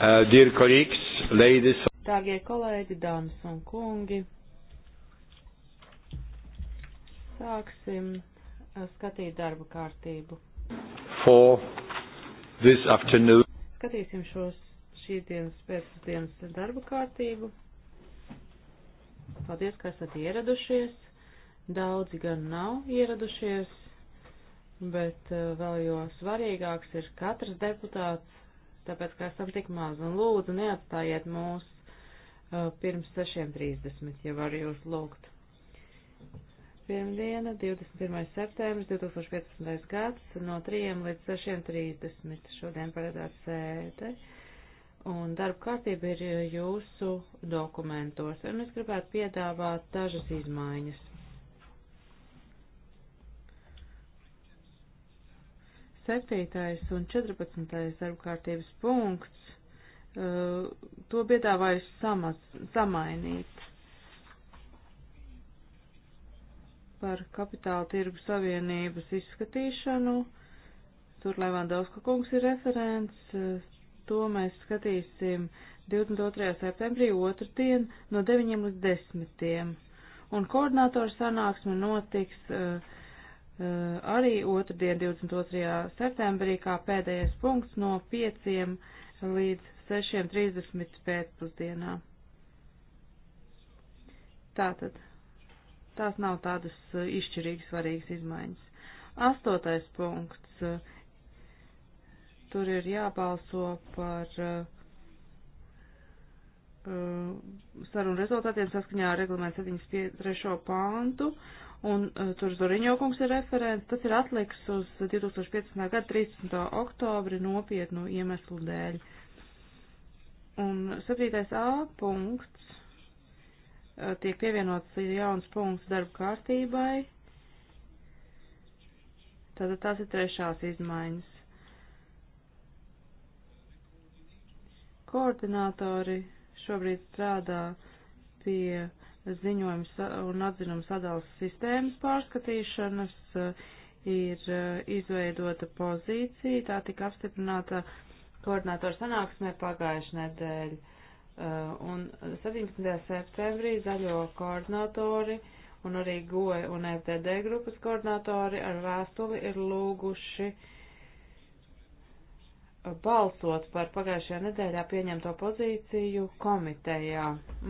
Uh, dear colleagues, ladies. Dārgie kolēģi, dāmas un kungi, sāksim uh, skatīt darba kārtību. For this afternoon. Skatīsim šos šīs dienas pēcpusdienas darba kārtību. Paldies, ka esat ieradušies. Daudzi gan nav ieradušies, bet uh, vēl jo svarīgāks ir katrs deputāts tāpēc, ka esam tik maz, un lūdzu neatstājiet mūs uh, pirms 6.30, ja var jūs lūgt. Pirmdiena, 21. septembris 2015. gads, no 3 līdz 6.30 šodien paredzēts sēde, un darba kārtība ir jūsu dokumentos, un es gribētu piedāvāt dažas izmaiņas. 7. un 14. darbkārtības punkts, uh, to piedāvāju samaz, samainīt par kapitāla tirgu savienības izskatīšanu. Tur Levandovska kungs ir referents, uh, to mēs skatīsim 22. septembrī otrdien no 9 līdz 10. Un koordinātoru sanāksme notiks uh, Eh, arī otrdien 22. septembrī kā pēdējais punkts no 5 līdz 6.30 pēcpusdienā. Tātad, tās nav tādas eh, izšķirīgi svarīgas izmaiņas. Astotais punkts. Tur ir jābalso par eh, sarunu rezultātiem saskaņā ar reglamentu 73. pāntu un uh, tur Zoriņokungs ir referents, tas ir atliks uz 2015. gada 13. oktobri nopietnu iemeslu dēļ. Un 7a punkts uh, tiek pievienots jauns punkts darba kārtībai. Tātad tās ir trešās izmaiņas. Koordinātori šobrīd strādā pie ziņojums un atzinums sadalas sistēmas pārskatīšanas eh, ir eh, izveidota pozīcija, tā tika apstiprināta koordinātoru sanāksmē pagājušajā nedēļā. Eh, un 17. septembrī zaļo koordinātori un arī GOE un FDD grupas koordinātori ar vēstuli ir lūguši uh, balsot par pagājušajā nedēļā pieņemto pozīciju komitejā.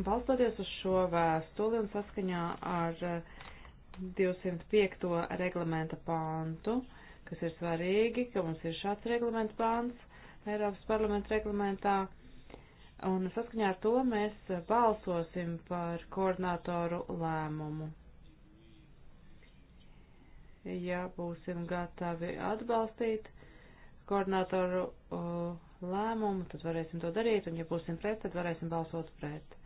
Balstoties uz šo vēstuli un saskaņā ar 205. Eh, reglamenta pāntu, kas ir svarīgi, ka mums ir šāds reglamenta pāns Eiropas parlamenta reglamentā, un saskaņā ar to mēs balsosim par koordinātoru lēmumu. Ja būsim gatavi atbalstīt, koordinātoru lēmumu, tad varēsim to darīt, un ja būsim pret, tad varēsim balsot pret.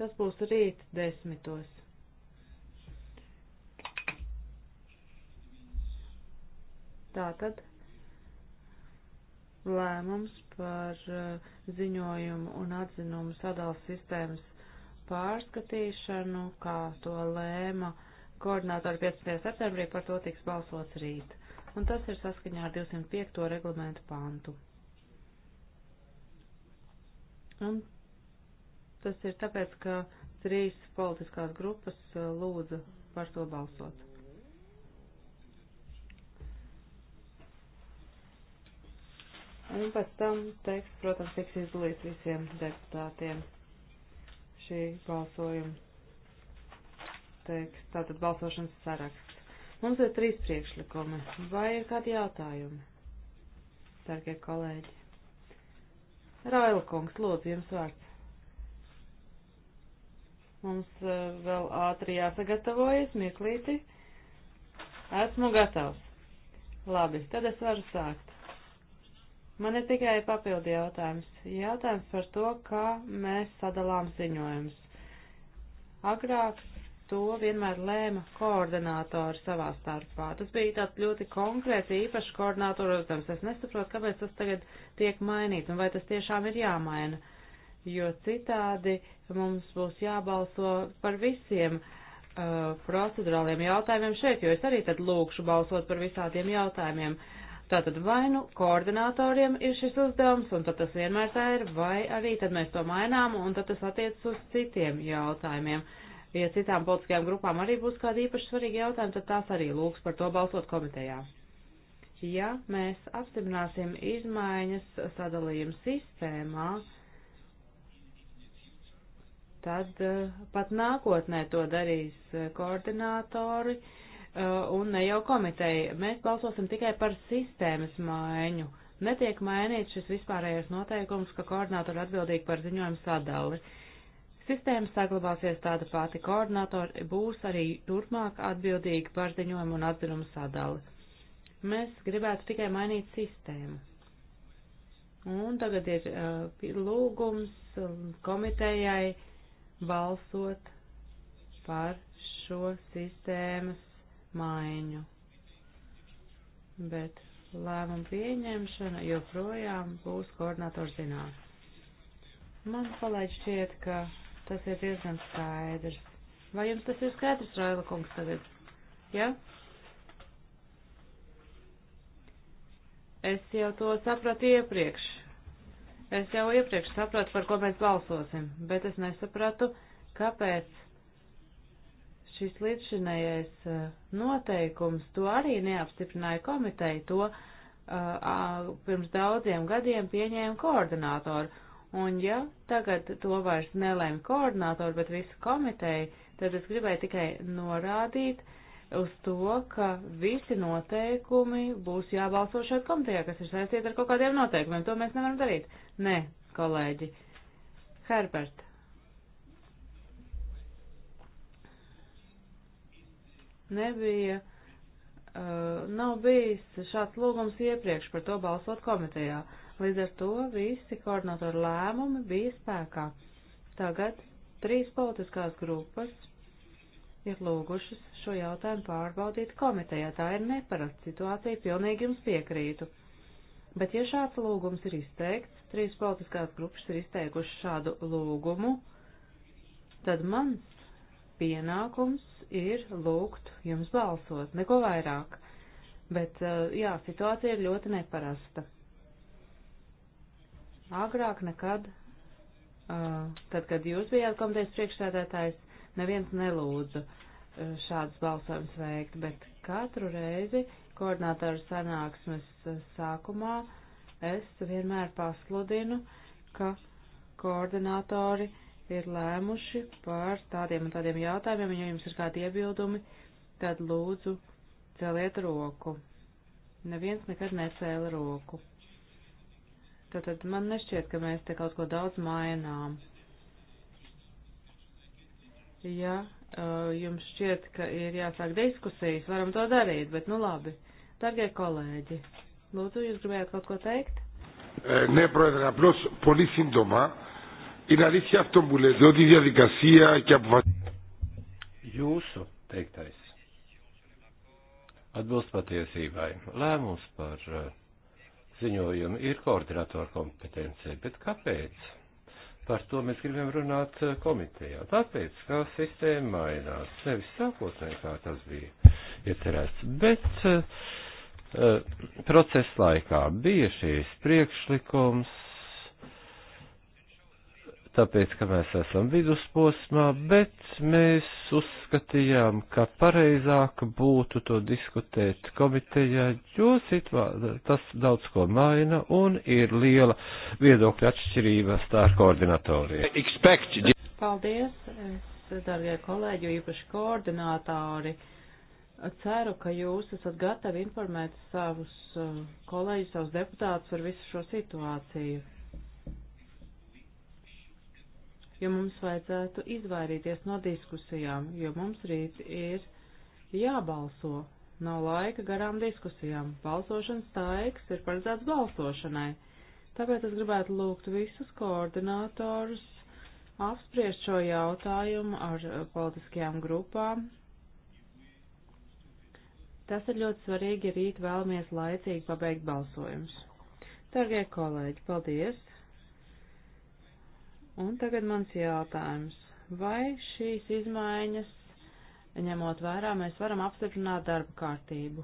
Tas būs rīt desmitos. Tātad lēmums par ziņojumu un atzinumu sadalas sistēmas pārskatīšanu, kā to lēma koordinātori 15. septembrī, par to tiks balsots rīt un tas ir saskaņā ar 205. reglamentu pāntu. Un tas ir tāpēc, ka trīs politiskās grupas uh, lūdza par to balsot. Un pēc tam teksts, protams, tiks izdalīts visiem deputātiem šī balsojuma teksts, tātad balsošanas saraksts. Mums ir trīs priekšlikumi. Vai ir kādi jautājumi, darbie kolēģi? Raila kungs, lūdzu, jums vārds. Mums eh, vēl ātri jāsagatavojas, mirklīti. Esmu gatavs. Labi, tad es varu sākt. Man ir tikai papildi jautājums. Jautājums par to, kā mēs sadalām ziņojumus. Agrāk to vienmēr lēma koordinātori savā starpā. Tas bija tāds ļoti konkrēts īpašs koordinātoru uzdevums. Es nesaprotu, kāpēc tas tagad tiek mainīts un vai tas tiešām ir jāmaina, jo citādi mums būs jābalso par visiem uh, procedurāliem jautājumiem šeit, jo es arī tad lūkšu balsot par visādiem jautājumiem. Tātad vai nu koordinatoriem ir šis uzdevums, un tad tas vienmēr tā ir, vai arī tad mēs to mainām, un tad tas attiecas uz citiem jautājumiem. Uh, Ja citām politiskajām grupām arī būs kādi īpaši svarīgi jautājumi, tad tās arī lūgs par to balsot komitejā. Ja mēs apstiprināsim izmaiņas sadalījuma sistēmā, tad eh, pat nākotnē to darīs eh, koordinātori eh, un ne jau komiteja. Mēs balsosim tikai par sistēmas maiņu. Netiek mainīts šis vispārējais noteikums, ka koordinātori atbildīgi par ziņojumu sadali. Uh, Sistēma saglabāsies tāda pati koordinātori, būs arī turpmāk atbildīgi par ziņojumu un atzinumu sadali. Mēs gribētu tikai mainīt sistēmu. Un tagad ir uh, lūgums um, komitejai balsot par šo sistēmas maiņu. Bet lēmumu pieņemšana joprojām būs koordinātors zinās. Man palaiž šķiet, ka Tas ir diezgan skaidrs. Vai jums tas ir skaidrs, Raila kungs, tagad? Ja? Es jau to sapratu iepriekš. Es jau iepriekš sapratu, par ko mēs balsosim, bet es nesapratu, kāpēc šis līdzšinējais uh, noteikums to arī neapstiprināja komiteja. To uh, pirms daudziem gadiem pieņēma koordinātori Un ja tagad to vairs nelēma koordinātori, bet visu komiteju, tad es gribēju tikai norādīt uz to, ka visi noteikumi būs jābalso šeit komitejā, kas ir saistīti ar kaut kādiem noteikumiem. To mēs nevaram darīt. Nē, kolēģi. Herbert. Nebija, uh, nav bijis šāds lūgums iepriekš par to balsot komitejā. Uh, Līdz ar to visi koordinatoru lēmumi bija spēkā. Tagad trīs politiskās grupas ir lūgušas šo jautājumu pārbaudīt komitejā. Tā ir neparasta situācija, pilnīgi jums piekrītu. Bet, ja šāds lūgums ir izteikts, trīs politiskās grupas ir izteikuši šādu lūgumu, tad mans pienākums ir lūgt jums balsot, neko vairāk. Bet, uh, jā, situācija ir ļoti neparasta. Agrāk nekad, uh, tad, kad jūs bijāt komitejas priekšsēdētājs, neviens nelūdza uh, šādas balsojumas veikt, bet katru reizi koordinātāru sanāksmes sākumā es vienmēr pasludinu, ka koordinātori ir lēmuši par tādiem un tādiem jautājumiem, un ja jums ir kādi iebildumi, tad lūdzu celiet roku. Neviens nekad necēla roku. Tātad man nešķiet, ka mēs te kaut ko daudz mainām. Ja uh, jums šķiet, ka ir jāsāk diskusijas, varam to darīt, bet nu labi. Dargie kolēģi, lūdzu, jūs gribējāt kaut ko teikt? Ναι, Πρόεδρε, απλώ πολύ σύντομα. Είναι αλήθεια αυτό που λέτε, ότι η διαδικασία και αποφασίζει. Jūsu teiktais atbilst patiesībai. Lēmums par uh, ziņojumi ir koordinatora kompetencija, bet kāpēc? Par to mēs gribam runāt eh, komitejā. Tāpēc, kā sistēma mainās, nevis sākotnēji, kā tas bija iecerēts, bet uh, procesa laikā bija šīs priekšlikums, tāpēc, ka mēs esam vidusposmā, bet mēs uzskatījām, ka pareizāk būtu to diskutēt komitejā, jo situā, tas daudz ko maina un ir liela viedokļa atšķirība starp koordinatoriem. Paldies, es, darbie kolēģi, īpaši koordinātori. Ceru, ka jūs esat gatavi informēt savus uh, kolēģus, savus deputātus par visu šo situāciju jo mums vajadzētu izvairīties no diskusijām, jo mums rīt ir jābalso. Nav laika garām diskusijām. Balsošanas taiks ir paredzēts balsošanai. Tāpēc es gribētu lūgt visus koordinātorus apspriest šo jautājumu ar eh, politiskajām grupām. Tas ir ļoti svarīgi, ja rīt vēlamies laicīgi pabeigt balsojumus. Dargie kolēģi, paldies! Un tagad mans jautājums. Vai šīs izmaiņas, ņemot vērā, mēs varam apstiprināt darba kārtību?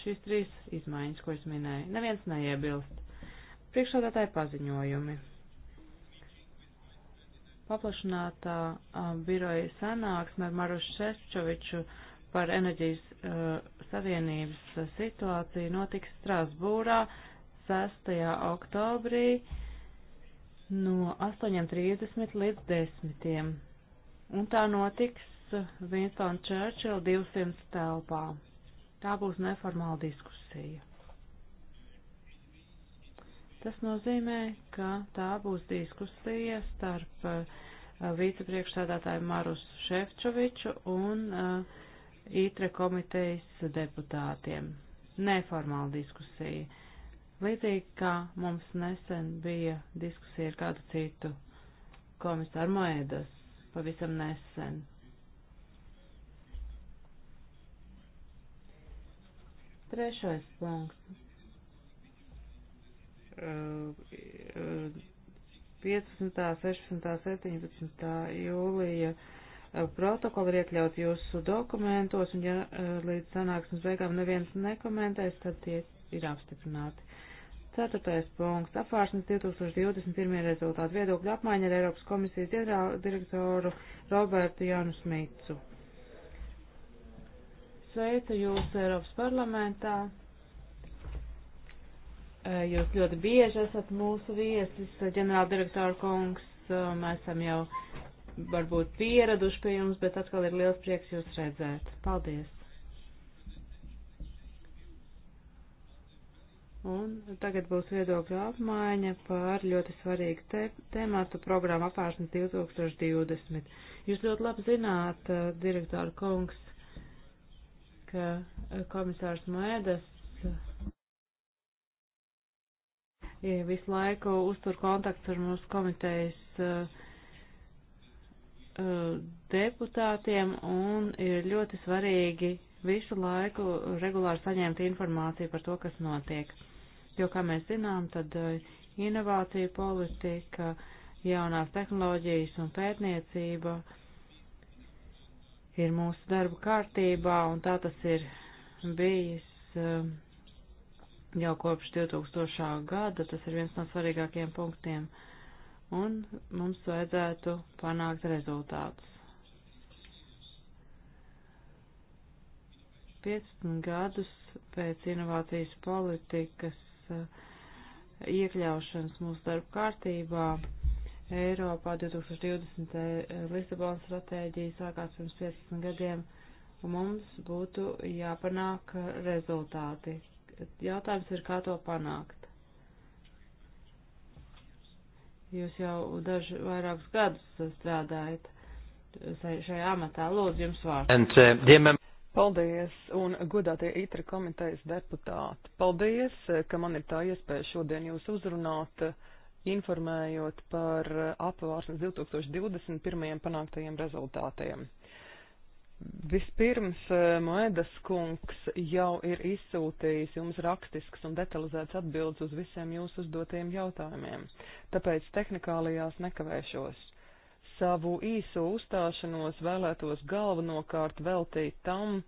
Šīs trīs izmaiņas, ko es minēju, neviens neiebilst. Priekšsādātāji paziņojumi. Paplašinātā a, biroja sanāksme ar Marušu Šeščoviču par enerģijas a, savienības situāciju notiks Strasbūrā 6. oktobrī no 8.30 līdz 10. Un tā notiks Winston Churchill 200 telpā. Tā būs neformāla diskusija. Tas nozīmē, ka tā būs diskusija starp uh, vicepriekšsēdētāju Marusu Šefčoviču un uh, ITRE komitejas deputātiem. Neformāla diskusija. Līdzīgi kā mums nesen bija diskusija ar kādu citu komisāru Moedas, pavisam nesen. Trešais punkts. 15., 16., 17. jūlija protokoli ir iekļauts jūsu dokumentos, un ja eh, līdz sanāksmes beigām neviens nekomentēs, tad tie ir apstiprināti. Ceturtais punkts. Apvāršanas 2021. rezultātu viedokļu apmaiņa ar Eiropas komisijas direktoru Robertu Janu Smicu. Sveicu jūs Eiropas parlamentā. Eh, jūs ļoti bieži esat mūsu viesis, eh, ģenerāldirektora kungs. Eh, mēs esam jau varbūt pieraduši pie jums, bet atkal ir liels prieks jūs redzēt. Paldies! Un tagad būs viedokļa apmaiņa par ļoti svarīgu te tēmātu programmu apvēršanas 2020. Jūs ļoti labi zināt, eh, direktora kungs, ka eh, komisārs Mēdas eh, visu laiku uztur kontakts ar mūsu komitejas deputātiem un ir ļoti svarīgi visu laiku regulāri saņemt informāciju par to, kas notiek jo, kā mēs zinām, tad eh, inovācija politika, jaunās tehnoloģijas un pētniecība ir mūsu darba kārtībā, un tā tas ir bijis eh, jau kopš 2000. gada, tas ir viens no svarīgākajiem punktiem, un mums vajadzētu panākt rezultātus. 15 gadus pēc inovācijas politikas Uh, iekļaušanas mūsu darba kārtībā. Eiropā 2020. Uh, Lisabonas stratēģija sākās pirms 15 gadiem, un mums būtu jāpanāk rezultāti. Jautājums ir, kā to panākt. Jūs jau daži vairākus gadus strādājat šajā amatā. Lūdzu, jums vārds. And, uh, Paldies, un godātie itra komitejas deputāti. Paldies, ka man ir tā iespēja šodien jūs uzrunāt, informējot par apvārsnes 2021. panāktajiem rezultātiem. Vispirms Moedas kungs jau ir izsūtījis jums rakstisks un detalizēts atbildes uz visiem jūsu uzdotajiem jautājumiem, tāpēc tehnikālijās nekavēšos. Savu īso uzstāšanos vēlētos galvenokārt veltīt tam,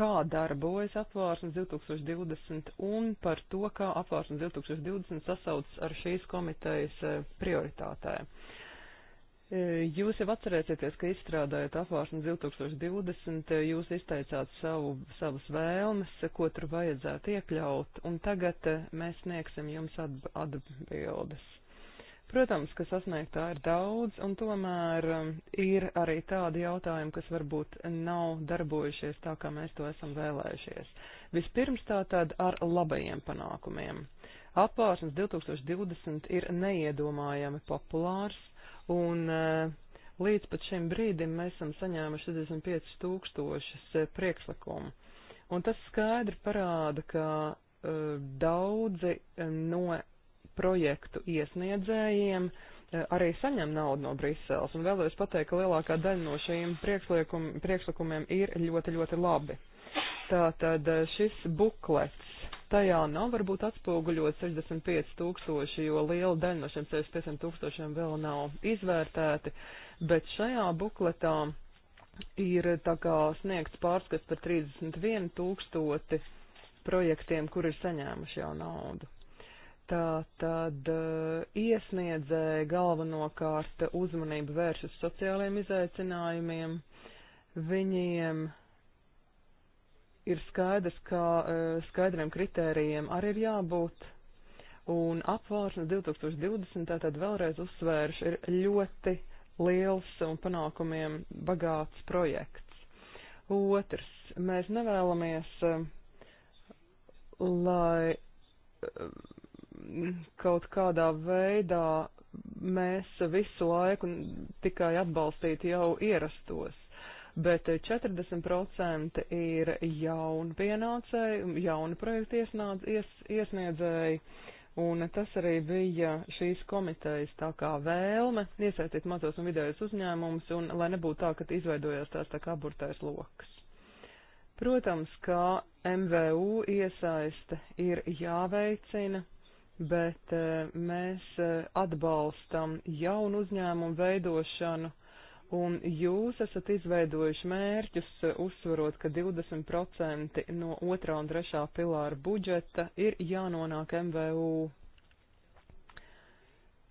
kā darbojas apvārsnes 2020 un par to, kā apvārsnes 2020 sasaucas ar šīs komitejas e, prioritātēm. E, jūs jau atcerēsieties, ka izstrādājot apvārsnes 2020, e, jūs izteicāt savu, savas vēlmes, ko tur vajadzētu iekļaut, un tagad mēs sniegsim jums atbildes. Protams, ka sasniegtā ir daudz, un tomēr um, ir arī tādi jautājumi, kas varbūt nav darbojušies tā, kā mēs to esam vēlējušies. Vispirms tā tad ar labajiem panākumiem. Apvārsnes 2020 ir neiedomājami populārs, un uh, līdz pat šim brīdim mēs esam saņēmuši 65 tūkstošus uh, priekšlikumu. Un tas skaidri parāda, ka uh, daudzi no projektu iesniedzējiem eh, arī saņem naudu no Briseles. Un vēlos pateikt, ka lielākā daļa no šiem priekšlikum, priekšlikumiem ir ļoti, ļoti labi. Tātad eh, šis buklets, tajā nav varbūt atspoguļot 65 tūkstoši, jo liela daļa no šiem 65 tūkstošiem vēl nav izvērtēti, bet šajā bukletā ir tā kā sniegts pārskats par 31 tūkstoti projektiem, kur ir saņēmuši jau naudu. Tā tad eh, iesniedzēja galvenokārt uzmanību vērš uz sociālajiem izaicinājumiem. Viņiem ir skaidrs, ka eh, skaidriem kritērijiem arī ir jābūt. Un apvāršana 2020, tātad vēlreiz uzsvērš, ir ļoti liels un panākumiem bagāts projekts. Otrs, mēs nevēlamies, eh, lai kaut kādā veidā mēs visu laiku tikai atbalstītu jau ierastos. Bet 40% ir jauni pienācēji, jauni projekti ies, iesniedzēji, un tas arī bija šīs komitejas tā kā vēlme iesaistīt mazos un vidējos uzņēmumus, un lai nebūtu tā, ka izveidojās tās tā kā burtais lokas. Protams, kā MVU iesaiste ir jāveicina, bet e, mēs e, atbalstam jaunu uzņēmumu veidošanu. Un jūs esat izveidojuši mērķus, e, uzsverot, ka 20% no otrā un trešā pilāra budžeta ir jānonāk MVU.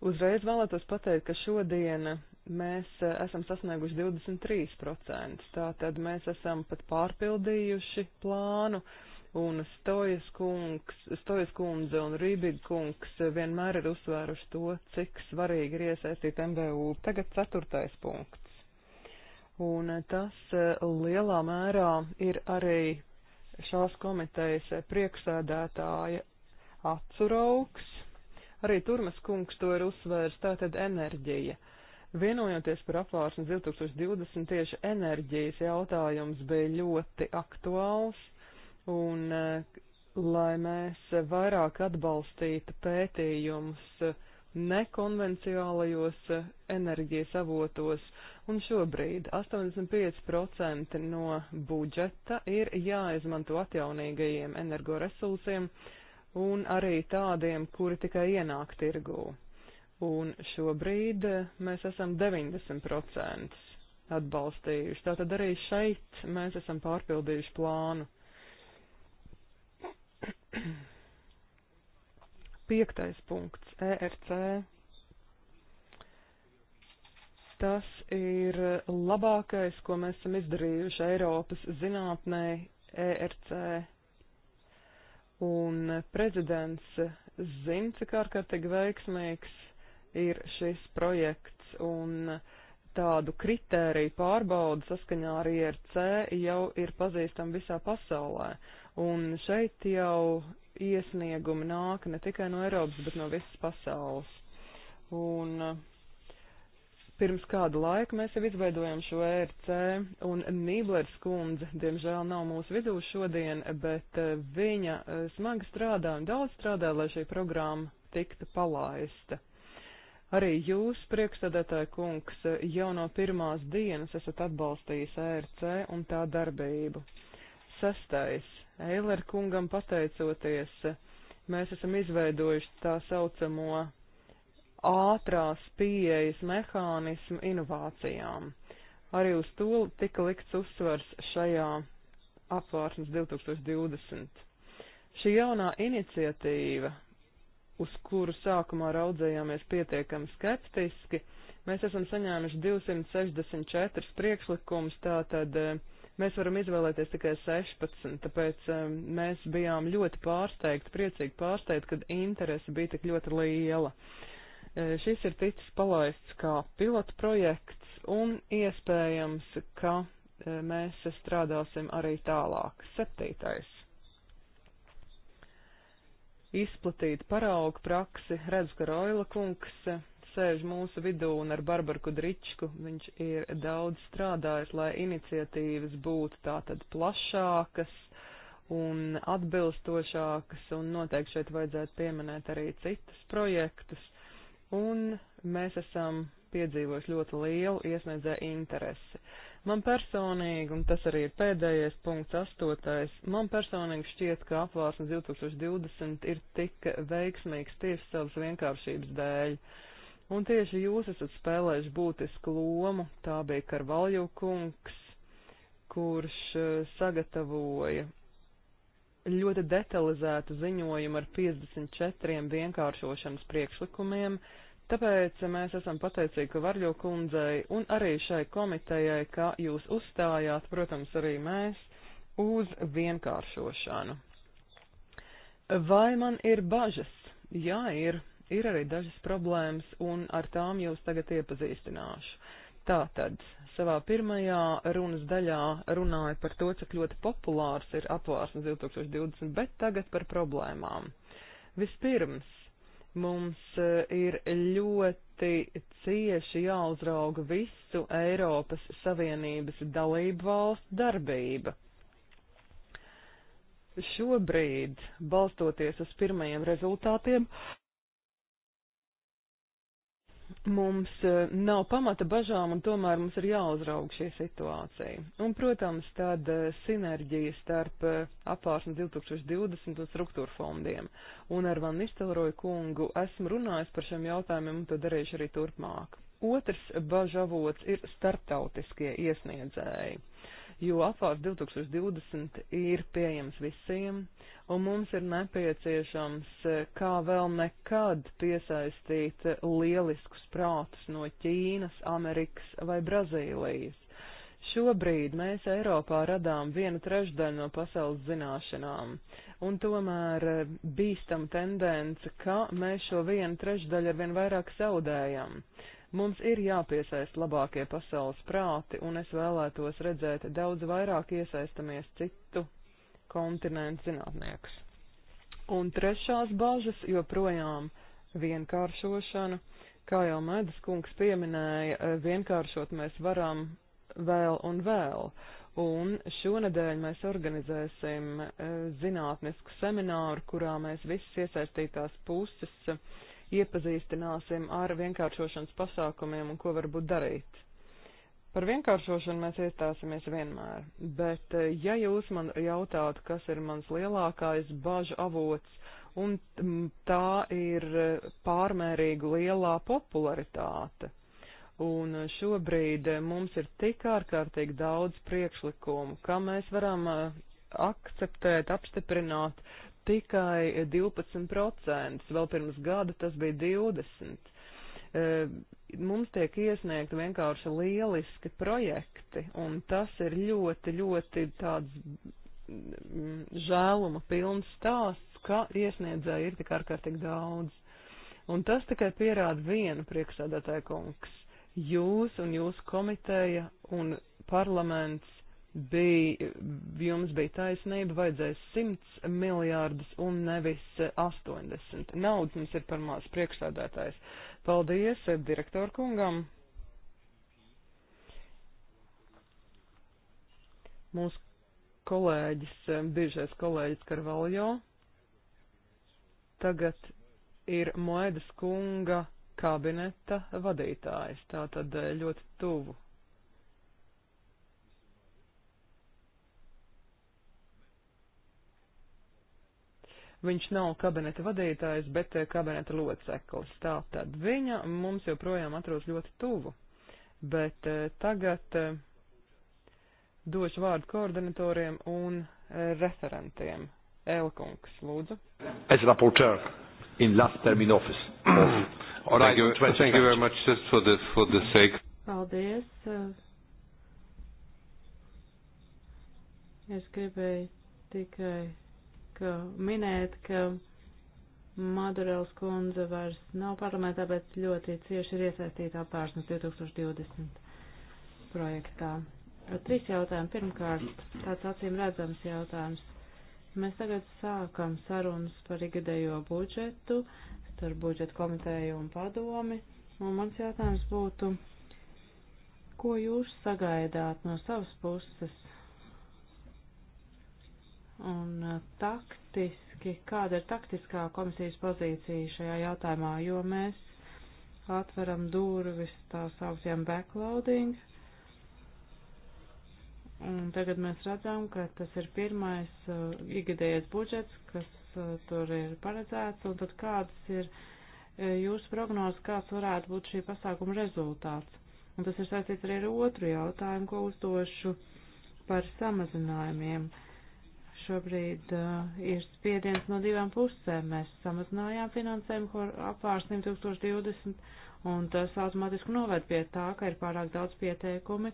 Uzreiz vēlētos pateikt, ka šodien mēs esam sasnieguši 23%, tātad mēs esam pat pārpildījuši plānu. Uh, un Stojas, kungs, Stojas kundze un Rībīga kungs vienmēr ir uzsvēruši to, cik svarīgi ir iesaistīt MBU. Tagad ceturtais punkts. Un tas eh, lielā mērā ir arī šās komitejas priekšsēdētāja atsuraugs. Arī Turmas kungs to ir uzsvērs, tātad enerģija. Vienojoties par apvārsnes 2020 tieši enerģijas jautājums bija ļoti aktuāls, un eh, lai mēs vairāk atbalstītu pētījumus eh, nekonvencionālajos eh, enerģijas avotos, un šobrīd 85% no budžeta ir jāizmanto atjaunīgajiem energoresursiem un arī tādiem, kuri tikai ienāk tirgū. Un šobrīd mēs esam 90% atbalstījuši. Tātad arī šeit mēs esam pārpildījuši plānu. Piektais punkts e - ERC. Tas ir labākais, ko mēs esam izdarījuši Eiropas zinātnē ERC. Un prezidents zina, cik ārkārtīgi veiksmīgs ir šis projekts. Un uh, tādu kritēriju pārbaudu saskaņā ar IRC jau ir pazīstama visā pasaulē. Un šeit jau iesniegumi nāk ne tikai no Eiropas, bet no visas pasaules. Un uh, pirms kādu laiku mēs jau izveidojam šo ERC, un Nīblers kundze, diemžēl, nav mūsu vidū šodien, bet uh, viņa uh, smagi strādā un daudz strādā, lai šī programma tiktu palaista. Arī jūs, priekšsēdētāja kungs, jau no pirmās dienas esat atbalstījis ERC un tā darbību. Sastais, Eiler kungam pateicoties, mēs esam izveidojuši tā saucamo ātrās pieejas mehānismu inovācijām. Arī uz to tika likts uzsvars šajā apvārsnes 2020. Šī jaunā iniciatīva uz kuru sākumā raudzējāmies pietiekami skeptiski, mēs esam saņēmuši 264 priekšlikumus, tātad eh, mēs varam izvēlēties tikai 16, tāpēc eh, mēs bijām ļoti pārsteigti, priecīgi pārsteigti, kad interese bija tik ļoti liela. Eh, šis ir ticis palaists kā pilotu projekts un iespējams, ka mēs strādāsim arī tālāk. Septītais izplatītu paraugu praksi. Redzu, ka Roila kungs eh, sēž mūsu vidū un ar Barbaru Kudričku viņš ir daudz strādājis, lai iniciatīvas būtu tātad plašākas un atbilstošākas, un noteikti šeit vajadzētu pieminēt arī citus projektus. Un mēs esam piedzīvojuši ļoti lielu iesniedzēju interesi. Uh, Man personīgi, un tas arī ir pēdējais punkts, astotais, man personīgi šķiet, ka apvārsnes 2020 ir tik veiksmīgs tieši savas vienkāršības dēļ. Un tieši jūs esat spēlējuši būtisku lomu, tā bija Karvalju kungs, kurš eh, sagatavoja ļoti detalizētu ziņojumu ar 54 vienkāršošanas priekšlikumiem, uh, Tāpēc mēs esam pateicīgi Varļo kundzei un arī šai komitejai, ka jūs uzstājāt, protams, arī mēs, uz vienkāršošanu. Vai man ir bažas? Jā, ir. Ir arī dažas problēmas, un ar tām jūs tagad iepazīstināšu. Tātad, savā pirmajā runas daļā runāju par to, cik ļoti populārs ir apvārsnes 2020, bet tagad par problēmām. Vispirms, Mums eh, ir ļoti cieši jāuzrauga visu Eiropas Savienības dalību valstu darbība. Šobrīd, balstoties uz pirmajiem rezultātiem, mums eh, nav pamata bažām un tomēr mums ir jāuzraug šī situācija. Un, protams, tad eh, sinerģija starp eh, apvārsni 2020 un struktūra fondiem. Un ar Van Nistelroju kungu esmu runājis par šiem jautājumiem un to darīšu arī turpmāk. Otrs bažavots ir startautiskie iesniedzēji jo apvārs 2020 ir pieejams visiem, un mums ir nepieciešams eh, kā vēl nekad piesaistīt lieliskus prātus no Ķīnas, Amerikas vai Brazīlijas. Šobrīd mēs Eiropā radām vienu trešdaļu no pasaules zināšanām, un tomēr eh, bīstam tendence, ka mēs šo vienu trešdaļu arvien vairāk zaudējam. Mums ir jāpiesaist labākie pasaules prāti, un es vēlētos redzēt daudz vairāk iesaistamies citu kontinentu zinātniekus. Un trešās bažas joprojām vienkāršošana. Kā jau Medas kungs pieminēja, eh, vienkāršot mēs varam vēl un vēl. Un šonadēļ mēs organizēsim eh, zinātnisku semināru, kurā mēs visas iesaistītās puses uh, iepazīstināsim ar vienkāršošanas pasākumiem un ko varbūt darīt. Par vienkāršošanu mēs iestāsimies vienmēr, bet eh, ja jūs man jautātu, kas ir mans lielākais bažu avots, un tā ir eh, pārmērīga lielā popularitāte. Un eh, šobrīd mums ir tik ārkārtīgi daudz priekšlikumu, kā mēs varam akceptēt, apstiprināt, tikai 12%, vēl pirms gada tas bija 20%. E, mums tiek iesniegti vienkārši lieliski projekti, un tas ir ļoti, ļoti tāds mm, žēluma pilns stāsts, ka iesniedzēji ir tik ārkārtīgi daudz. Un tas tikai pierāda vienu priekšsēdētāju kungs. Jūs un jūsu komiteja un parlaments bija, jums bija taisnība, vajadzēja 100 miljārdus un nevis 80. Naudas mums ir par maz priekšsādātājs. Paldies direktoru kungam. Mūsu kolēģis, biežais kolēģis Karvaljo. Tagad ir Moedas kunga kabineta vadītājs, tātad eh, ļoti tuvu Viņš nav kabineta vadītājs, bet eh, kabineta loceklis. Tātad viņa mums joprojām atrodas ļoti tuvu. Bet eh, tagad eh, došu vārdu koordinatoriem un referentiem. Elkungs, lūdzu. Es rapporteur in last term in office. All right, thank you, thank you very much just for the, for the sake. Paldies. Es gribēju tikai minēt, ka Madurels kundze vairs nav parlamentā, bet ļoti cieši ir iesaistīta apvērsnes 2020 projektā. Trīs jautājumi. Pirmkārt, tāds acīm redzams jautājums. Mēs tagad sākam sarunas par ikgadējo budžetu starp budžetu komiteju un padomi. Un mans jautājums būtu, ko jūs sagaidāt no savas puses un uh, taktiski, kāda ir taktiskā komisijas pozīcija šajā jautājumā, jo mēs atveram durvis tā sauktiem backloading. Un tagad mēs redzam, ka tas ir pirmais uh, ikgadējais budžets, kas uh, tur ir paredzēts, un tad kādas ir uh, jūsu prognozes, kāds varētu būt šī pasākuma rezultāts. Un tas ir saistīts arī ar otru jautājumu, ko uzdošu par samazinājumiem. Uh, šobrīd uh, ir spiediens no divām pusēm. Mēs samazinājām finansējumu apvārsim 2020, un tas automātiski noved pie tā, ka ir pārāk daudz pieteikumi,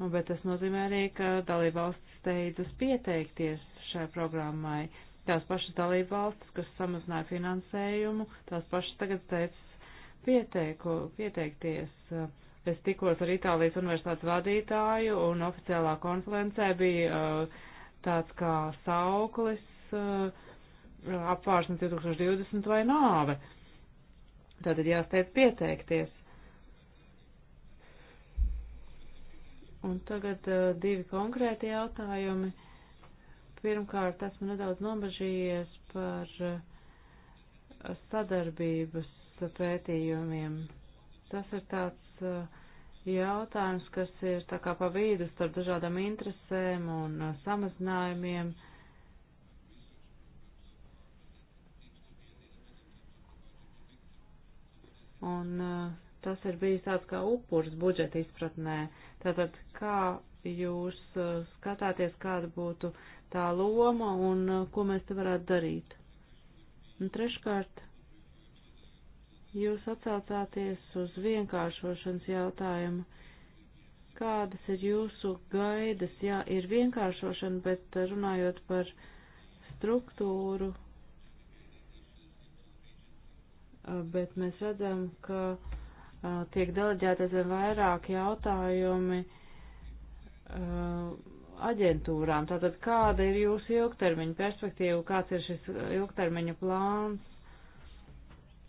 nu, bet tas nozīmē arī, ka dalībvalstis steidzas pieteikties šai programmai. Tās pašas dalībvalstis, kas samazināja finansējumu, tās pašas tagad steidzas pieteiku, pieteikties. Uh, es tikos ar Itālijas universitātes vadītāju un oficiālā konferencē bija uh, tāds kā sauklis uh, apvārsnes 2020 vai nāve. Tātad jāsteidz pieteikties. Un tagad uh, divi konkrēti jautājumi. Pirmkārt, esmu nedaudz nobežījies par uh, sadarbības pētījumiem. Tas ir tāds uh, jautājums, kas ir tā kā pa vīdu starp dažādām interesēm un uh, samazinājumiem. Un uh, tas ir bijis tāds kā upurs budžeta izpratnē. Tātad, kā jūs uh, skatāties, kāda būtu tā loma un ko mēs te varētu darīt? Un treškārt, Jūs atsaucāties uz vienkāršošanas jautājumu. Kādas ir jūsu gaidas? Jā, ir vienkāršošana, bet runājot par struktūru, bet mēs redzam, ka tiek deleģēti aizvien vairāk jautājumi aģentūrām. Tātad, kāda ir jūsu ilgtermiņa perspektīva, kāds ir šis ilgtermiņa plāns?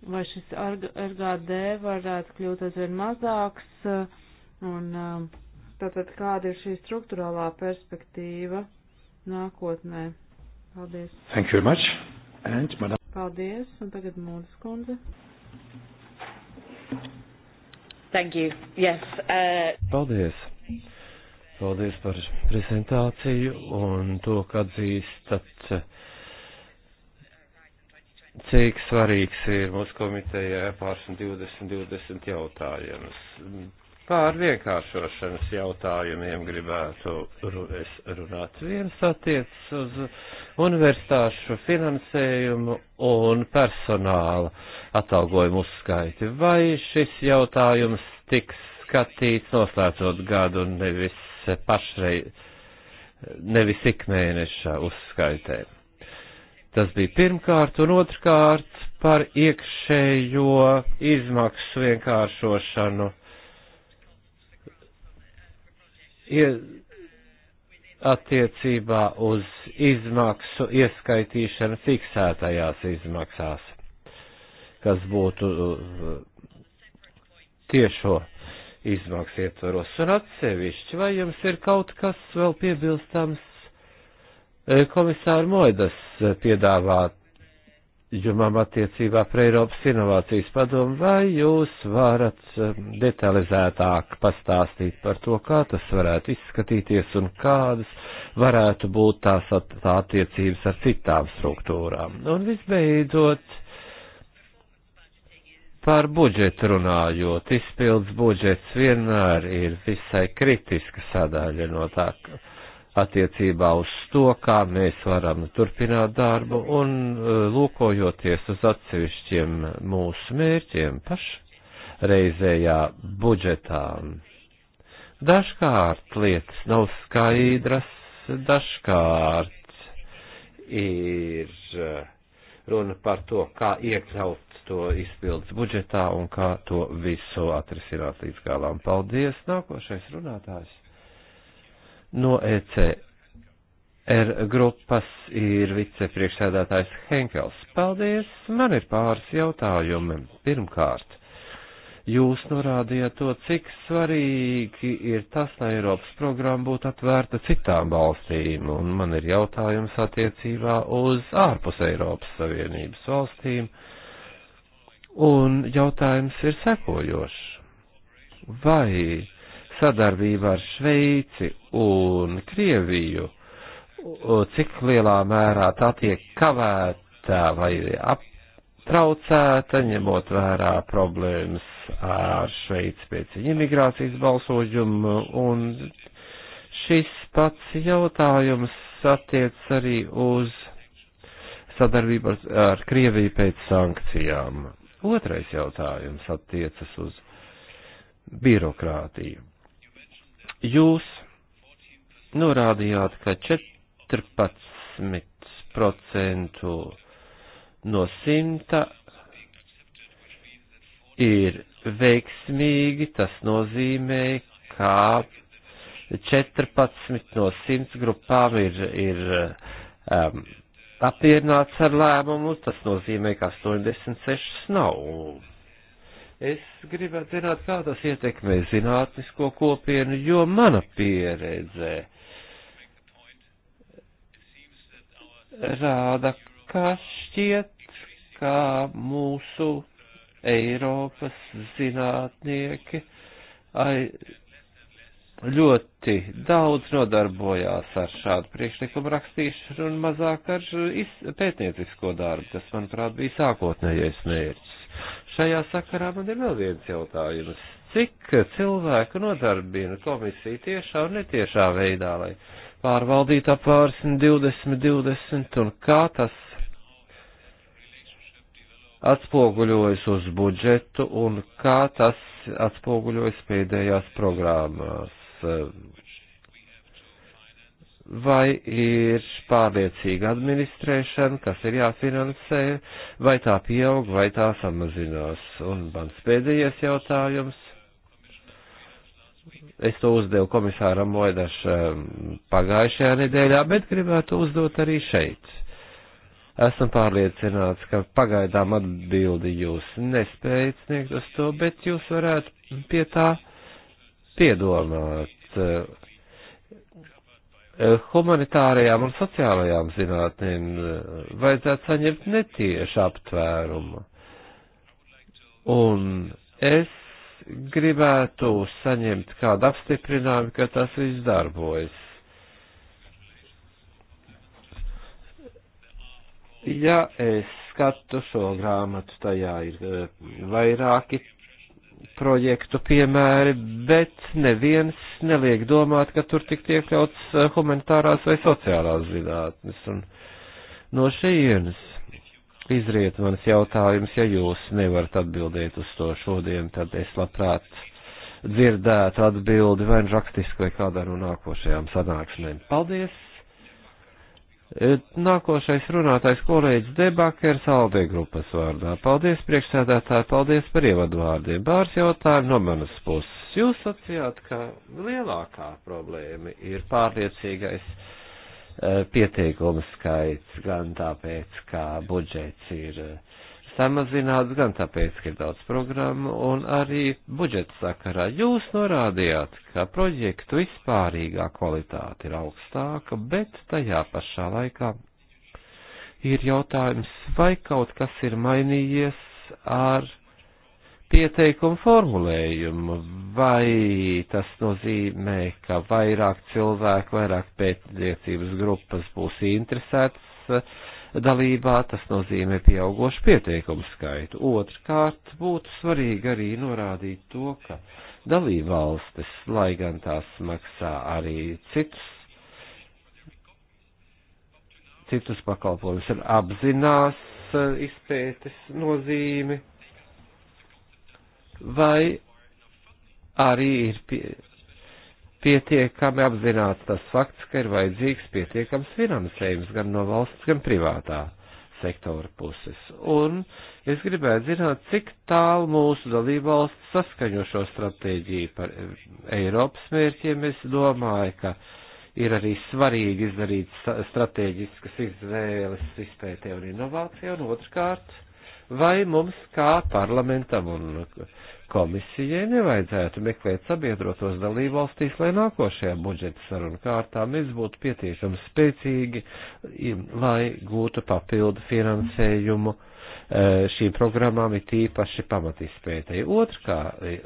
vai šis RGD varētu kļūt aizvien mazāks, eh, un eh, tātad kāda ir šī struktūrālā perspektīva nākotnē. Paldies. Thank you very much. And madam. Paldies, un tagad mūdas kundze. Thank you. Yes. Uh... Paldies. Paldies par prezentāciju un to, ka atzīstat cik svarīgs ir mūsu komitejā pārsim 20-20 jautājumus. Pār vienkāršošanas jautājumiem gribētu es runāt. Viens attiecas uz universitāšu finansējumu un personāla atalgojumu uzskaiti. Vai šis jautājums tiks skatīts noslēdzot gadu un nevis pašreiz, nevis ikmēneša uzskaitēm? Tas bija pirmkārt un otrkārt par iekšējo izmaksu vienkāršošanu. Ja attiecībā uz izmaksu ieskaitīšanu fiksētajās izmaksās, kas būtu uh, tiešo izmaksu ietvaros un atsevišķi, vai jums ir kaut kas vēl piebilstams? Eh, komisāra Moidas eh, piedāvājumam attiecībā par Eiropas inovācijas padomu, vai jūs varat eh, detalizētāk pastāstīt par to, kā tas varētu izskatīties un kādas varētu būt tās at tā attiecības ar citām struktūrām. Un visbeidzot, par budžetu runājot, izpildes budžets vienmēr ir visai kritiska sadaļa no tā, ka attiecībā uz to, kā mēs varam turpināt darbu un e, lūkojoties uz atsevišķiem mūsu mērķiem pašreizējā budžetā. Dažkārt lietas nav skaidras, dažkārt ir e, runa par to, kā iekļaut to izpildus budžetā un kā to visu atrisināt līdz galām. Paldies! Nākošais runātājs! No ECR grupas ir vicepriekšsēdētājs Henkels. Paldies, man ir pāris jautājumi. Pirmkārt, jūs norādījāt to, cik svarīgi ir tas, lai Eiropas programma būtu atvērta citām valstīm, un man ir jautājums attiecībā uz ārpus Eiropas Savienības valstīm, un jautājums ir sekojošs. Vai sadarbībā ar Šveici un Krieviju, cik lielā mērā tā tiek kavēta vai aptraucēta, ņemot vērā problēmas ar Šveici pēc imigrācijas balsoģumu, un šis pats jautājums attiec arī uz sadarbību ar, ar Krieviju pēc sankcijām. Otrais jautājums attiecas uz birokrātiju. Jūs norādījāt, ka 14% no simta ir veiksmīgi, tas nozīmē, ka 14 no 100 grupām ir, ir um, apmierināts ar lēmumu, tas nozīmē, ka 86 nav. Es gribētu zināt, kā tas ietekmē zinātnisko kopienu, jo mana pieredze rāda, ka šķiet, ka mūsu Eiropas zinātnieki ai, ļoti daudz nodarbojās ar šādu priekšlikumu rakstīšanu un mazāk ar pētniecisko darbu, kas, manuprāt, bija sākotnējais mērķis. Šajā sakarā man ir vēl viens jautājums. Cik cilvēku nodarbina komisija tiešā un netiešā veidā, lai pārvaldītu apvārsni 2020 un kā tas atspoguļojas uz budžetu un kā tas atspoguļojas pēdējās programmās? vai ir pārliecīga administrēšana, kas ir jāfinansē, vai tā pieaug, vai tā samazinās. Un mans pēdējais jautājums. Es to uzdevu komisāram Oidašam um, pagājušajā nedēļā, bet gribētu uzdot arī šeit. Esmu pārliecināts, ka pagaidām atbildi jūs nespējat sniegt uz to, bet jūs varētu pie tā piedomāt Eh, humanitārajām un sociālajām zinātnēm eh, vajadzētu saņemt netiešu aptvērumu. Un es gribētu saņemt kādu apstiprinājumu, ka tas viss darbojas. Ja es skatu šo grāmatu, tajā ir eh, vairāki projektu piemēri, bet neviens neliek domāt, ka tur tik iekļauts eh, humanitārās vai sociālās zinātnes. Un no šejienes izriet mans jautājums, ja jūs nevarat atbildēt uz to šodien, tad es labprāt dzirdētu atbildi vai nu rakstisku vai kādā no nākošajām sanāksmēm. Paldies! E, nākošais runātais kolēģis Debakers Aldē grupas vārdā. Paldies priekšsēdētāji, paldies par ievadvārdiem. Bārs jautājumu no manas puses. Jūs sacījāt, ka lielākā problēma ir pārliecīgais e, pieteikumu skaits, gan tāpēc, ka budžets ir uh, samazināts gan tāpēc, ka ir daudz programmu, un arī budžeta sakarā jūs norādījāt, ka projektu vispārīgā kvalitāte ir augstāka, bet tajā pašā laikā ir jautājums, vai kaut kas ir mainījies ar pieteikumu formulējumu, vai tas nozīmē, ka vairāk cilvēku, vairāk pētniecības grupas būs interesētas, dalībā, tas nozīmē pieaugošu pieteikumu skaitu. Otrkārt, būtu svarīgi arī norādīt to, ka dalībvalstis, lai gan tās maksā arī citus, citus pakalpojumus, ir apzinās e, izpētes nozīmi, vai arī ir pie, pietiekami apzināts tas fakts, ka ir vajadzīgs pietiekams finansējums gan no valsts, gan privātā sektora puses. Un es gribētu zināt, cik tālu mūsu dalībvalsts saskaņo šo stratēģiju par Eiropas mērķiem. Es domāju, ka ir arī svarīgi izdarīt stratēģiskas izvēles izpētē un inovācijā, un otrkārt, vai mums kā parlamentam un komisijai nevajadzētu meklēt sabiedrotos dalībvalstīs, lai nākošajā budžeta sarunu kārtā mēs būtu pietiekami spēcīgi, lai gūtu papildu finansējumu e, šīm programmām ir tīpaši pamatizpētēji. Otrkārt, e,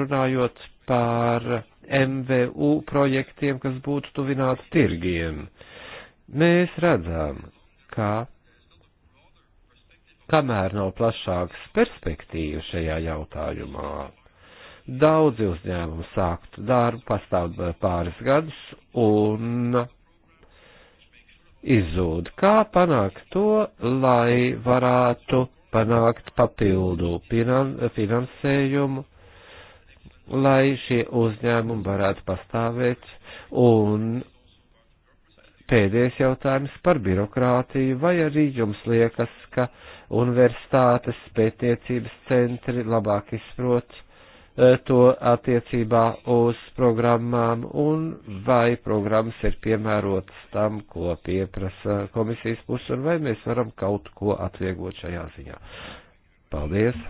runājot par MVU projektiem, kas būtu tuvināti tirgiem, mēs redzam, ka kamēr nav plašākas perspektīvas šajā jautājumā. Daudzi uzņēmumi sāktu darbu, pastāv eh, pāris gadus un izzūd. Kā panākt to, lai varētu panākt papildu finan finansējumu, lai šie uzņēmumi varētu pastāvēt un pēdējais jautājums par birokrātiju, vai arī jums liekas, ka universitātes, pētniecības centri labāk izprot e, to attiecībā uz programmām un vai programmas ir piemērotas tam, ko pieprasa komisijas puse un vai mēs varam kaut ko atvieglot šajā ziņā. Paldies!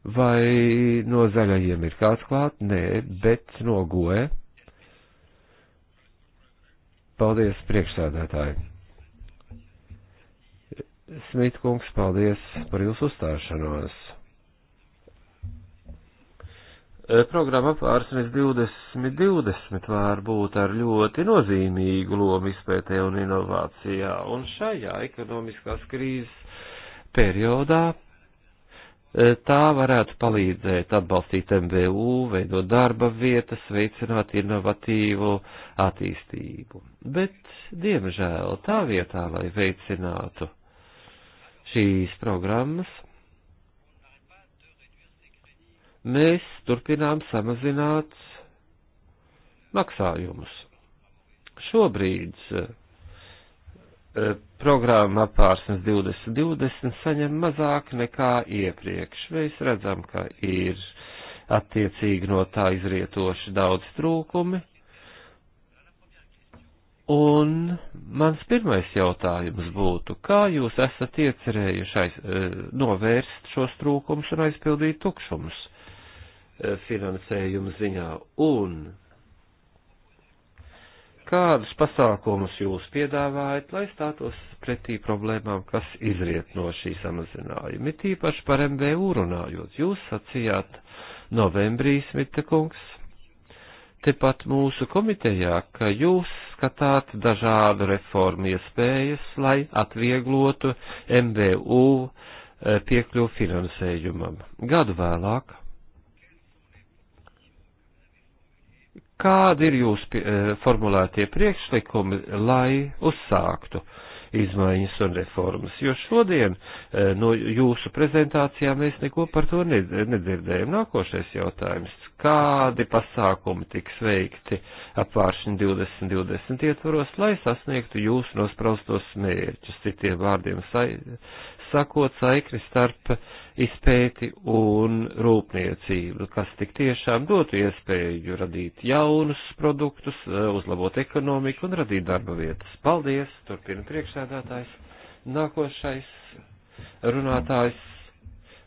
Vai no zaļajiem ir kāds klāt? Nē, bet no goe. Paldies, priekšsēdētāji. Smitkungs, paldies par jūsu uzstāšanos. E, programma apvārsnes 2020 var būt ar ļoti nozīmīgu lomu izpētē un inovācijā, un šajā ekonomiskās krīzes periodā e, tā varētu palīdzēt atbalstīt MVU, veidot darba vietas, veicināt inovatīvu attīstību. Bet, diemžēl, tā vietā, lai veicinātu šīs programmas mēs turpinām samazināt maksājumus. Šobrīd eh, programma apārsnes 2020 saņem mazāk nekā iepriekš. Mēs redzam, ka ir attiecīgi no tā izrietoši daudz trūkumi, Un mans pirmais jautājums būtu, kā jūs esat iecerējuši aiz, e, novērst šos trūkumus un aizpildīt tukšumus e, finansējuma ziņā? Un kādus pasākumus jūs piedāvājat, lai stātos pretī problēmām, kas izriet no šī samazinājuma, it īpaši par MVU runājot. Jūs sacījāt novembrī, Smita kungs, tepat mūsu komitejā, ka jūs skatāt dažādu reformu iespējas, lai atvieglotu MVU eh, piekļuvu finansējumam. Gadu vēlāk. Kādi ir jūsu eh, formulētie priekšlikumi, lai uzsāktu izmaiņas un reformas, jo šodien eh, no jūsu prezentācijā mēs neko par to nedzirdējam. Nākošais jautājums - kādi pasākumi tiks veikti apvāršņi 2020 ietvaros, lai sasniegtu jūsu nospraustos mērķus, citiem vārdiem sakot saikni starp izpēti un rūpniecību, kas tik tiešām dotu iespēju radīt jaunus produktus, eh, uzlabot ekonomiku un radīt darba vietas. Paldies! Turpina priekšsēdētājs. Nākošais runātājs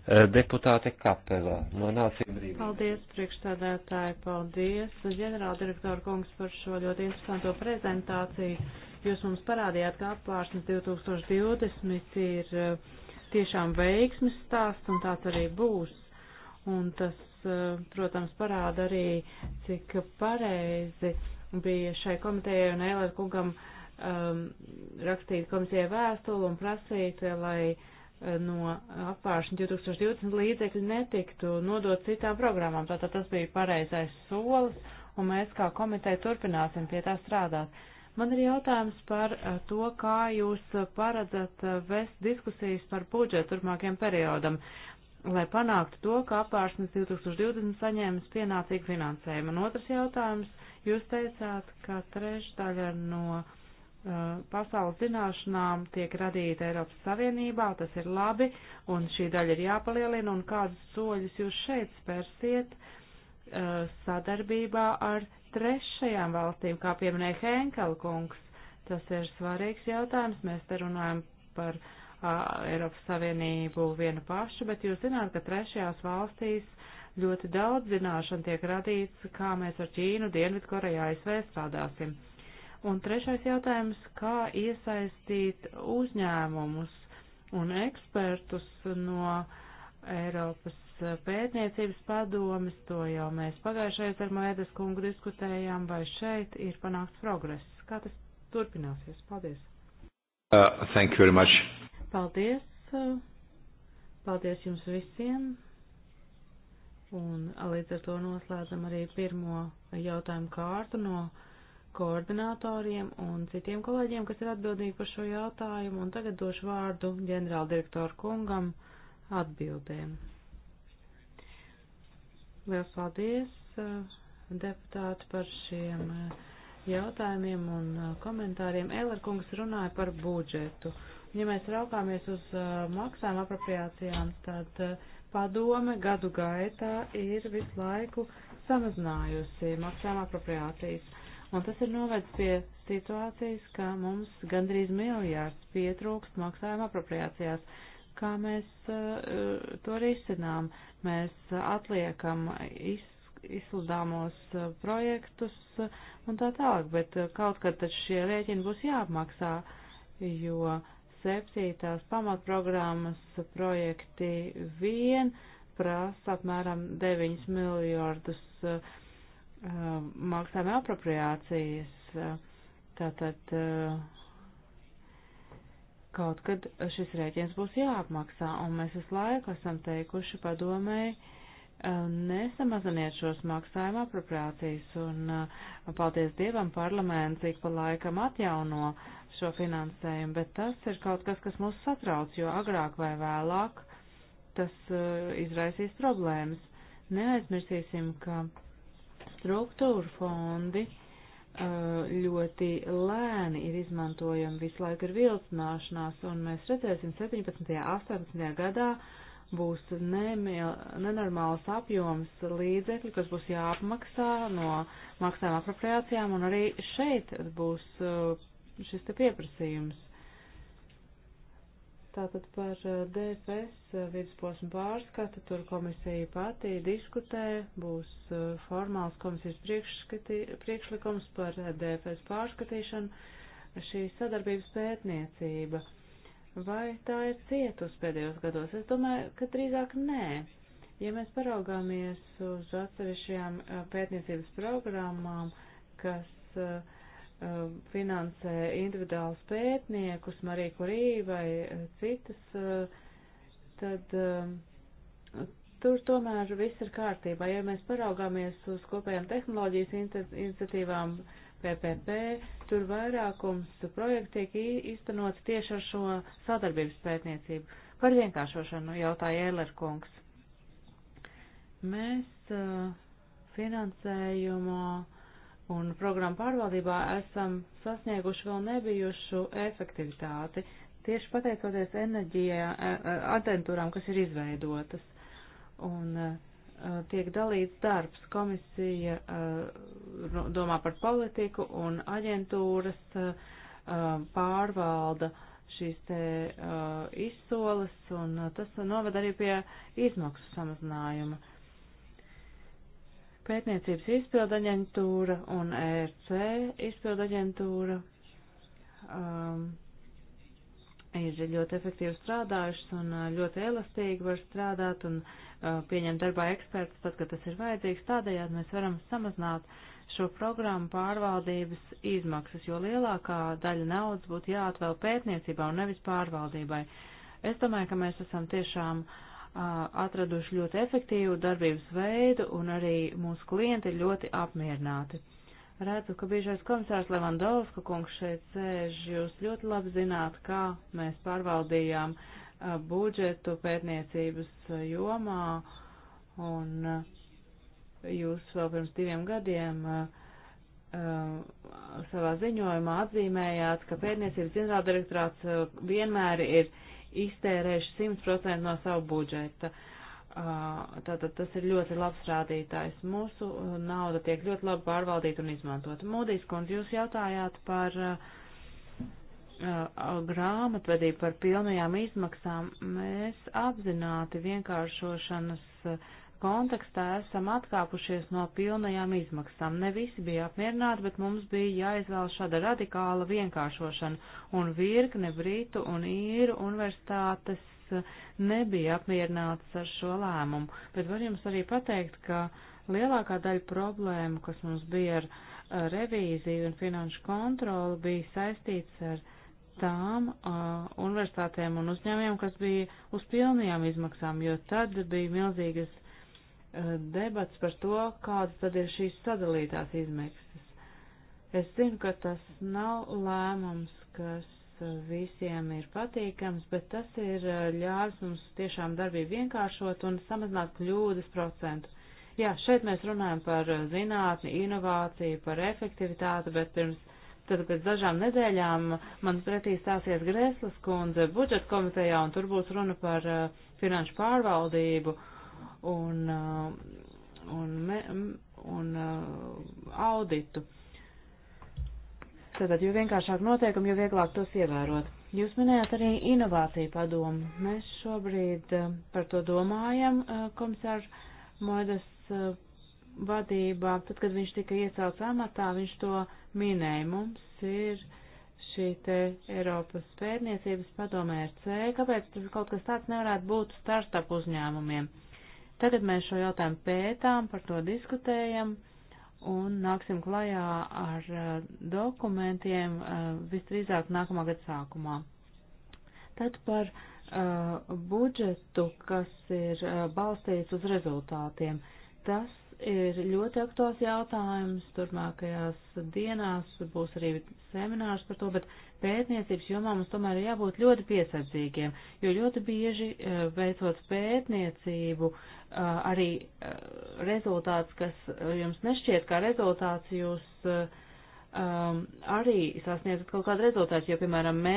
eh, deputāte Kapelā no Nācijām brīvības. Paldies, priekšstādētāji, paldies ģenerāldirektoru kungs par šo ļoti interesanto prezentāciju. Jūs mums parādījāt, ka apvārsnes 2020 ir eh, tiešām veiksmes stāsts un tāds arī būs. Un tas, eh, protams, parāda arī, cik pareizi bija šai komitejai un Eilēt kungam um, rakstīt komisijai vēstuli un prasīt, eh, lai no apvāršana 2020 līdzekļi netiktu nodot citām programmām. Tātad tas bija pareizais solis, un mēs kā komiteja turpināsim pie tā strādāt. Man ir jautājums par eh, to, kā jūs eh, paredzat eh, vest diskusijas par budžetu turpmākiem periodam, lai panāktu to, ka apārsnes 2020 saņēmis pienācīgu finansējumu. Un otrs jautājums, jūs teicāt, ka trešdaļa no uh, pasaules zināšanām tiek radīta Eiropas Savienībā, tas ir labi, un šī daļa ir jāpalielina, un kādus soļus jūs šeit spērsiet uh, sadarbībā ar trešajām valstīm, kā pieminēja Henkela kungs. Tas ir svarīgs jautājums. Mēs te runājam par a, Eiropas Savienību vienu pašu, bet jūs zināt, ka trešajās valstīs ļoti daudz zināšanu tiek radīts, kā mēs ar Ķīnu, Dienvidkoreju, ASV strādāsim. Un trešais jautājums, kā iesaistīt uzņēmumus un ekspertus no Eiropas Uh, pētniecības padomes, to jau mēs pagājušajā ar Mēdes kungu diskutējām, vai šeit ir panākts progress. Kā tas turpināsies? Paldies. Uh, thank you very much. Paldies. Uh, paldies jums visiem. Un līdz ar to noslēdzam arī pirmo jautājumu kārtu no koordinatoriem un citiem kolēģiem, kas ir atbildīgi par šo jautājumu, un tagad došu vārdu ģenerāldirektoru kungam atbildēm. Liels paldies, eh, deputāti, par šiem eh, jautājumiem un eh, komentāriem. Eilar kungs runāja par budžetu. Ja mēs raukāmies uz maksām apropriācijām, tad padome gadu gaitā ir visu laiku samazinājusi maksām apropriācijas. Un tas ir novedis pie situācijas, ka mums gandrīz miljārds pietrūkst maksājuma apropriācijās kā mēs eh, to risinām. Mēs atliekam iz, izsludāmos eh, projektus eh, un tā tālāk, bet kaut kad tad šie rēķini būs jāapmaksā, jo septītās pamatprogrammas projekti vien prasa apmēram 9 miljardus maksājuma apropriācijas. Tātad uh, kaut kad šis rēķins būs jāapmaksā, un mēs visu laiku esam teikuši padomēji, eh, nesamazaniet šos maksājuma apropriācijas, un eh, paldies Dievam parlaments ik pa laikam atjauno šo finansējumu, bet tas ir kaut kas, kas mūs satrauc, jo agrāk vai vēlāk tas eh, izraisīs problēmas. Neaizmirsīsim, ka struktūra fondi uh, Uh, ļoti lēni ir izmantojami, visu laiku ir vilcināšanās, un mēs redzēsim 17. 18. gadā būs nemiel, nenormāls apjoms līdzekļu, kas būs jāapmaksā no maksājuma apropriācijām, un arī šeit būs uh, šis te pieprasījums. Tātad par eh, DFS eh, vidusposmu pārskatu tur komisija pati diskutē, būs eh, formāls komisijas priekšlikums par DFS pārskatīšanu, šī sadarbības pētniecība. Vai tā ir cietus pēdējos gados? Es domāju, ka drīzāk nē. Ja mēs paraugāmies uz atsevišķajām pētniecības programmām, kas uh, Um, finansē individuālus pētniekus, Mariju Kurī vai uh, citas, uh, tad um, tur tomēr viss ir kārtībā. Ja mēs paraugāmies uz kopējām tehnoloģijas iniciatīvām PPP, tur vairākums projekti tiek īstenots tieši ar šo sadarbības pētniecību. Par vienkāršošanu jautāja Ēlerkungs. Mēs uh, finansējumu un programmu pārvaldībā esam sasnieguši vēl nebijušu efektivitāti, tieši pateicoties enerģijā, aģentūrām, kas ir izveidotas. Un tiek dalīts darbs, komisija nu, domā par politiku un aģentūras pārvalda šīs te izsoles, un tas noved arī pie izmaksu samazinājuma Pētniecības izpildaģentūra un ERC izpildaģentūra um, ir ļoti efektīvi strādājušas un uh, ļoti elastīgi var strādāt un uh, pieņemt darbā ekspertus, tad, kad tas ir vajadzīgs. Tādējādi mēs varam samazināt šo programmu pārvaldības izmaksas, jo lielākā daļa naudas būtu jāatvēl pētniecībā un nevis pārvaldībai. Es domāju, ka mēs esam tiešām uh, atraduši ļoti efektīvu darbības veidu un arī mūsu klienti ir ļoti apmierināti. Redzu, ka biežais komisārs Levandovska kungs šeit sēž. Jūs ļoti labi zināt, kā mēs pārvaldījām budžetu pētniecības jomā un jūs vēl pirms diviem gadiem savā ziņojumā atzīmējāt, ka pētniecības ģenerāldirektorāts vienmēr ir iztērējuši 100% no savu budžeta. Uh, tātad tas ir ļoti labs rādītājs. Mūsu uh, nauda tiek ļoti labi pārvaldīta un izmantota. Mūdīs kundze, jūs jautājāt par uh, grāmatvedību, par pilnajām izmaksām. Mēs apzināti vienkāršošanas kontekstā esam atkāpušies no pilnajām izmaksām. Ne visi bija apmierināti, bet mums bija jāizvēl šāda radikāla vienkāršošana, un virkne Britu un īru universitātes nebija apmierināts ar šo lēmumu. Bet var jums arī pateikt, ka lielākā daļa problēmu, kas mums bija ar revīziju un finanšu kontroli, bija saistīts ar tām uh, universitātēm un uzņēmiem, kas bija uz pilnajām izmaksām, jo tad bija milzīgas Eh, debats par to, kādas tad ir šīs sadalītās izmaksas. Es zinu, ka tas nav lēmums, kas eh, visiem ir patīkams, bet tas ir eh, ļāvis mums tiešām darbību vienkāršot un samazināt kļūdas procentu. Jā, šeit mēs runājam par zinātni, inovāciju, par efektivitāti, bet pirms, tad pēc dažām nedēļām man pretī stāsies Grēslas kundze budžeta komitejā un tur būs runa par finanšu pārvaldību un, uh, un, me, un uh, auditu. Tātad, jo vienkāršāk noteikumi, jo vieglāk tos ievērot. Jūs minējāt arī inovāciju padomu. Mēs šobrīd uh, par to domājam, komisārs Moidas vadībā, tad, kad viņš tika iecelts amatā, viņš to minēja. Mums ir šī te Eiropas pētniecības padomē RC, kāpēc tas kaut kas tāds nevarētu būt startup uzņēmumiem? Uh, Tagad mēs šo jautājumu pētām, par to diskutējam un nāksim klajā ar uh, dokumentiem uh, visdrīzāk nākamā gada sākumā. Tad par uh, budžetu, kas ir uh, balstīts uz rezultātiem. Tas ir ļoti aktuāls jautājums. Turmākajās dienās būs arī seminārs par to, bet pētniecības jomā mums tomēr ir jābūt ļoti piesardzīgiem, jo ļoti bieži eh, veicot pētniecību eh, arī eh, rezultāts, kas jums nešķiet kā rezultāts, jūs um, arī sasniedzat kaut kādu rezultātu, jo, piemēram, me,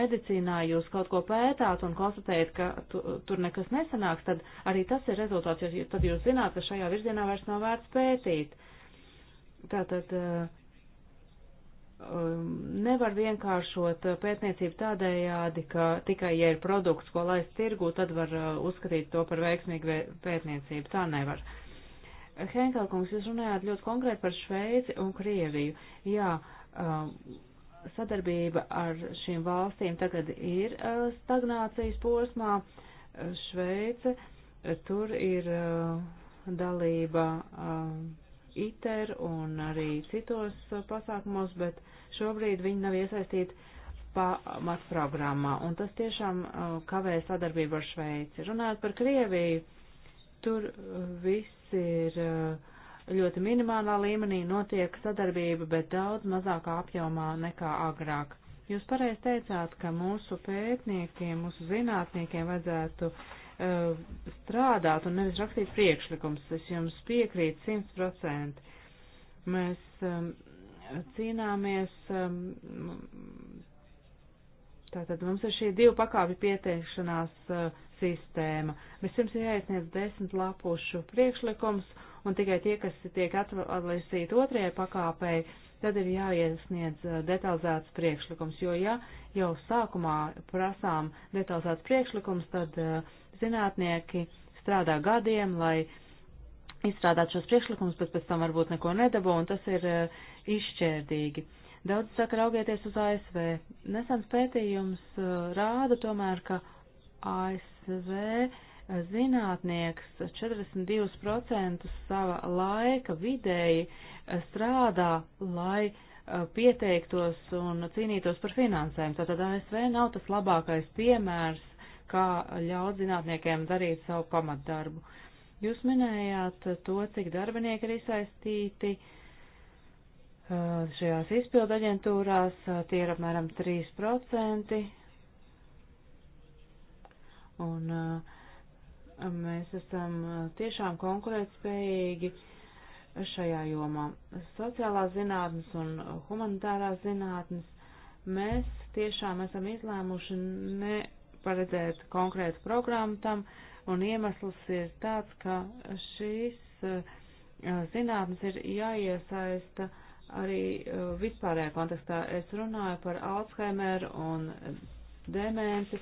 medicīnā jūs kaut ko pētāt un konstatējat, ka tu, tur nekas nesanāks, tad arī tas ir rezultāts, jo tad jūs zināt, ka šajā virzienā vairs nav vērts pētīt. Tātad uh, Um, nevar vienkāršot pētniecību tādējādi, ka tikai, ja ir produkts, ko laist tirgū, tad var uh, uzskatīt to par veiksmīgu pētniecību. Tā nevar. Henkelkungs, jūs runājāt ļoti konkrēti par Šveici un Krieviju. Jā, um, sadarbība ar šīm valstīm tagad ir uh, stagnācijas posmā. Uh, Šveice, tur ir dalība ITER un arī citos pasākumos, bet šobrīd viņi nav iesaistīti pamatprogrammā, un tas tiešām uh, kavē sadarbību ar Šveici. Runājot par Krieviju, tur uh, viss ir uh, ļoti minimālā līmenī, notiek sadarbība, bet daudz mazākā apjomā nekā agrāk. Jūs pareizi teicāt, ka mūsu pētniekiem, mūsu zinātniekiem vajadzētu uh, strādāt un nevis rakstīt priekšlikums. Es jums piekrītu simt procenti. Mēs um, cīnāmies. Um, tātad mums ir šī divu pakāpju pieteikšanās uh, sistēma. Vispirms ir jāiesniedz desmit lapušu priekšlikums, un tikai tie, kas tiek atlasīti otrajai pakāpei, tad ir jāiesniedz uh, detalizēts priekšlikums, jo ja jau sākumā prasām detalizēts priekšlikums, tad uh, zinātnieki strādā gadiem, lai izstrādāt šos priekšlikumus, bet pēc tam varbūt neko nedabū, un tas ir izšķērdīgi. Daudz saka, raugieties uz ASV. Nesans pētījums uh, rāda tomēr, ka ASV uh, zinātnieks 42% sava laika vidēji uh, strādā, lai pieteiktos un cīnītos par finansējumu. Tātad ASV nav tas labākais piemērs, kā ļaut zinātniekiem darīt savu pamatdarbu. Jūs minējāt to, cik darbinieki ir iesaistīti, uh, Eh, šajās izpildu aģentūrās, eh, tie ir apmēram 3%. Un eh, mēs esam tiešām konkurētspējīgi šajā jomā. Sociālās zinātnes un humanitārās zinātnes mēs tiešām esam izlēmuši neparedzēt konkrētu programmu tam, un iemesls ir tāds, ka šīs zinātnes ir jāiesaista uh, Arī uh, vispārējā kontekstā es runāju par Alzheimeru un demenci.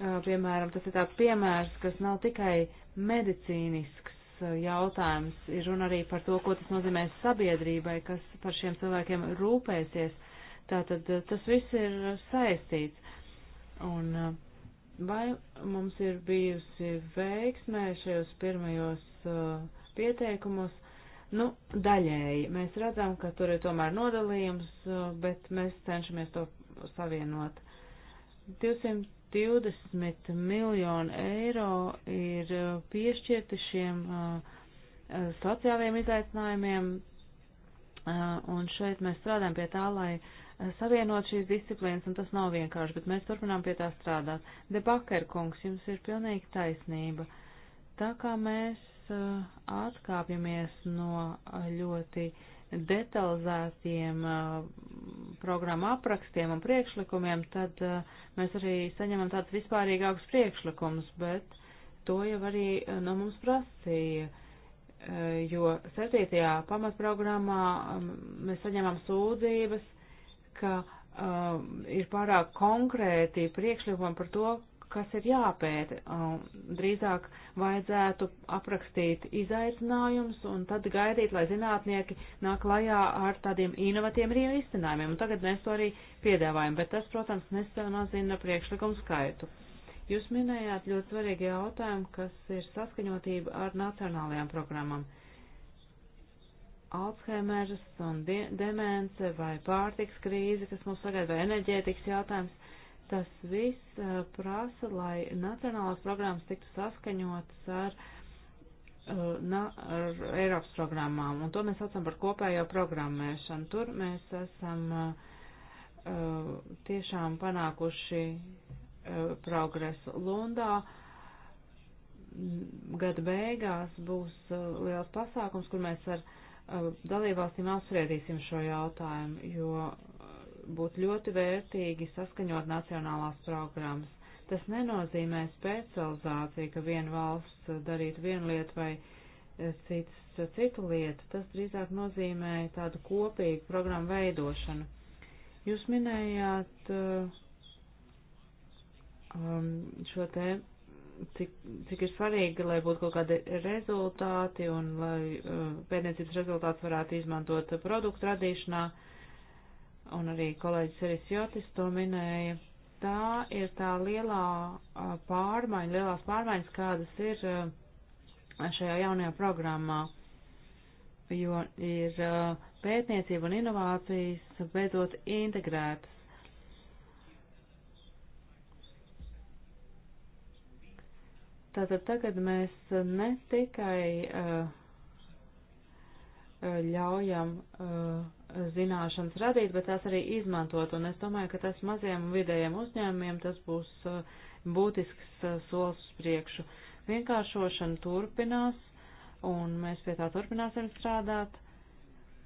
Uh, piemēram, tas ir tāds piemērs, kas nav tikai medicīnisks uh, jautājums, ir runa arī par to, ko tas nozīmē sabiedrībai, kas par šiem cilvēkiem rūpēsies. Tātad uh, tas viss ir saistīts. Un uh, vai mums ir bijusi veiksmē šajos pirmajos pieteikumos? Nu, daļēji mēs redzam, ka tur ir tomēr nodalījums, bet mēs cenšamies to savienot. 220 miljonu eiro ir piešķirti šiem eh, sociālajiem izaicinājumiem, eh, un šeit mēs strādājam pie tā, lai eh, savienot šīs disciplīnas, un tas nav vienkārši, bet mēs turpinām pie tā strādāt. Debaker kungs, jums ir pilnīgi taisnība. Tā kā mēs Uh, atkāpjamies no uh, ļoti detalizētiem uh, programmu aprakstiem un priekšlikumiem, tad mēs arī saņemam tādus vispārīgākus priekšlikumus, bet to jau arī no mums prasīja, jo 7. pamatprogrammā um, mēs saņemam sūdzības, ka ir pārāk konkrēti priekšlikumi par to, kas ir jāpēta. Um, drīzāk vajadzētu aprakstīt izaicinājumus un tad gaidīt, lai zinātnieki nāk lajā ar tādiem inovatīviem risinājumiem. Un tagad mēs to arī piedāvājam, bet tas, protams, nesamazina priekšlikumu skaitu. Jūs minējāt ļoti svarīgi jautājumu, kas ir saskaņotība ar nacionālajām programmām. Alzheimeras un demence vai pārtiks krīze, kas mums sagaida, vai enerģētikas jautājums Tas viss uh, prasa, lai nacionālās programmas tiktu saskaņotas ar, uh, na, ar Eiropas programmām, un to mēs saucam par kopējo programmēšanu. Tur mēs esam uh, uh tiešām panākuši uh, progresu Lundā. Gada beigās būs uh, liels pasākums, kur mēs ar dalībvalstīm apspriedīsim šo jautājumu, jo būtu ļoti vērtīgi saskaņot nacionālās programmas. Tas nenozīmē specializāciju, ka viena valsts darītu vienu lietu vai e, cits, e, citu lietu. Tas drīzāk nozīmē tādu kopīgu programmu veidošanu. Jūs minējāt e, um, šo te, cik, cik ir svarīgi, lai būtu kaut kādi rezultāti un lai uh, pētniecības rezultāts varētu izmantot produktu radīšanā. Uh, un arī kolēģis Eris Jotis to minēja. Tā ir tā lielā pārmaiņa, lielās pārmaiņas, kādas ir šajā jaunajā programmā, jo ir pētniecība un inovācijas beidzot integrētas. Tātad tagad mēs ne tikai ļaujam uh, zināšanas radīt, bet tās arī izmantot. Un es domāju, ka tas maziem un vidējiem uzņēmumiem tas būs uh, būtisks uh, solis uz priekšu. Vienkāršošana turpinās, un mēs pie tā turpināsim strādāt.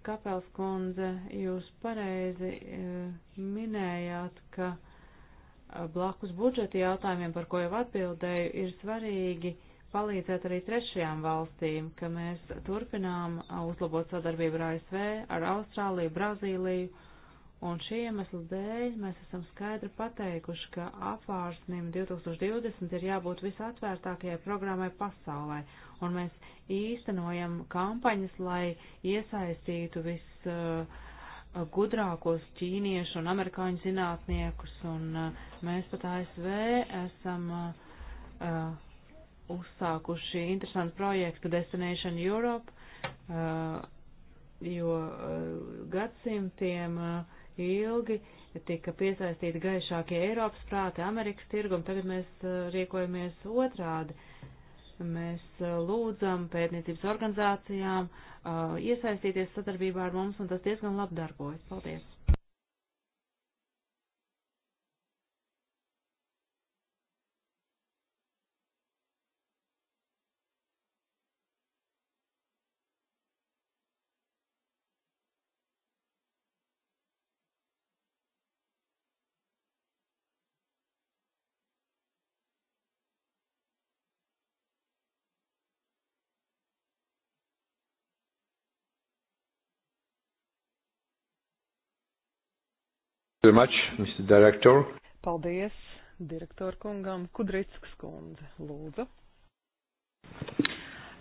Kapels kundze, jūs pareizi uh, minējāt, ka blakus budžeta jautājumiem, par ko jau atbildēju, ir svarīgi uh, palīdzēt arī trešajām valstīm, ka mēs turpinām uzlabot sadarbību ar ASV, ar Austrāliju, Brazīliju, un šī iemesla dēļ mēs esam skaidri pateikuši, ka apvārsnim 2020 ir jābūt visatvērtākajai programmai pasaulē, un mēs īstenojam kampaņas, lai iesaistītu vis uh, gudrākos ķīniešu un amerikāņu zinātniekus, un uh, mēs pat ASV esam uh, uh uzsākuši interesantu projektu Destination Europe, eh, jo eh, gadsimtiem eh, ilgi tika piesaistīti gaišākie Eiropas prāti Amerikas tirgum, tagad mēs riekojamies otrādi. Mēs lūdzam pētniecības organizācijām iesaistīties sadarbībā ar mums, un tas diezgan labi darbojas. Paldies! Much, Paldies direktoru kungam Kudrickas kundze. Lūdzu.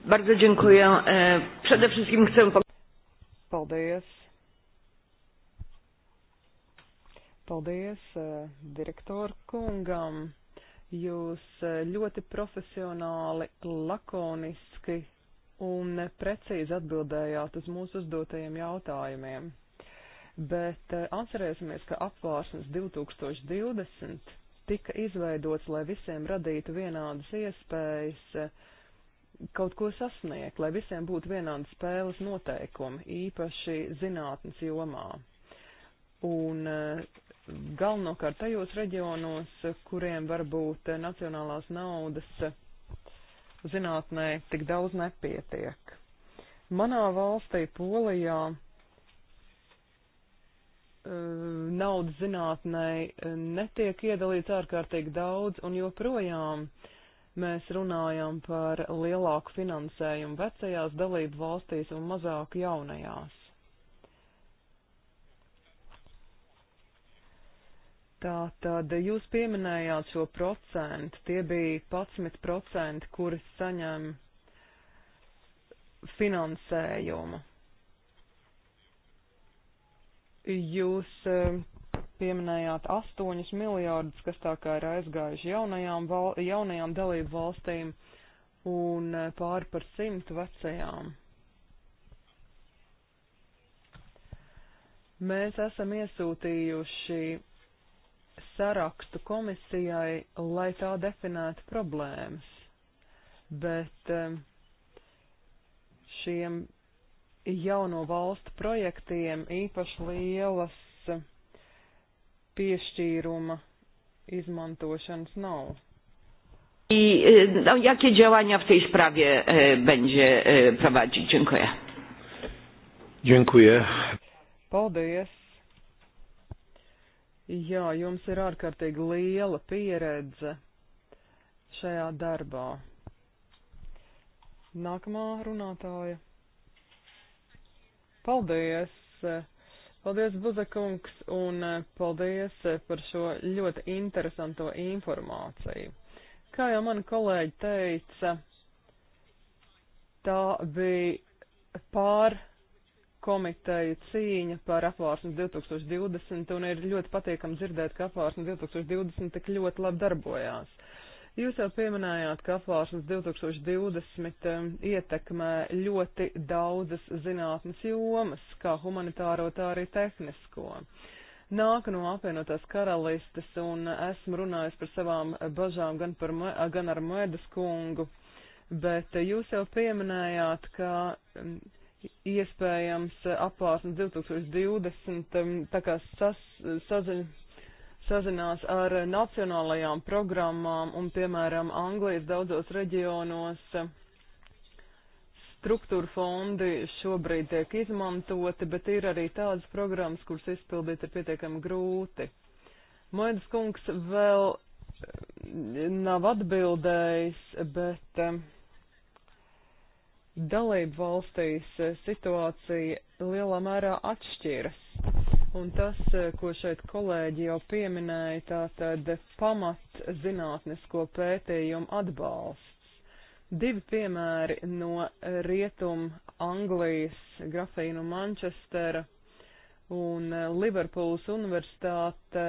Bardzo dziękuję. E, przede wszystkim chcę Paldies. Paldies e, direktoru kungam. Jūs e, ļoti profesionāli, lakoniski un precīzi atbildējāt uz mūsu uzdotajiem jautājumiem bet eh, atcerēsimies, ka apvārsnes 2020 tika izveidots, lai visiem radītu vienādas iespējas eh, kaut ko sasniegt, lai visiem būtu vienādi spēles noteikumi, īpaši zinātnes jomā. Un eh, galvenokārt tajos reģionos, kuriem varbūt nacionālās naudas zinātnē tik daudz nepietiek. Manā valstī, Polijā, Eh, naudas zinātnei eh, netiek iedalīts ārkārtīgi daudz, un joprojām mēs runājam par lielāku finansējumu vecajās dalību valstīs un mazāku jaunajās. Tā tad jūs pieminējāt šo procentu, tie bija 11%, kuri saņem finansējumu Jūs e, pieminējāt 8 miljārdus, kas tā kā ir aizgājuši jaunajām, val, jaunajām dalību valstīm un e, pāri par simtu vecajām. Mēs esam iesūtījuši sarakstu komisijai, lai tā definētu problēmas, bet e, šiem jauno valstu projektiem īpaši lielas piešķīruma izmantošanas nav. I e, no, jakie działania w tej sprawie e, będzie e, prowadzić? Dziękuję. Dziękuję. Paldies. Jā, jums ir ārkārtīgi liela pieredze šajā darbā. Nākamā runātāja. Paldies! Paldies, Buzakungs, un paldies par šo ļoti interesanto informāciju. Kā jau mani kolēģi teica, tā bija pār komiteju cīņa par apvārsnes 2020, un ir ļoti patīkami dzirdēt, ka apvārsnes 2020 tik ļoti labi darbojās. Uh, Jūs jau pieminējāt, ka apvāršanas 2020 um, ietekmē ļoti daudzas zinātnes jomas, kā humanitāro, tā arī tehnisko. Nāk no apvienotās karalistes un esmu runājis par savām bažām gan, par, gan ar Mēdas kungu, bet jūs jau pieminējāt, ka um, iespējams apvārsnes 2020 um, tā kā sas, saziņas sazinās ar nacionālajām programmām un, piemēram, Anglijas daudzos reģionos struktūra fondi šobrīd tiek izmantoti, bet ir arī tādas programmas, kuras izpildīt ir pietiekami grūti. Moedas kungs vēl eh, nav atbildējis, bet eh, dalību valstīs eh, situācija lielā mērā atšķiras Un tas, ko šeit kolēģi jau pieminēja, tātad pamat zinātnisko pētījumu atbalsts. Divi piemēri no rietum Anglijas, grafīnu Manchestera un Liverpools universitāte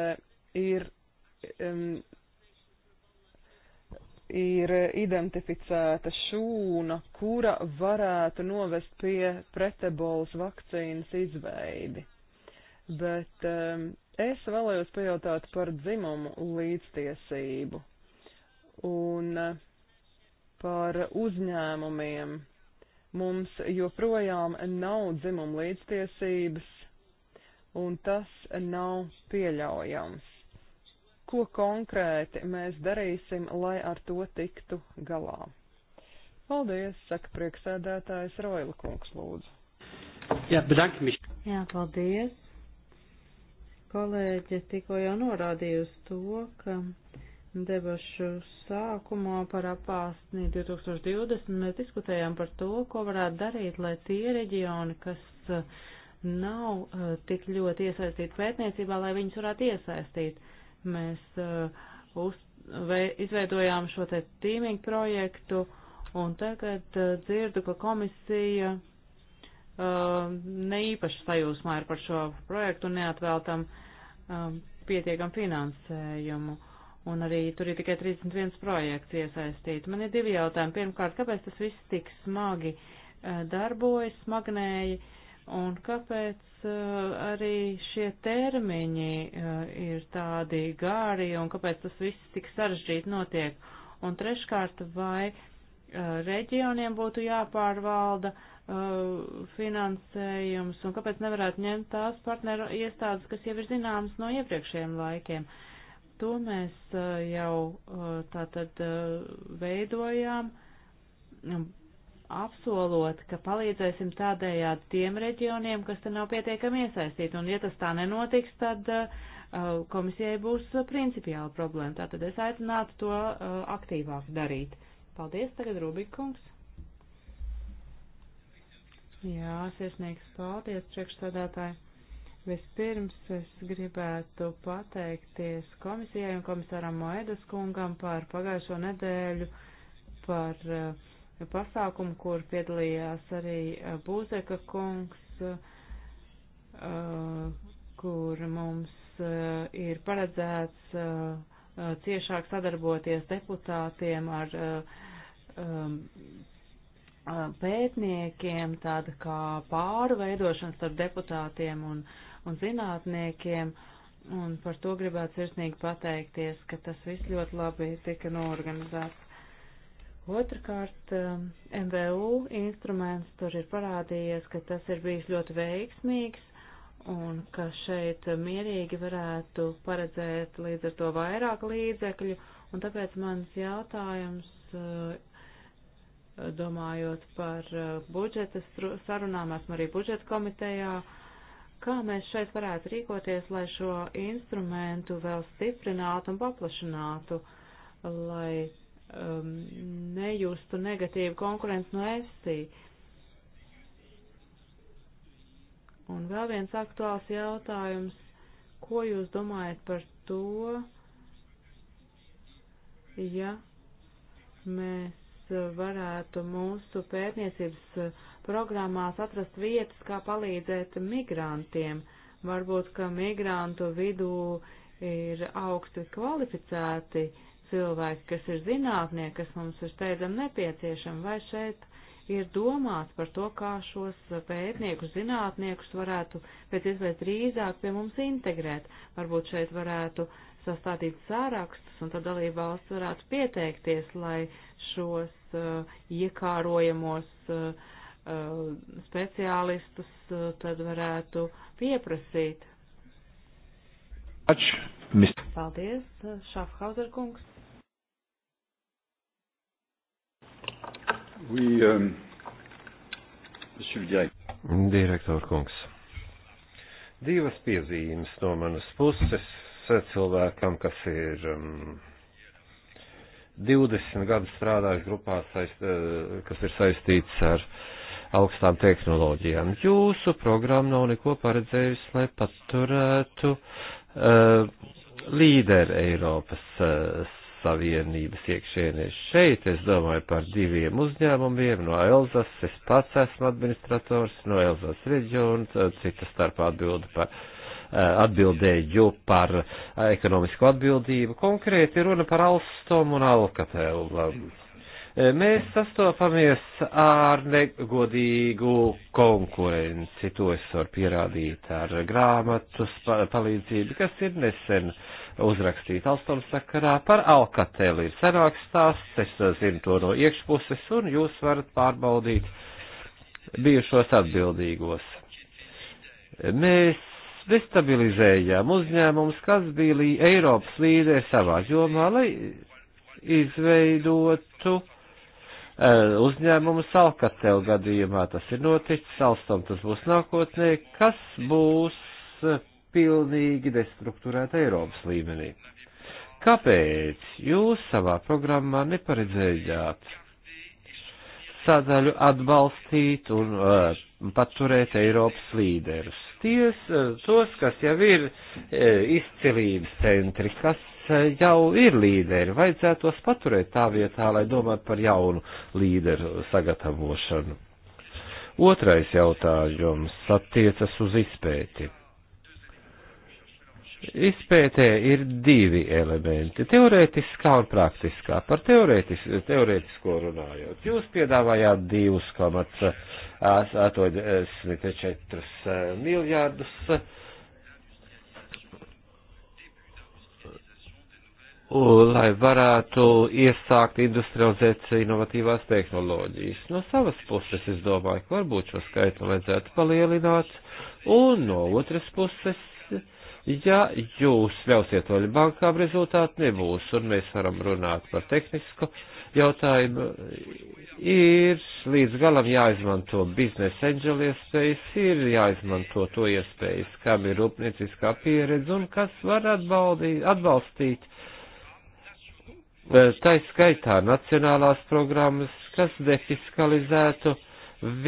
ir, um, ir identificēta šūna, kura varētu novest pie pretebolas vakcīnas izveidi bet um, es vēlējos pajautāt par dzimumu līdztiesību un uh, par uzņēmumiem. Mums joprojām nav dzimuma līdztiesības, un tas nav pieļaujams. Ko konkrēti mēs darīsim, lai ar to tiktu galā? Paldies, saka prieksēdētājs Roila kungs, lūdzu. Jā, bedankt, Miška. Jā, paldies. Kolēģe tikko jau norādīja uz to, ka debašu sākumā par apāstni 2020 mēs diskutējām par to, ko varētu darīt, lai tie reģioni, kas uh, nav uh, tik ļoti iesaistīti pētniecībā, lai viņus varētu iesaistīt. Mēs uh, uz, vei, izveidojām šo te tīmīgu projektu un tagad dzirdu, ka komisija ne īpaši sajūsmā ir par šo projektu un neatvēl tam uh, um, pietiekam finansējumu. Un arī tur ir tikai 31 projekts iesaistīti. Man ir divi jautājumi. Pirmkārt, kāpēc tas viss tik smagi uh, darbojas, smagnēji, un kāpēc uh, arī šie termiņi uh, ir tādi gāri, un kāpēc tas viss tik sarežģīti notiek? Un treškārt, vai uh, reģioniem būtu jāpārvalda uh, Uh, finansējums un kāpēc nevarētu ņemt tās partneru iestādes, kas jau ir zināmas no iepriekšējiem laikiem. To mēs uh, jau uh, tātad veidojām, um, apsolot, ka palīdzēsim tādējādi tiem reģioniem, kas te nav pietiekami iesaistīti, un ja tas tā nenotiks, tad komisijai būs principiāla problēma. Tātad es aicinātu to aktīvāk darīt. Paldies, tagad Rubikungs. Jā, sirsnīgs paldies priekšstādātāji. Vispirms es gribētu pateikties komisijai un komisāram Moedas kungam par pagājušo nedēļu, par eh, pasākumu, kur piedalījās arī eh, Būzeka kungs, eh, kur mums ir paredzēts ciešāk sadarboties deputātiem ar Uh, pētniekiem, tāda kā pārveidošana starp deputātiem un, un zinātniekiem. Un par to gribētu sirsnīgi pateikties, ka tas viss ļoti labi tika norganizēts. Otrakārt, MVU um, instruments tur ir parādījies, ka tas ir bijis ļoti veiksmīgs un ka šeit mierīgi varētu paredzēt līdz ar to vairāk līdzekļu. Un tāpēc mans jautājums uh, domājot par uh, budžeta sarunām, esmu arī budžeta komitejā. Kā mēs šeit varētu rīkoties, lai šo instrumentu vēl stiprinātu un paplašinātu, lai um, nejustu negatīvu konkurenci no EFSI? Un vēl viens aktuāls jautājums. Ko jūs domājat par to, ja mēs varētu mūsu pētniecības eh, programmās atrast vietas, kā palīdzēt migrantiem. Varbūt, ka migrantu vidū ir augsti kvalificēti cilvēki, kas ir zinātnieki, kas mums ir steidzam nepieciešami, vai šeit ir domāt par to, kā šos pētniekus, zinātniekus varētu pēc iespējas drīzāk pie mums integrēt. Varbūt šeit varētu sastādīt sārakstus, un tad dalība valsts varētu pieteikties, lai šos uh, iekārojamos uh, uh, speciālistus uh, tad varētu pieprasīt. Paldies, uh, Šafhauser kungs. Oui, euh, monsieur le directeur. Direktor kungs. Divas piezīmes no manas puses cilvēkam, kas ir um, 20 gadu strādājis grupā, saist, uh, kas ir saistīts ar augstām tehnoloģijām. Jūsu programma nav neko paredzējusi, lai paturētu uh, līderi Eiropas uh, Savienības iekšēnē. Šeit es domāju par diviem uzņēmumiem no Elzas. Es pats esmu administrators no Elzas reģiona, cita starpā atbildu par eh, atbildēju par eh, ekonomisko atbildību. Konkrēti runa par Alstomu un Alkatelu. Eh, mēs sastopamies ar negodīgu konkurenci, to es varu pierādīt ar grāmatus palīdzību, kas ir nesen uh, uzrakstīt Alstons sakarā. Par Alkateli ir senāks stāsts, es eh, zinu to no iekšpuses, un jūs varat pārbaudīt bijušos atbildīgos. Mēs destabilizējām uzņēmumus, kas bija lī, Eiropas līderi savā jomā, lai izveidotu eh, uzņēmumu salkatēlu gadījumā. Tas ir noticis, salstam tas būs nākotnē, kas būs pilnīgi destruktūrēta Eiropas līmenī. Kāpēc jūs savā programmā neparedzējāt sadaļu atbalstīt un uh, paturēt Eiropas līderus? Ties, uh, tos, kas jau ir uh, izcilības centri, kas uh, jau ir līderi, vajadzētu tos paturēt tā vietā, lai domātu par jaunu līderu sagatavošanu. Otrais jautājums attiecas uz izpēti. Izpētē ir divi elementi - teorētiskā un praktiskā. Par teorētis, teorētisko runājot, jūs piedāvājāt 2,84 miljārdus. lai varētu iesākt industrializēt inovatīvās tehnoloģijas. No savas puses es domāju, ka varbūt šo skaitu vajadzētu palielināt, un no otras puses Ja jūs ļausiet vaļu bankām, rezultāti nebūs, un mēs varam runāt par tehnisku jautājumu. Ir līdz galam jāizmanto biznesa angel iespējas, ir jāizmanto to iespējas, kam ir rūpnieciskā pieredze un kas var atbaldīt, atbalstīt. Eh, Tā ir skaitā nacionālās programmas, kas defiskalizētu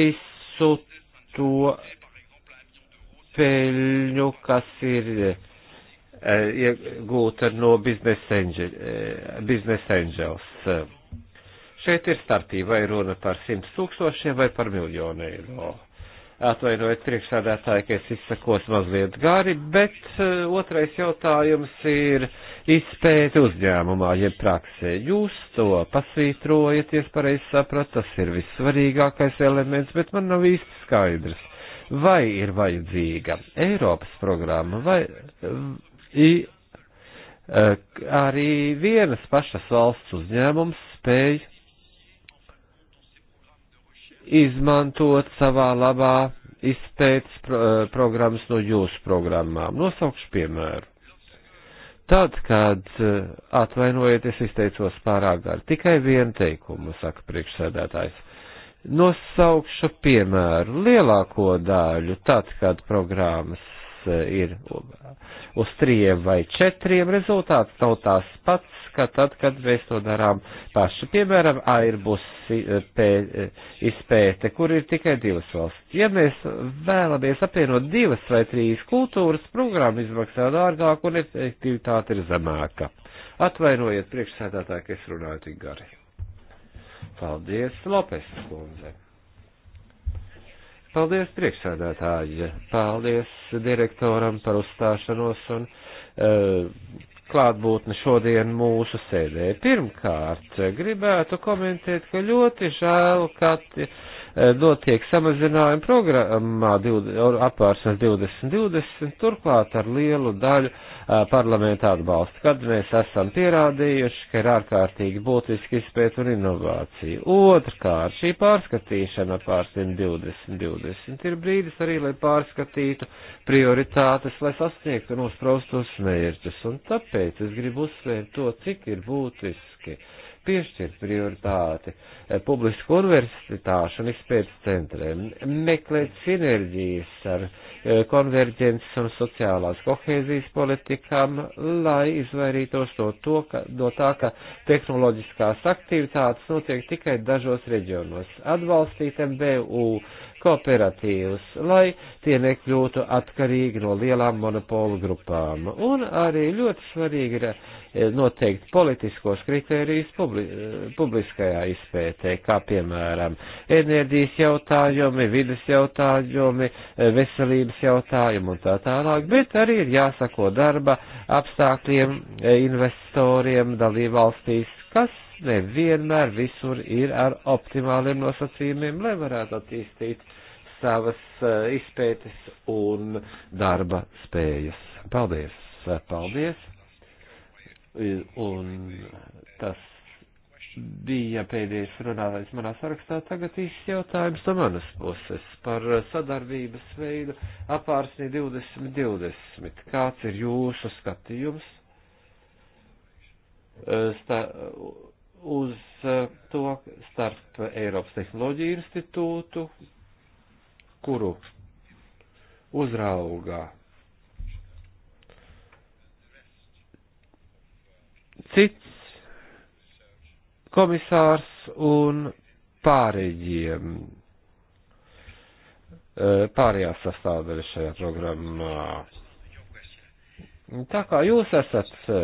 visu to peļņu, kas ir eh, iegūta no biznesa angels. Eh, angels. Šeit ir starpība, vai runa par 100 tūkstošiem vai par miljonu eiro. Atvainojiet priekšsādātāji, ka es izsakos mazliet gari, bet eh, otrais jautājums ir izpēta uzņēmumā, jeb praksē. Jūs to pasvītrojat, ja pareizi sapratu, tas ir vissvarīgākais elements, bet man nav īsti skaidrs vai ir vajadzīga Eiropas programma, vai i, e, arī vienas pašas valsts uzņēmums spēj izmantot savā labā izpētes pro, e, programmas no jūsu programmām. Nosaukšu piemēru. Tad, kad e, atvainojieties, izteicos pārāk gari, tikai vienu teikumu, saka priekšsēdētājs. Nosaukšu piemēru lielāko daļu, tad, kad programmas eh, ir uz trījiem vai četriem, rezultāts nav tās pats, kā tad, kad mēs to darām paši. Piemēram, Airbus eh, eh, izpēte, kur ir tikai divas valsts. Ja mēs vēlamies apvienot divas vai trīs kultūras, programma izmaksā dārgāk un efektivitāte ir zemāka. Atvainojiet priekšsēdētāji, ka es runāju tik gari. Paldies, Lopes kundze. Paldies, priekšsēdētāji. Paldies direktoram par uzstāšanos un uh, klātbūtni šodien mūsu sēdē. Pirmkārt, gribētu komentēt, ka ļoti žēl, ka. Uh, Eh, notiek samazinājumi programmā apvārsnes 2020, turklāt ar lielu daļu eh, parlamentu atbalstu, kad mēs esam pierādījuši, ka ir ārkārtīgi būtiski izpēt un inovācija. Otrkārt, šī pārskatīšana apvārsnim 2020 ir brīdis arī, lai pārskatītu prioritātes, lai sasniegtu nospraustos mērķus, un tāpēc es gribu uzsvērt to, cik ir būtiski. Thank you piešķirt prioritāti eh, publisku universitāšu un izpētes centriem, meklēt sinerģijas ar eh, konverģences un sociālās kohēzijas politikām, lai izvairītos no, to, ka, no tā, ka tehnoloģiskās aktivitātes notiek tikai dažos reģionos, atbalstīt MBU kooperatīvas, lai tie nekļūtu atkarīgi no lielām monopolu grupām. Un arī ļoti svarīgi ir e, noteikt politiskos kritērijus publi e, publiskajā izpētē, kā piemēram enerģijas jautājumi, vidas jautājumi, e, veselības jautājumi un tā tālāk, bet arī ir jāsako darba apstākļiem investoriem dalībvalstīs, kas nevienmēr visur ir ar optimāliem nosacījumiem, lai varētu attīstīt savas eh, izpētes un darba spējas. Paldies! Eh, paldies! Eh, un tas bija pēdējais runātājs manā sarakstā. Tagad īsts jautājums no manas puses par sadarbības veidu apārsnī 2020. Kāds ir jūsu skatījums? Stā, uz to starp Eiropas tehnoloģiju institūtu, kuru uzraugā cits komisārs un pārējiem, e, pārējā sastāvdaļa šajā programmā. Tā kā jūs esat e,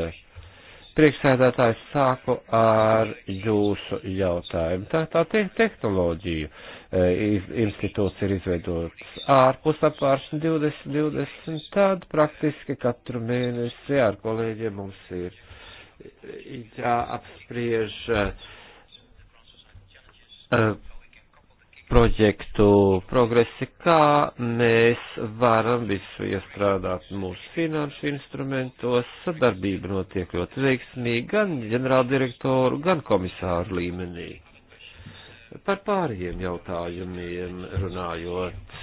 Priekšsēdētājs sāku ar jūsu jautājumu. Tā, tā te, tehnoloģiju e, iz, institūts ir izveidots ārpus apvāršana 2020, tad praktiski katru mēnesi ar kolēģiem mums ir jāapspriež. Uh, uh, projektu progresi, kā mēs varam visu iestrādāt mūsu finanšu instrumentos. Sadarbība notiek ļoti veiksmīgi gan ģenerāldirektoru, gan komisāru līmenī. Par pārējiem jautājumiem runājot,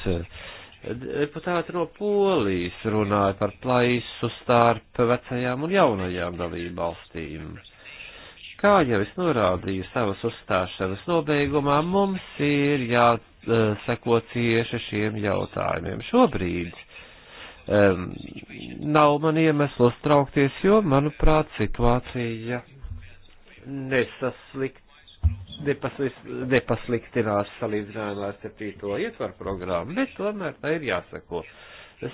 deputāti no Polijas runāja par plaisu starp vecajām un jaunajām dalībvalstīm. valstīm Kā jau es norādīju savas uzstāšanas nobeigumā, mums ir jāseko cieši šiem jautājumiem. Šobrīd um, nav man iemesls traukties, jo, manuprāt, situācija nesaslikt, nepaslikt, nepasliktinās salīdzinājumā ar 7. ietvaru programmu, bet tomēr tā ir jāsako.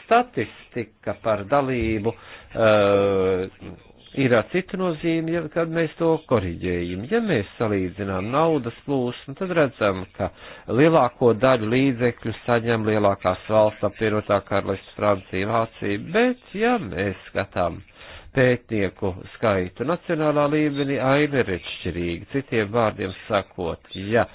Statistika par dalību uh, ir ar citu nozīmi, ja, kad mēs to koriģējam. Ja mēs salīdzinām naudas plūsmu, tad redzam, ka lielāko daļu līdzekļu saņem lielākās valsts apvienotā karalists Francija, Vācija, bet ja mēs skatām pētnieku skaitu nacionālā līmenī, aina ir atšķirīga. Citiem vārdiem sakot, ja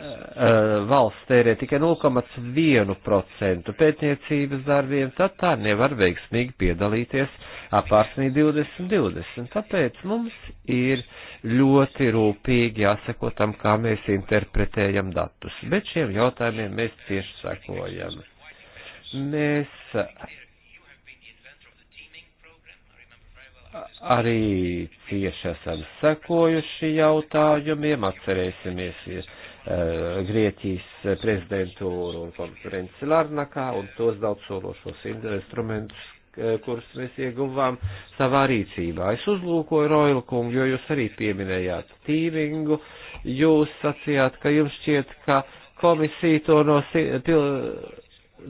Eh, eh, valsts tērē tikai 0,1% pētniecības darbiem, tad tā nevar veiksmīgi piedalīties apārsnī 2020. Tāpēc mums ir ļoti rūpīgi jāseko tam, kā mēs interpretējam datus. Bet šiem jautājumiem mēs cieši sekojam. Mēs arī cieši esam sekojuši jautājumiem, atcerēsimies. Ir Eh, Grieķijas prezidentūru un konferenci Larnakā un tos daudz sološos instrumentus, eh, kurus mēs ieguvām savā rīcībā. Es uzlūkoju Roilkumu, jo jūs arī pieminējāt stīvingu, jūs sacījāt, ka jums šķiet, ka komisija to no,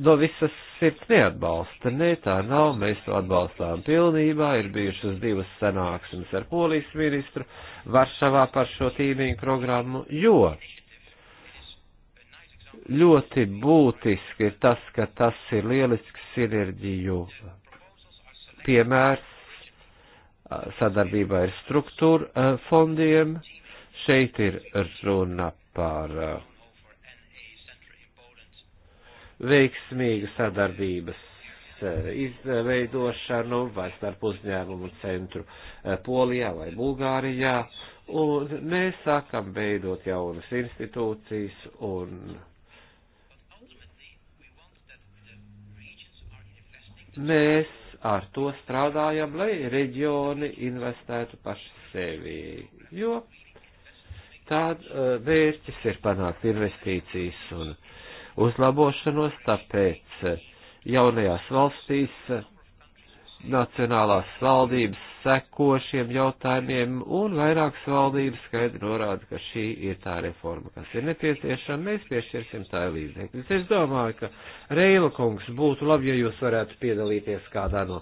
no visas sirds neatbalsta. Nē, ne, tā nav, mēs to atbalstām pilnībā, ir bijušas divas sanāksmes ar polijas ministru Varšavā par šo tīmīgu programmu, jo ļoti būtiski ir tas, ka tas ir lielisks sinerģiju piemērs sadarbībā ar struktūra fondiem. Šeit ir runa par veiksmīgu sadarbības izveidošanu vai starp uzņēmumu centru Polijā vai Bulgārijā. Un mēs sākam veidot jaunas institūcijas un mēs ar to strādājam, lai reģioni investētu paši sevi, jo tād eh, mērķis ir panākt investīcijas un uzlabošanos, tāpēc eh, jaunajās valstīs nacionālās valdības seko šiem jautājumiem, un vairākas valdības skaidri norāda, ka šī ir tā reforma, kas ir nepieciešama, mēs piešķirsim tā līdzekļus. Es domāju, ka Reila kungs būtu labi, ja jūs varētu piedalīties kādā no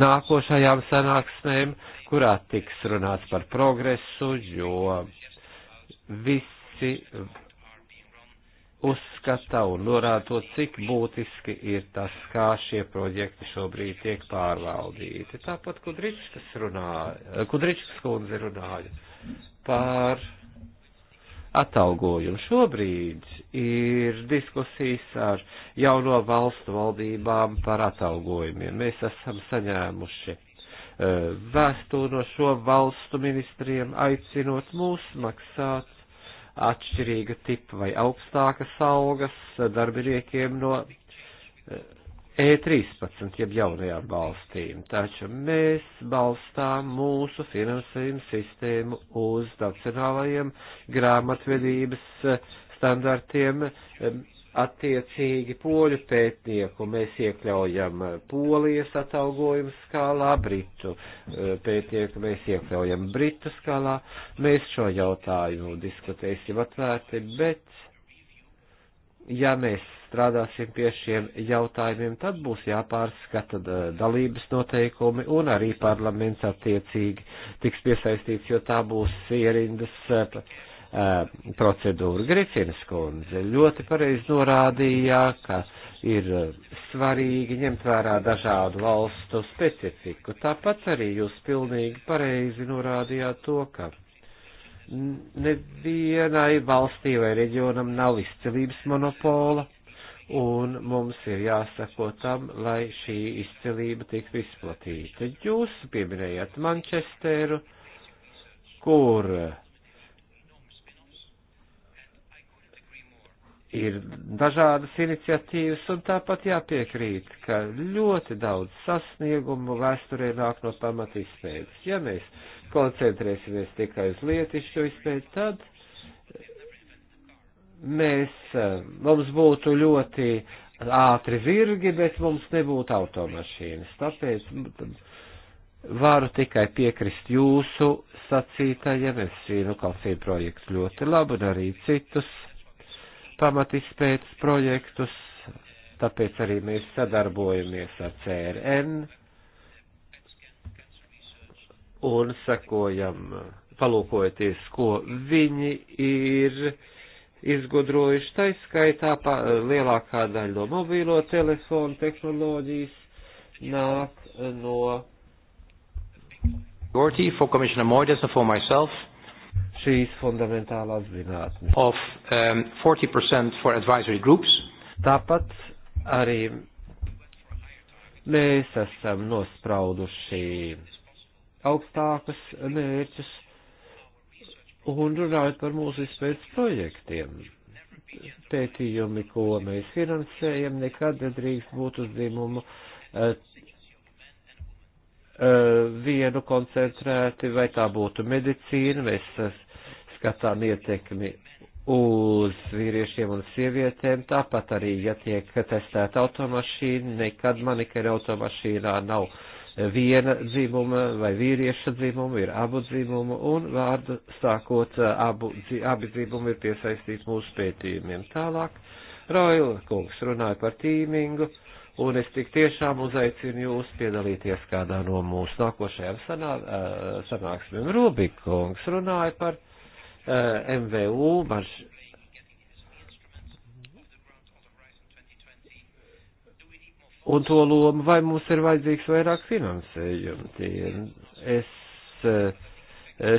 nākošajām sanāksmēm, kurā tiks runāts par progresu, jo visi uzskata un norāda to, cik būtiski ir tas, kā šie projekti šobrīd tiek pārvaldīti. Tāpat Kudričkas, runāja, Kudričkas kundze runāja par atalgojumu. Šobrīd ir diskusijas ar jauno valstu valdībām par atalgojumiem. Mēs esam saņēmuši eh, vēstuli no šo valstu ministriem, aicinot mūs maksāt atšķirīga tipa vai augstākas augas darbiniekiem no E13, eh, e jeb jaunajām valstīm, taču mēs balstām mūsu finansējumu sistēmu uz nacionālajiem grāmatvedības eh, standartiem, eh, attiecīgi poļu pētnieku mēs iekļaujam polijas atalgojumu skālā, britu e, pētnieku mēs iekļaujam britu skālā. Mēs šo jautājumu diskutēsim atvērti, bet ja mēs strādāsim pie šiem jautājumiem, tad būs jāpārskata e, dalības noteikumi un arī parlaments attiecīgi tiks piesaistīts, jo tā būs ierindas. Uh, e, procedūru. Grifins kundze ļoti pareizi norādīja, ka ir svarīgi ņemt vērā dažādu valstu specifiku. Tāpat arī jūs pilnīgi pareizi norādījāt to, ka nevienai valstī vai reģionam nav izcelības monopola, un mums ir jāsako tam, lai šī izcelība tiktu izplatīta. Jūs pieminējat Mančesteru, kur uh, ir dažādas iniciatīvas, un tāpat jāpiekrīt, ka ļoti daudz sasniegumu vēsturē nāk no pamata izpētes. Ja mēs koncentrēsimies tikai uz lietišķo izpēti, tad mēs, eh, mums būtu ļoti ātri virgi, bet mums nebūtu automašīnas. Tāpēc varu tikai piekrist jūsu sacītajiem, es zinu, ka šī projekts ļoti labi un arī citus pamatizpētes projektus, tāpēc arī mēs sadarbojamies ar CRN un sakojam, palūkojoties, ko viņi ir izgudrojuši, taiskaitā lielākā daļa no mobīlo telefonu tehnoloģijas nāk no. For Commissioner Moides and for myself, šīs fundamentālās zinātnes. Of, um, 40% for advisory groups. Tāpat arī mēs esam nosprauduši augstākus mērķus un runājot par mūsu izpētes projektiem. Pētījumi, ko mēs finansējam, nekad nedrīkst būt uzzīmumu uh, eh, uh, eh, vienu koncentrēti, vai tā būtu medicīna, mēs skatām ietekmi uz vīriešiem un sievietēm, tāpat arī, ja tiek testēta automašīna, nekad manikēra automašīnā nav viena dzimuma vai vīrieša dzimuma, ir abu dzimuma, un vārdu sākot, abu, abi dzimumi ir piesaistīti mūsu pētījumiem. Tālāk, Roila kungs runāja par tīmingu, un es tik tiešām uzaicinu jūs piedalīties kādā no mūsu nākošajām sanā, sanāksmēm. Rubikungs runāja par Eh, MVU, baš un to lomu, vai mums ir vajadzīgs vairāk finansējumu. Es eh,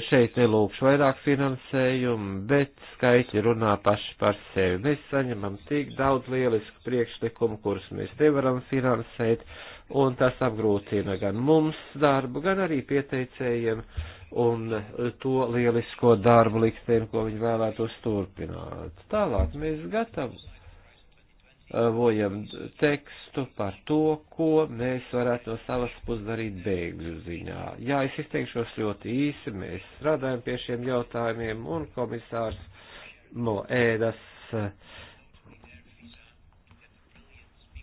šeit nelūkšu vairāk finansējumu, bet skaitļi runā paši par sevi. Mēs saņemam tik daudz lielisku priekšlikumu, kurus mēs nevaram finansēt, un tas apgrūtina gan mums darbu, gan arī pieteicējiem un to lielisko darbu likteni, ko viņi vēlētos turpināt. Tālāk mēs gatavojam tekstu par to, ko mēs varētu no savas puses darīt bēgļu ziņā. Jā, es izteikšos ļoti īsi, mēs strādājam pie šiem jautājumiem, un komisārs Moēdas no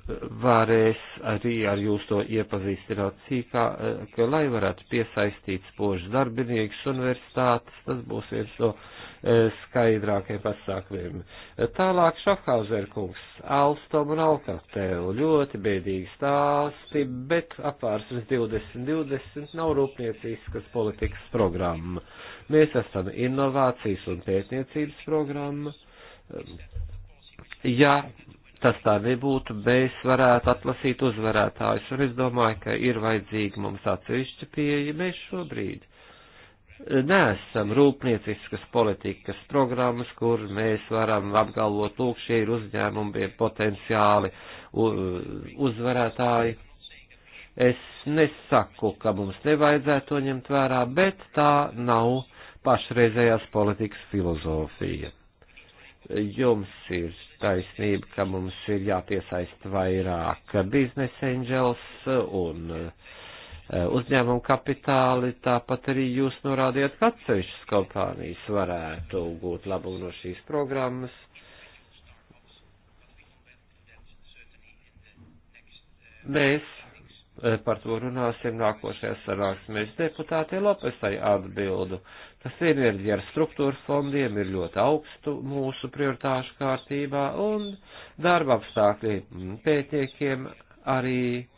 varēs arī ar jūs to iepazīstināt cīkāk, eh, lai varētu piesaistīt spožus darbiniekus universitātes, tas būs viens no eh, skaidrākiem pasākumiem. Tālāk Šafhauser kungs, Alstom un Alkatel, ļoti bēdīgi stāsti, bet apvārsnes 2020 nav rūpniecīskas politikas programma. Mēs esam inovācijas un pētniecības programma. Ja tas tā nebūtu, mēs varētu atlasīt uzvarētājus, un es domāju, ka ir vajadzīga mums atsevišķa pieeja, mēs šobrīd neesam rūpnieciskas politikas programmas, kur mēs varam apgalvot, lūk, šie ir uzņēmumi, ir potenciāli uzvarētāji. Es nesaku, ka mums nevajadzētu to ņemt vērā, bet tā nav pašreizējās politikas filozofija. Jums ir taisnība, ka mums ir jāpiesaista vairāk biznesa angels un e, uzņēmumu kapitāli, tāpat arī jūs norādījāt, ka atsevišķas kompānijas varētu gūt labu no šīs programmas. Mēs Eh, par to runāsim nākošajā sanāksmēs. Deputātei Lopesai atbildu, ka sinerģija ar struktūra fondiem ir ļoti augstu mūsu prioritāšu kārtībā un darba apstākļi mm, pētniekiem arī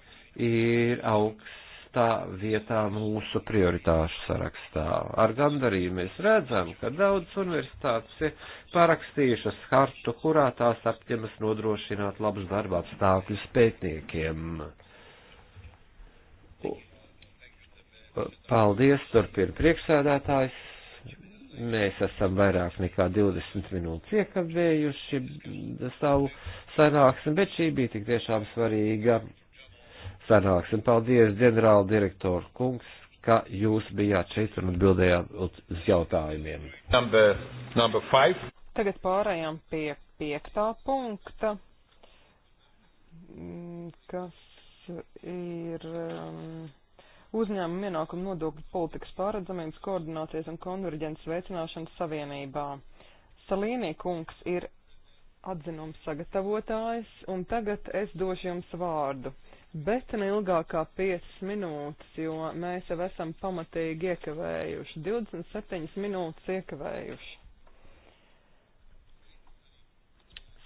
ir augstā vietā mūsu prioritāšu sarakstā. Ar gandarīju mēs redzam, ka daudz universitātes ir parakstījušas hartu, kurā tās apņemas nodrošināt labus darba apstākļus pētniekiem. Paldies, turpina priekšsēdētājs. Mēs esam vairāk nekā 20 minūtes iekavējuši savu sanāksmi, bet šī bija tik tiešām svarīga sanāksmi. Paldies, ģenerāla direktora kungs, ka jūs bijāt šeit un atbildējāt uz jautājumiem. Number, number five. Tagad pārējām pie piektā punkta, mm, kas ir. Um, uzņēmumu ienākumu nodokļu politikas pārredzamības koordinācijas un konverģences veicināšanas savienībā. Salīnī kungs ir atzinums sagatavotājs, un tagad es došu jums vārdu. Bet ne ilgāk kā 5 minūtes, jo mēs jau esam pamatīgi iekavējuši, 27 minūtes iekavējuši.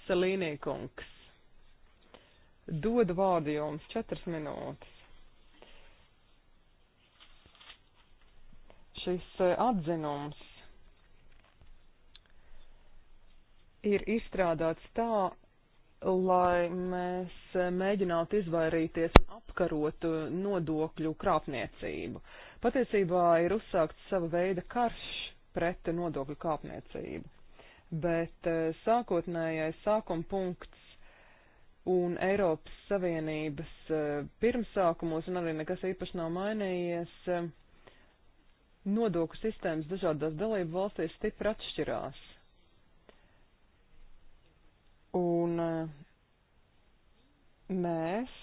Salīnīkungs, dodu vārdu jums 4 minūtes. šis e, atzinums ir izstrādāts tā, lai mēs mēģinātu izvairīties un apkarot e, nodokļu krāpniecību. Patiesībā ir uzsākts sava veida karš pret nodokļu krāpniecību, bet e, sākotnējais sākuma punkts un Eiropas Savienības pirmsākumos un arī nekas īpaši nav mainījies nodokļu sistēmas dažādās dalību valstīs stipri atšķirās. Un eh, mēs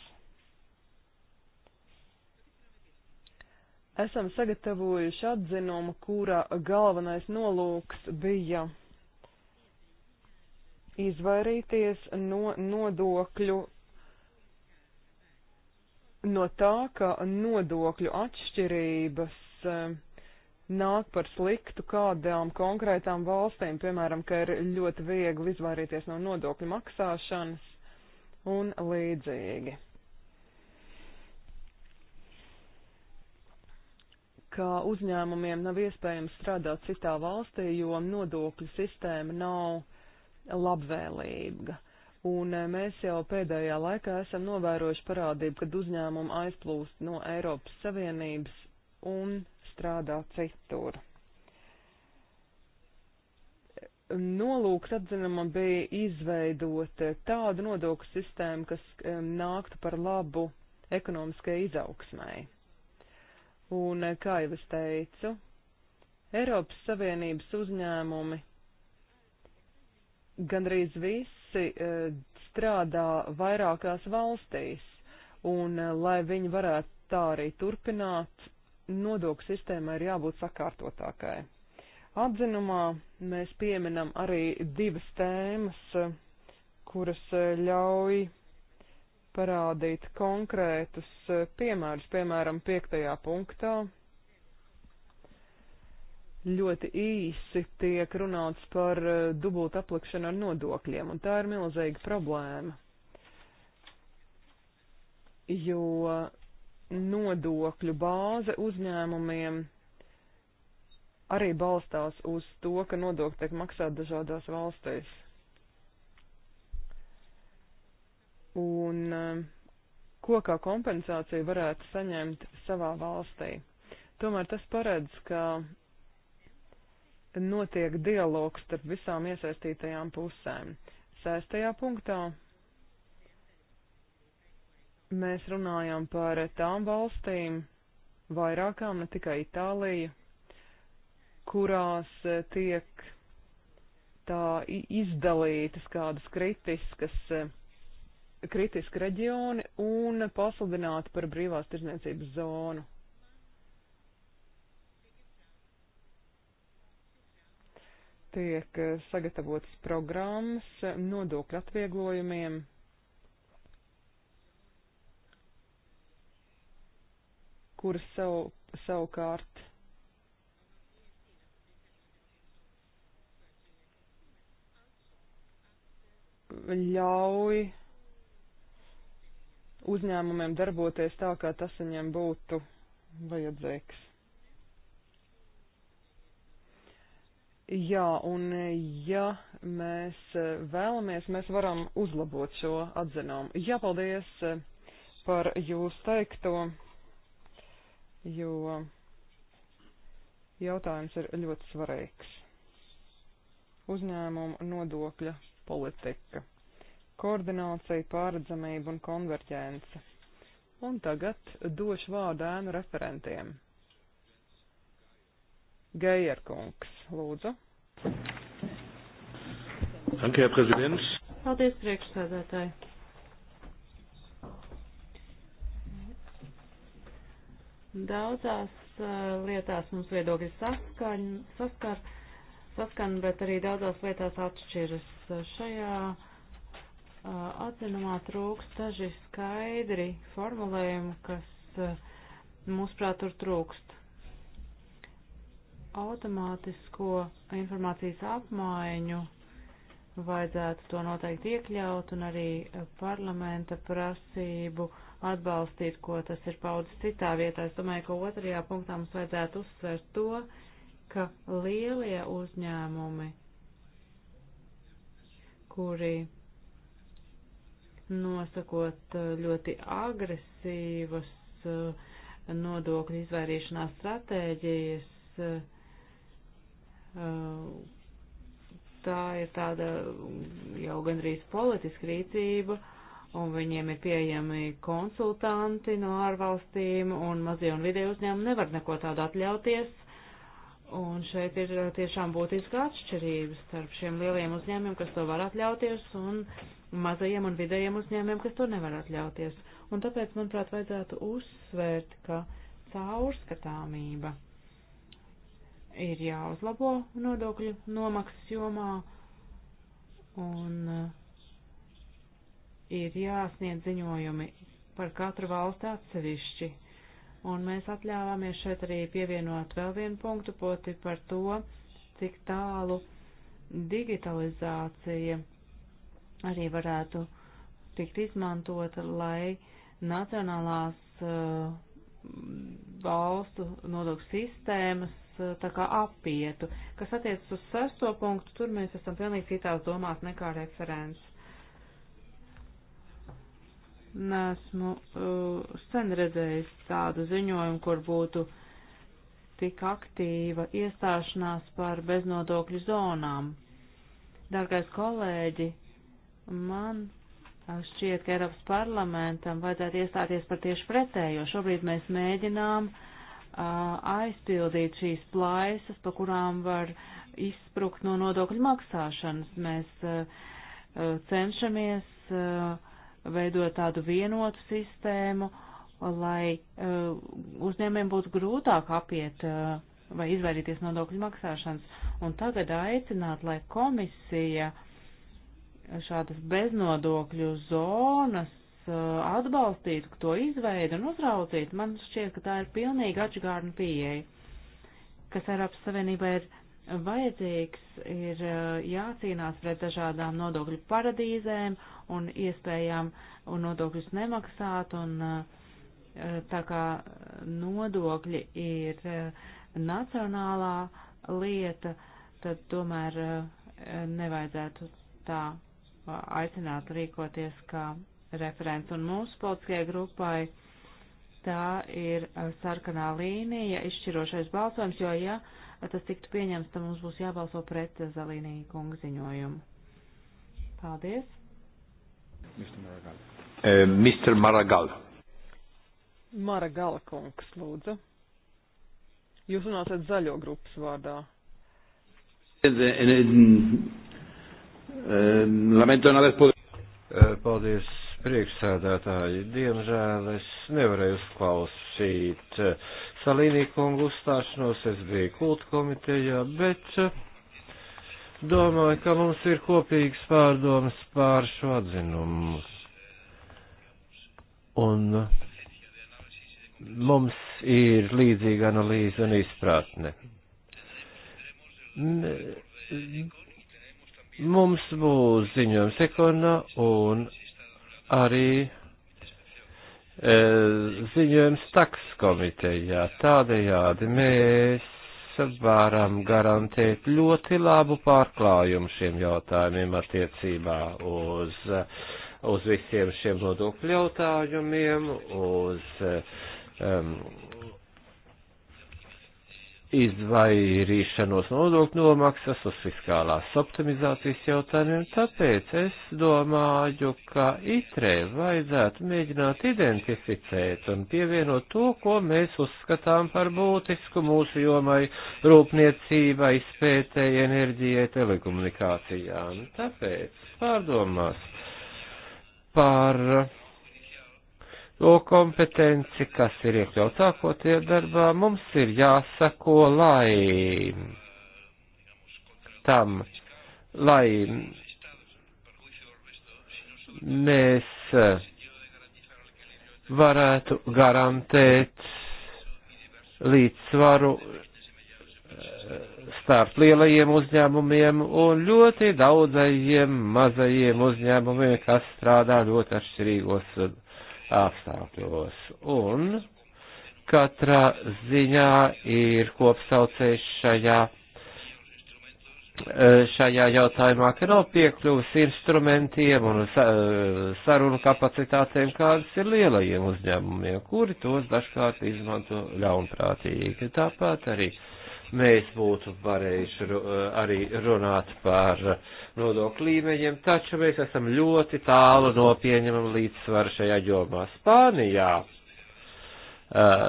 esam sagatavojuši atzinumu, kura galvenais nolūks bija izvairīties no nodokļu, no tā, ka nodokļu atšķirības eh, nāk par sliktu kādām konkrētām valstīm, piemēram, ka ir ļoti viegli izvairīties no nodokļu maksāšanas un līdzīgi. Kā uzņēmumiem nav iespējams strādāt citā valstī, jo nodokļu sistēma nav labvēlīga. Un eh, mēs jau pēdējā laikā esam novērojuši parādību, kad uzņēmumi aizplūst no Eiropas Savienības un strādā citur. Nolūks atzinamam bija izveidot tādu nodokļu sistēmu, kas nāktu par labu ekonomiskajai izaugsmai. Un, eh, kā jau es teicu, Eiropas Savienības uzņēmumi gandrīz visi eh, strādā vairākās valstīs, un eh, lai viņi varētu tā arī turpināt, nodokļu sistēmai ir jābūt sakārtotākai. Atzinumā mēs pieminam arī divas tēmas, kuras e, ļauj parādīt konkrētus e, piemērus, piemēram, piektajā punktā. Ļoti īsi tiek runāts par e, dubultu aplikšanu ar nodokļiem, un tā ir milzīga problēma. Jo nodokļu bāze uzņēmumiem arī balstās uz to, ka nodokļi tiek maksāti dažādās valstīs. Un um, ko kā kompensāciju varētu saņemt savā valstī. Tomēr tas paredz, ka notiek dialogs starp visām iesaistītajām pusēm. Sēstajā punktā Mēs runājam par tām valstīm, vairākām, ne tikai Itāliju, kurās eh, tiek tā izdalītas kādas kritiskas, eh, kritiski reģioni un pasludināti par brīvās tirdzniecības zonu. Tiek eh, sagatavotas programmas nodokļu atvieglojumiem, kuras savu, savukārt ļauj uzņēmumiem darboties tā, kā tas viņiem būtu vajadzīgs. Jā, un ja mēs vēlamies, mēs varam uzlabot šo atzinumu. Jā, paldies par jūsu teikto jo jautājums ir ļoti svarīgs. Uzņēmuma nodokļa politika, koordinācija, pārredzamība un konverģence. Un tagad došu vārdu ēnu referentiem. Geierkungs, lūdzu. Danke, Herr Präsident. Paldies, priekšsēdētāji. Daudzās eh, lietās mums viedokļi saskaņ, saskar, saskan, bet arī daudzās lietās atšķiras. Šajā eh, atzinumā trūkst daži skaidri formulējumi, kas, eh, mūsuprāt, tur trūkst. Automātisko informācijas apmaiņu vajadzētu to noteikti iekļaut un arī parlamenta prasību uh, atbalstīt, ko tas ir paudzis citā vietā. Es domāju, ka otrajā punktā mums vajadzētu uzsvērt to, ka lielie uzņēmumi, kuri nosakot eh, ļoti agresīvas eh, nodokļu izvairīšanās stratēģijas, eh, tā ir tāda jau gandrīz politiska rīcība, un viņiem ir pieejami konsultanti no ārvalstīm, un mazie un vidēji uzņēmumi nevar neko tādu atļauties. Un šeit ir tiešām būtiska atšķirības starp šiem lieliem uzņēmumiem, kas to var atļauties, un mazajiem un vidējiem uzņēmumiem, kas to nevar atļauties. Un tāpēc, manuprāt, vajadzētu uzsvērt, ka caurskatāmība ir jāuzlabo nodokļu nomaksas jomā, un uh, ir jāsniedz ziņojumi par katru valstu atsevišķi. Un mēs atļāvāmies šeit arī pievienot vēl vienu punktu poti par to, cik tālu digitalizācija arī varētu tikt izmantota, lai nacionālās uh, valstu nodokļu sistēmas uh, tā kā apietu. Kas attiecas uz sesto punktu, tur mēs esam pilnīgi citās domās nekā referents nesmu uh, sen redzējis tādu ziņojumu, kur būtu tik aktīva iestāšanās par beznodokļu zonām. Dargais kolēģi, man uh, šķiet, ka Eiropas parlamentam vajadzētu iestāties par tieši pretējo. Šobrīd mēs mēģinām uh, aizpildīt šīs plaisas, pa kurām var izsprukt no nodokļu maksāšanas. Mēs uh, uh cenšamies uh, veidot tādu vienotu sistēmu, lai uh, uzņēmējiem būtu grūtāk apiet uh, vai izvairīties nodokļu maksāšanas. Un tagad aicināt, lai komisija šādas beznodokļu zonas uh, atbalstītu, to izveidu un uzraudzītu, man šķiet, ka tā ir pilnīgi atšķirīga pieeja, kas Eiropas Savienībā ir vajadzīgs, ir eh, jācīnās pret dažādām nodokļu paradīzēm un iespējām un nodokļus nemaksāt, un eh, tā kā nodokļi ir eh, nacionālā lieta, tad tomēr nevajadzētu tā aicināt rīkoties kā referents. Un mūsu politiskajai grupai tā ir sarkanā līnija, izšķirošais balsojums, jo ja tas tiktu pieņemts, tad mums būs jābalso pret Zalīnī kunga ziņojumu. Paldies. Mr. Maragal. Uh, eh, Mr. Maragal. Maragala kungs, lūdzu. Jūs runāsiet zaļo grupas vārdā. Lamento nav podies. Eh, paldies, priekšsēdētāji. Diemžēl es nevarēju uzklausīt eh, Salīnī kungu uzstāšanos, es biju kultu komitejā, bet eh, domāju, ka mums ir kopīgs pārdomas pār šo atzinumu. Un mums ir līdzīga analīze un izpratne. Mums būs ziņojums ekonā un arī E, ziņojums taks komitejā. Tādējādi mēs varam garantēt ļoti labu pārklājumu šiem jautājumiem attiecībā uz, uz visiem šiem nodokļu jautājumiem, uz um, izvairīšanos nodokļu nomaksas, uz fiskālās optimizācijas jautājumiem, tāpēc es domāju, ka itrē vajadzētu mēģināt identificēt un pievienot to, ko mēs uzskatām par būtisku mūsu jomai rūpniecībai, spētēji, enerģijai, telekomunikācijām. Tāpēc pārdomās par to kompetenci, kas ir iekļauts sākotie darbā, mums ir jāsako, lai tam, lai mēs eh, varētu garantēt līdzsvaru eh, starp lielajiem uzņēmumiem un ļoti daudzajiem mazajiem uzņēmumiem, kas strādā ļoti atšķirīgos apstākļos. Un katrā ziņā ir kopsaucējs šajā, e, šajā jautājumā, ka nav piekļuvis instrumentiem un e, sarunu kapacitātēm, kādas ir lielajiem uzņēmumiem, kuri tos dažkārt izmanto ļaunprātīgi. Tāpat arī uh, mēs būtu varējuši eh, arī runāt par eh, nodokļu līmeņiem, taču mēs esam ļoti tālu no pieņemam līdzsvaru šajā jomā. Spānijā eh,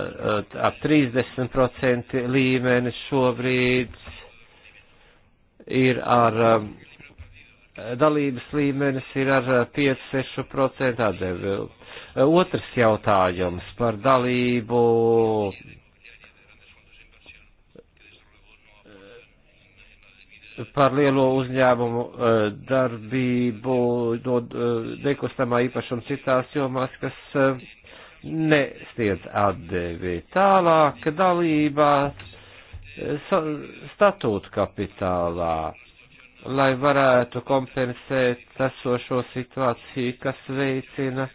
ap 30% līmenis šobrīd ir ar dalības līmenis ir ar 5-6% atdevi. Otrs jautājums par dalību par lielo uzņēmumu eh, darbību no eh, nekustamā īpašuma citās jomās, kas eh, nesniedz atdevi. Tālāk dalībā statūtu kapitālā, lai varētu kompensēt esošo situāciju, kas veicina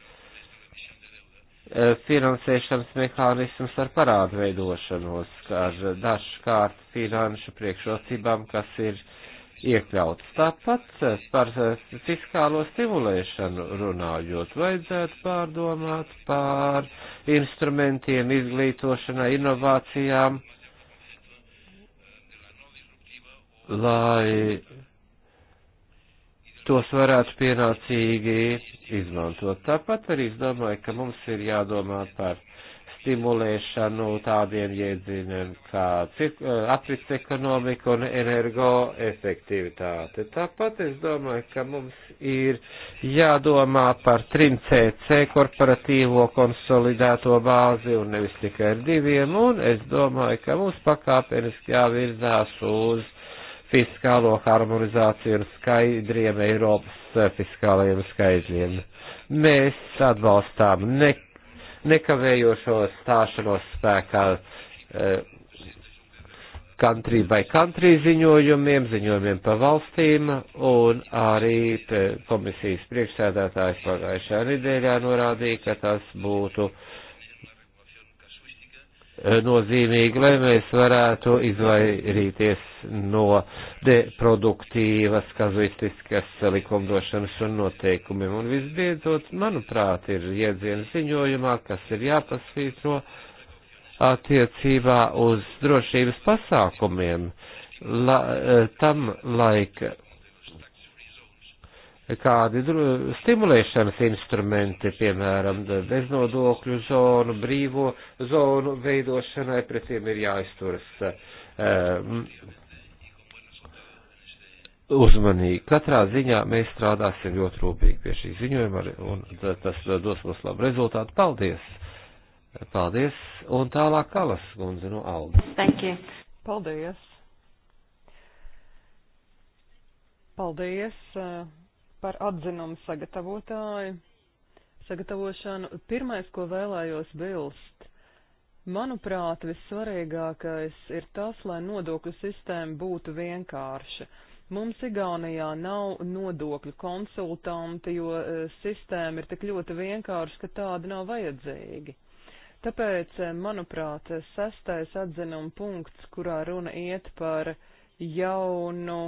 Eh, finansēšanas mehānisms ar parādu veidošanos, ar dažkārt finanšu priekšrocībām, kas ir iekļauts. Tāpat eh, par eh, fiskālo stimulēšanu runājot, vajadzētu pārdomāt par instrumentiem izglītošanai, inovācijām, lai tos varētu pienācīgi izmantot. Tāpat arī es domāju, ka mums ir jādomā par stimulēšanu tādiem jēdzieniem kā eh, atvits ekonomika un energoefektivitāte. Tāpat es domāju, ka mums ir jādomā par 3CC korporatīvo konsolidēto bāzi un nevis tikai ar diviem, un es domāju, ka mums pakāpeniski jāvirzās uz fiskālo harmonizāciju un skaidriem Eiropas eh, fiskālajiem skaidriem. Mēs atbalstām ne, nekavējošo stāšanos spēkā eh, country by country ziņojumiem, ziņojumiem pa valstīm, un arī eh, komisijas priekšsēdētājs pagājušā nedēļā norādīja, ka tas būtu uh, nozīmīgi, lai mēs varētu izvairīties no deproduktīvas, kazuistiskas likumdošanas un noteikumiem. Un visbeidzot, manuprāt, ir iedziena ziņojumā, kas ir jāpasvītro attiecībā uz drošības pasākumiem. La, eh, tam laika kādi stimulēšanas instrumenti, piemēram, beznodokļu zonu, brīvo zonu veidošanai, pret tiem ir jāizturas um, uzmanīgi. Katrā ziņā mēs strādāsim ļoti rūpīgi pie šī ziņojuma, un tas dos mums labu rezultātu. Paldies! Paldies! Un tālāk Kalas kundze no Alba. Thank you! Paldies! Paldies! Uh par atzinumu sagatavotāju sagatavošanu. Pirmais, ko vēlējos bilst, manuprāt, vissvarīgākais ir tas, lai nodokļu sistēma būtu vienkārša. Mums Igaunijā nav nodokļu konsultanti, jo e, sistēma ir tik ļoti vienkārša, ka tāda nav vajadzīga. Tāpēc, e, manuprāt, e, sestais atzinuma punkts, kurā runa iet par jaunu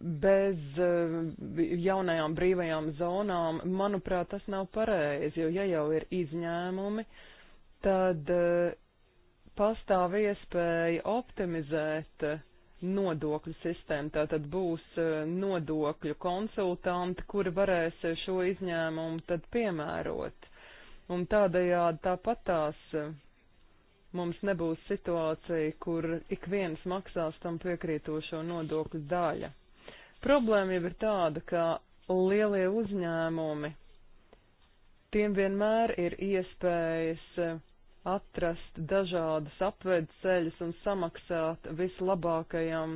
bez eh, jaunajām brīvajām zonām, manuprāt, tas nav pareizi, jo ja jau ir izņēmumi, tad eh, pastāv iespēja optimizēt eh, nodokļu sistēmu. Tātad būs nodokļu konsultanti, kuri varēs šo izņēmumu tad piemērot. Un tādējādi tāpat tās mums nebūs situācija, kur ik viens maksās tam piekrītošo nodokļu daļu. Problēma jau ir tāda, ka lielie uzņēmumi, tiem vienmēr ir iespējas e, atrast dažādas apvedceļas un samaksāt vislabākajam,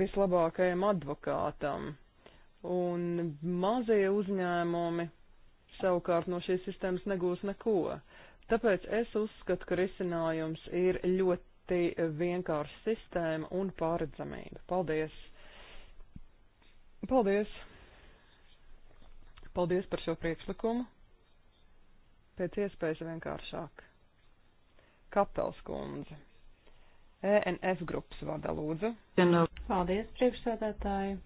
vislabākajam advokātam. Un mazie uzņēmumi savukārt no šīs sistēmas negūs neko. Tāpēc es uzskatu, ka risinājums ir ļoti vienkārša sistēma un pārredzamība. Paldies! Paldies! Paldies par šo priekšlikumu. Pēc iespējas vienkāršāk. Kapels kundze. ENF grupas vada lūdzu. Paldies, priekšsēdētāji.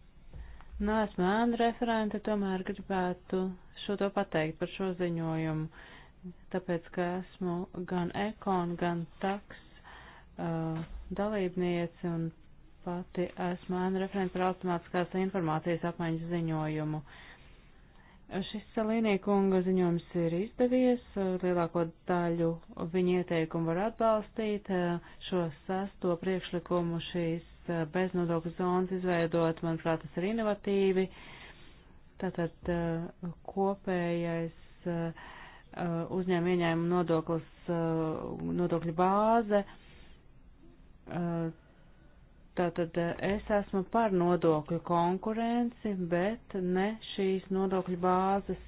Nē, esmu ēna referente, tomēr gribētu šo to pateikt par šo ziņojumu, tāpēc, ka esmu gan ekon, gan taks uh, dalībniece un Pati esmu ēna referenta par automātiskās informācijas apmaiņas ziņojumu. Šis līnija kunga ziņojums ir izdevies, lielāko daļu viņa ieteikumu var atbalstīt. Šo sesto priekšlikumu šīs beznodokļu zonas izveidot, manuprāt, tas ir inovatīvi. Tātad kopējais uzņēmuma ieņēmuma nodoklis, nodokļu bāze Tātad eh, es esmu par nodokļu konkurenci, bet ne šīs nodokļu bāzes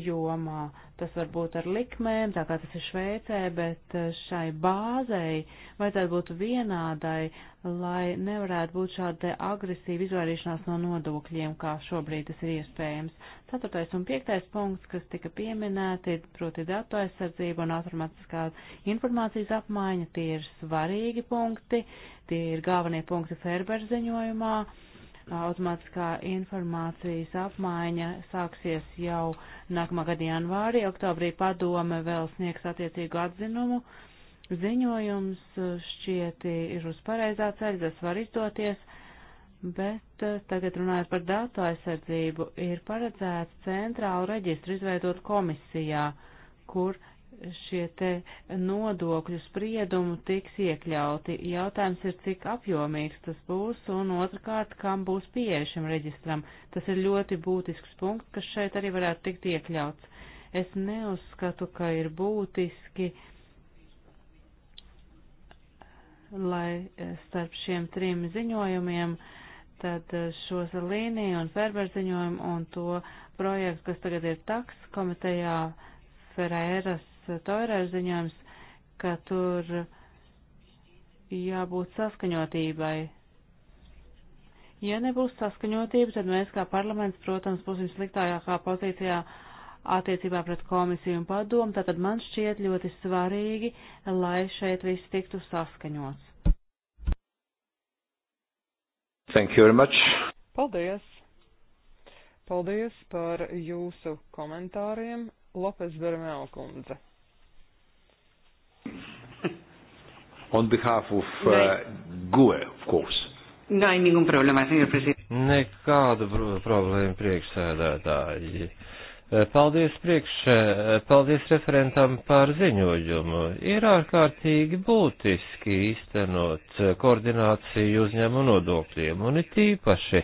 jomā. Tas var būt ar likmēm, tā kā tas ir Šveicē, bet eh, šai bāzei vajadzētu būt vienādai, lai nevarētu būt šāda agresīva izvairīšanās no nodokļiem, kā šobrīd tas ir iespējams. Ceturtais un piektais punkts, kas tika pieminēti, proti datu aizsardzība un automatiskā informācijas apmaiņa, tie ir svarīgi punkti, tie ir galvenie punkti Ferber ziņojumā automātiskā informācijas apmaiņa sāksies jau nākamā gada janvārī. Oktobrī padome vēl sniegs attiecīgu atzinumu. Ziņojums e, šķieti ir uz pareizā ceļa, tas var izdoties, bet e, tagad runājot par datu aizsardzību, ir paredzēts centrālu reģistru izveidot komisijā, kur uh, šie te nodokļu spriedumu tiks iekļauti. Jautājums ir, cik apjomīgs tas būs, un otrkārt, kam būs pieeja šim reģistram. Tas ir ļoti būtisks punkts, kas šeit arī varētu tikt iekļauts. Es neuzskatu, ka ir būtiski, lai eh, starp šiem trim ziņojumiem tad eh, šos līniju un ferber ziņojumu un to projektu, kas tagad ir taks komitejā, Ferēras Toirēra ziņojums, ka tur jābūt saskaņotībai. Ja nebūs saskaņotība, tad mēs kā parlaments, protams, būsim sliktākā pozīcijā attiecībā pret komisiju un padomu, tātad man šķiet ļoti svarīgi, lai šeit viss tiktu saskaņots. Thank you very much. Paldies. Paldies par jūsu komentāriem, Lopes Bermēlkundze. on behalf of uh, no. GUE, of course. No hay ningún problema, señor presidente. Nekāda problēma priekšsēdētāji. Paldies priekš, paldies referentam par ziņojumu. Ir ārkārtīgi būtiski īstenot koordināciju uzņēmu nodokļiem, un it īpaši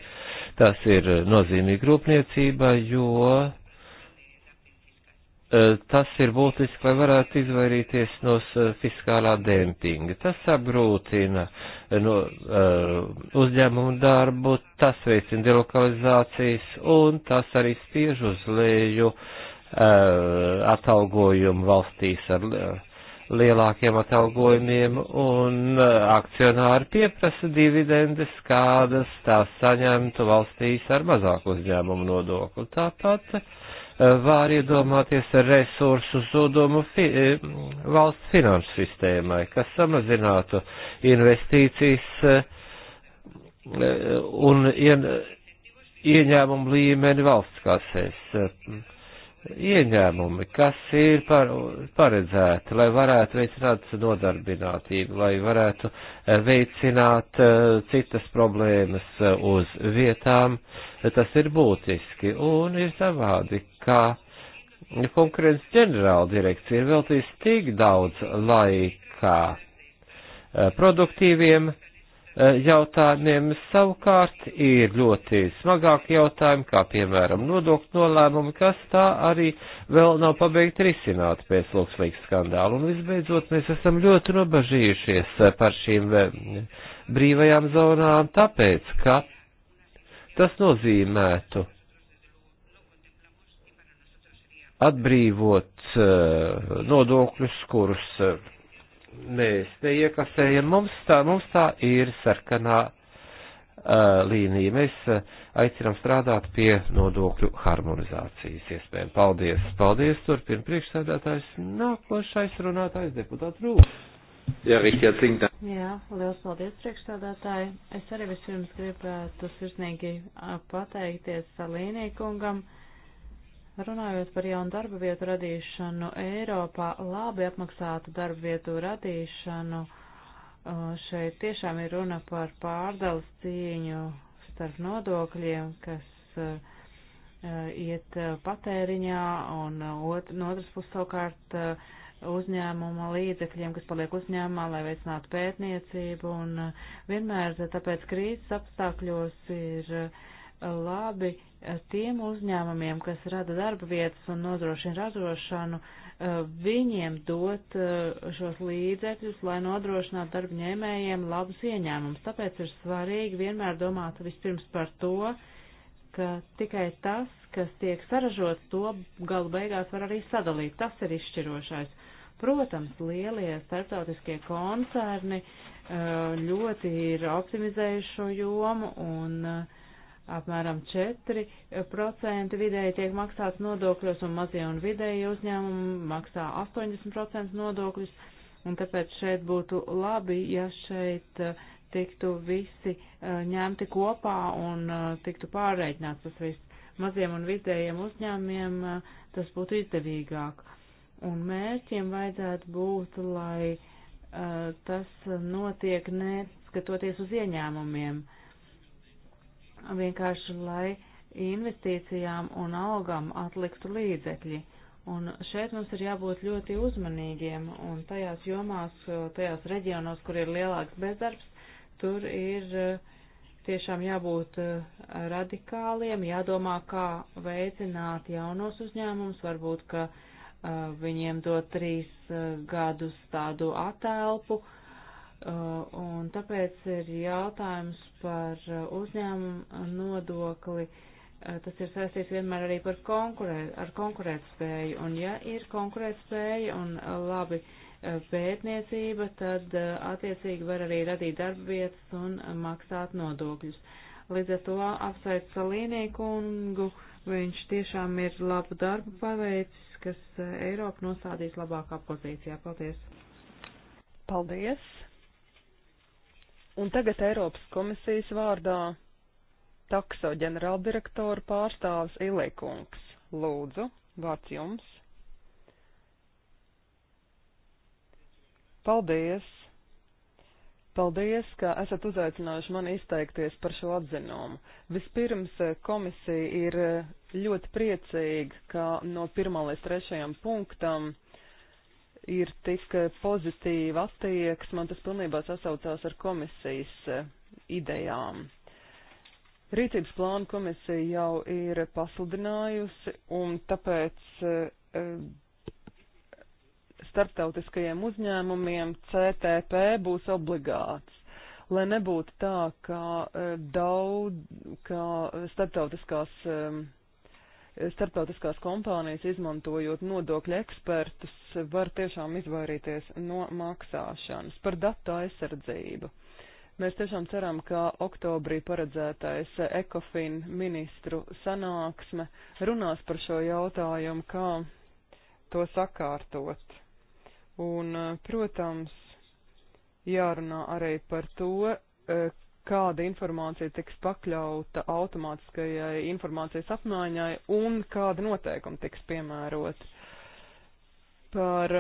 tas ir nozīmīgi rūpniecībai, jo Eh, tas ir būtiski, lai varētu izvairīties no eh, fiskālā dempinga. Tas apgrūtina eh, no, uzņēmumu darbu, tas veicina delokalizācijas un tas arī spiež uz leju atalgojumu valstīs ar lielākiem atalgojumiem un akcionāri pieprasa dividendes, kādas tās saņemtu valstīs ar mazāku uzņēmumu nodokli. Tāpat uh, Eh, var iedomāties ar resursu zudumu fi eh, valsts finanšu sistēmai, kas samazinātu investīcijas eh, un ien, ieņēmumu līmeni valsts kasēs ieņēmumi, kas ir par, paredzēti, lai varētu veicināt nodarbinātību, lai varētu eh, veicināt uh, citas problēmas uh, uz vietām, tas ir būtiski un ir savādi, ka konkurences ģenerāla direkcija ir veltījis tik daudz laikā uh, produktīviem Eh, jautājumiem savukārt ir ļoti smagāki jautājumi, kā piemēram nodokļu nolēmumi, kas tā arī vēl nav pabeigti risināt pēc Luxlīgas skandāla. Un visbeidzot, mēs esam ļoti nobažījušies eh, par šīm eh, brīvajām zonām, tāpēc, ka tas nozīmētu atbrīvot nodokļus, kurus mēs neiekasējam, mums tā, mums tā ir sarkanā uh, līnija. Mēs uh, aicinām strādāt pie nodokļu harmonizācijas iespējām. Paldies, paldies, turpina priekšsēdētājs. Nākošais runātājs deputāts Rūks. Jā, Rīķa Cinta. Jā, liels paldies priekšstādātāji. Es arī vispirms gribētu sirsnīgi pateikties Salīnī kungam Runājot par jaunu darba vietu radīšanu Eiropā, labi apmaksātu darba vietu radīšanu, uh, šeit tiešām ir runa par pārdales cīņu starp nodokļiem, kas uh, uh, iet patēriņā, un ot, no otras puses savukārt uzņēmuma līdzekļiem, kas paliek uzņēmumā, lai veicinātu pētniecību, un vienmēr tāpēc krīzes apstākļos ir uh, labi eh, tiem uzņēmumiem, kas rada darba vietas un nodrošina ražošanu, eh, viņiem dot eh, šos līdzekļus, lai nodrošinātu darba ņēmējiem labus ieņēmumus. Tāpēc ir svarīgi vienmēr domāt vispirms par to, ka tikai tas, kas tiek saražots, to galu beigās var arī sadalīt. Tas ir izšķirošais. Protams, lielie starptautiskie koncerni ļoti ir optimizējuši šo jomu un uh, apmēram 4% eh, vidēji tiek maksāts nodokļos, un mazie un vidēji uzņēmumi maksā 80% nodokļus, un tāpēc šeit būtu labi, ja šeit eh, tiktu visi eh, ņemti kopā un tiktu pārreikināts tas viss. Maziem un vidējiem uzņēmiem tas būtu izdevīgāk. Un mērķiem vajadzētu būt, lai tas notiek neskatoties uz ieņēmumiem. Uh, vienkārši, lai investīcijām un algam atliktu līdzekļi. Un šeit mums ir jābūt ļoti uzmanīgiem, un tajās jomās, tajās reģionos, kur ir lielāks bezdarbs, tur ir eh, tiešām jābūt eh, radikāliem, jādomā, kā veicināt jaunos uzņēmumus, varbūt, ka eh, viņiem dot trīs gadus tādu atelpu, uh, Uh, un tāpēc ir jautājums par uh, uzņēmumu nodokli. Uh, tas ir saistīts vienmēr arī par konkurē, ar konkurētspēju. Un ja ir konkurētspēja un labi pētniecība, tad attiecīgi var arī radīt darba vietas un maksāt nodokļus. Līdz ar to apsveicu Salīnī kungu, viņš tiešām ir labu darbu paveicis, kas Eiropu nostādīs labākā pozīcijā. Paldies! Paldies! Un tagad Eiropas komisijas vārdā takso ģenerāldirektoru pārstāvis Iliekungs. Lūdzu, vārds jums. Paldies! Paldies, ka esat uzaicinājuši mani izteikties par šo atzinumu. Vispirms eh, komisija ir eh, ļoti priecīga, ka no 1 līdz 3 punktam ir tik pozitīva attieksme, un tas pilnībā sasaucās ar komisijas eh, idejām. Rīcības plānu komisija jau ir pasludinājusi, un tāpēc eh, eh, starptautiskajiem uzņēmumiem CTP būs obligāts lai nebūtu tā, ka daudz, ka starptautiskās um, starptautiskās kompānijas, izmantojot nodokļu ekspertus, var tiešām izvairīties no maksāšanas par datu aizsardzību. Mēs tiešām ceram, ka oktobrī paredzētais ECOFIN ministru sanāksme runās par šo jautājumu, kā to sakārtot. Un, eh, protams, jārunā arī par to, eh, kāda informācija tiks pakļauta automātiskajai informācijas apmaiņai un kāda noteikuma tiks piemērota par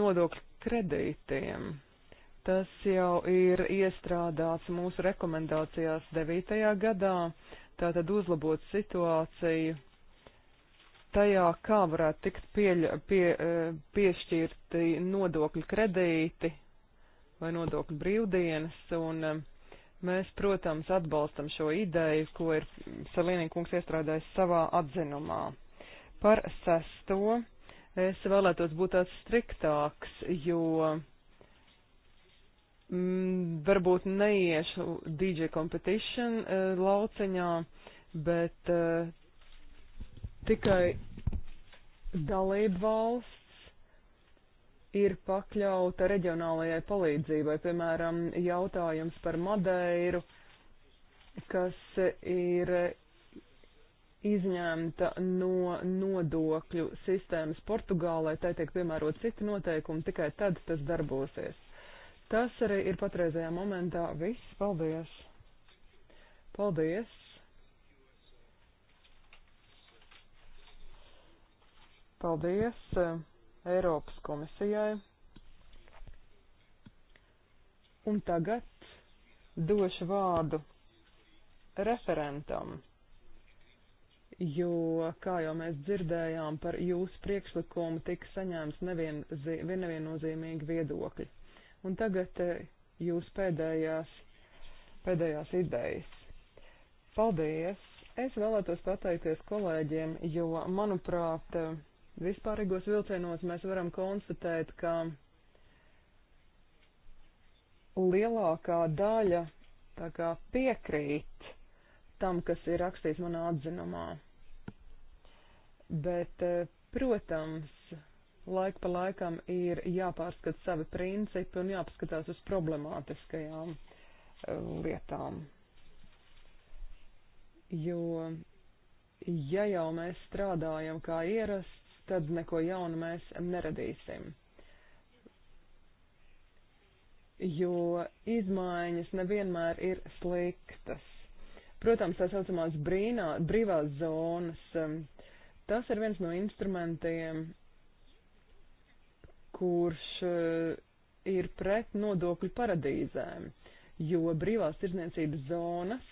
nodokļu kredītiem. Tas jau ir iestrādāts mūsu rekomendācijās 9. gadā, tātad uzlabot situāciju tajā, kā varētu tikt pieļa, pie, piešķirti nodokļu kredīti vai nodokļu brīvdienas, un um, mēs, protams, atbalstam šo ideju, ko ir Salīnīkungs iestrādājis savā atzinumā. Par sesto es vēlētos būt tāds striktāks, jo m, mm, varbūt neiešu DJ competition uh, lauciņā, bet uh, tikai dalību valsts ir pakļauta reģionālajai palīdzībai, piemēram, jautājums par Madeiru, kas ir izņemta no nodokļu sistēmas Portugālē, tai tiek piemērot citi noteikumi, tikai tad tas darbosies. Tas arī ir patreizajā momentā viss. Paldies! Paldies! Paldies! Eiropas komisijai. Un tagad došu vārdu referentam, jo, kā jau mēs dzirdējām, par jūsu priekšlikumu tika saņēmts nevien, neviennozīmīgi viedokļi. Un tagad eh, jūs pēdējās, pēdējās idejas. Paldies! Es vēlētos pateikties kolēģiem, jo, manuprāt, Vispārīgos vilcienos mēs varam konstatēt, ka lielākā daļa tā kā piekrīt tam, kas ir rakstīts manā atzinumā. Bet, eh, protams, laika pa laikam ir jāpārskat savi principi un jāpaskatās uz problemātiskajām eh, lietām. Jo, ja jau mēs strādājam kā ierasts, tad neko jaunu mēs neradīsim. Jo izmaiņas nevienmēr ir sliktas. Protams, tā saucamās brīnā, brīvās zonas, um, tas ir viens no instrumentiem, kurš uh, ir pret nodokļu paradīzēm, jo brīvās tirdzniecības zonas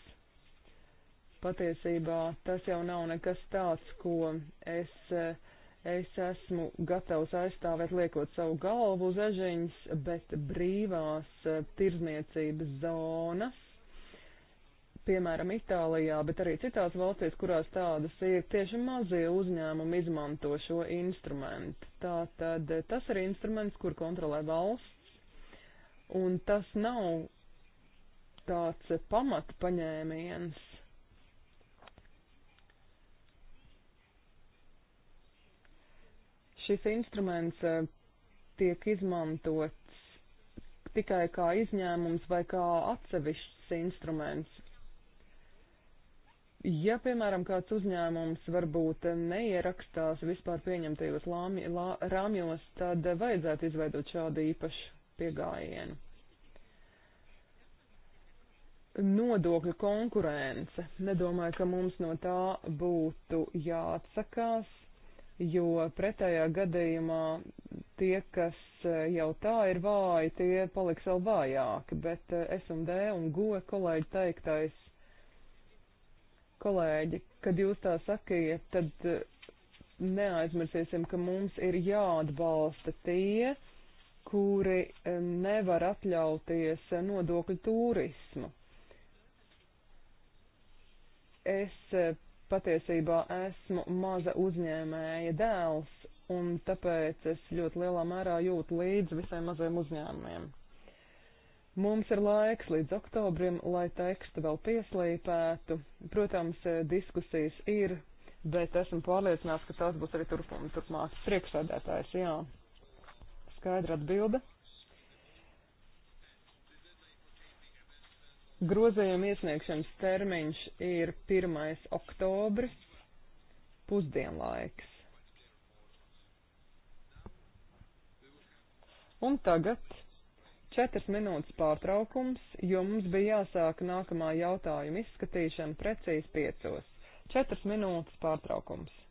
patiesībā tas jau nav nekas tāds, ko es uh, Es esmu gatavs aizstāvēt liekot savu galvu uz ežiņas, bet brīvās eh, tirzniecības zonas, piemēram, Itālijā, bet arī citās valstīs, kurās tādas ir, tieši mazie uzņēmumi izmanto šo instrumentu. Tātad eh, tas ir instruments, kur kontrolē valsts, un tas nav tāds eh, pamatpaņēmiens šis instruments eh, tiek izmantots tikai kā izņēmums vai kā atsevišķs instruments. Ja, piemēram, kāds uzņēmums varbūt neierakstās vispār pieņemtajos lāmi, lā, rāmjos, tad vajadzētu izveidot šādu īpašu piegājienu. Nodokļu konkurence. Nedomāju, ka mums no tā būtu jāatsakās jo pretējā gadījumā tie, kas e, jau tā ir vāji, tie paliks vēl vājāki, bet e, es un D un go kolēģi teiktais, kolēģi, kad jūs tā sakiet, tad e, neaizmirsīsim, ka mums ir jāatbalsta tie, kuri nevar atļauties nodokļu turismu. Es patiesībā esmu maza uzņēmēja dēls, un tāpēc es ļoti lielā mērā jūtu līdzi visiem maziem uzņēmumiem. Mums ir laiks līdz oktobrim, lai tekstu vēl pieslīpētu. Protams, diskusijas ir, bet esmu pārliecināts, ka tās būs arī turpmāk. Priekšsēdētājs, jā. Skaidra atbilde. Grozējuma iesniegšanas termiņš ir 1. oktobris, pusdienlaiks. Un tagad 4 minūtes pārtraukums, jo mums bija jāsāk nākamā jautājuma izskatīšana precīzi 5. 4 minūtes pārtraukums.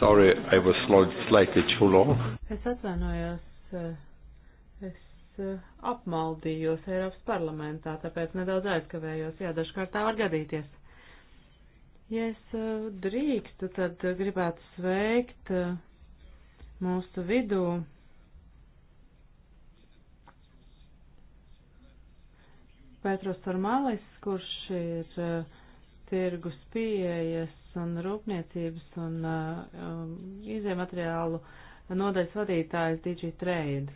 Sorry, I was slightly too long. Es atvainojos, eh, es eh, apmaldījos Eiropas parlamentā, tāpēc nedaudz aizkavējos. Jā, dažkārt tā var gadīties. Ja es eh, drīkstu, tad gribētu sveikt mūsu vidū Petros Formālis, kurš ir tirgus pieejas un rūpniecības un uh, um, izējumateriālu nodaļas vadītājs DigiTrade.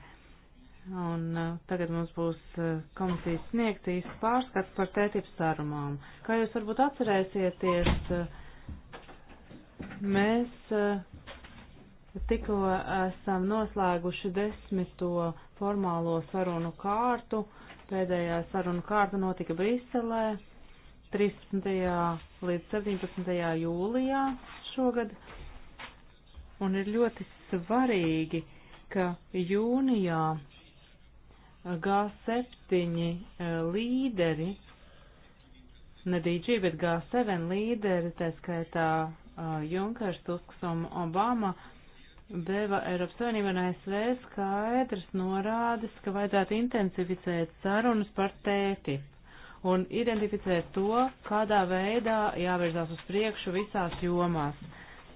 Un uh, tagad mums būs uh, komisijas sniegta īsta pārskats par tētipu sarunām. Kā jūs varbūt atcerēsieties, uh, mēs uh, tikko esam noslēguši desmito formālo sarunu kārtu. Pēdējā sarunu kārta notika Briselē 13. līdz 17. jūlijā šogad. Un ir ļoti svarīgi, ka jūnijā G7 eh, līderi, ne DG, bet G7 līderi, tā skaitā eh, Junkers, Tusks un Obama, deva Eiropas Savienībai un ASV skaidrs norādes, ka vajadzētu intensificēt sarunas par tētipu un identificēt to, kādā veidā jāvirzās uz priekšu visās jomās.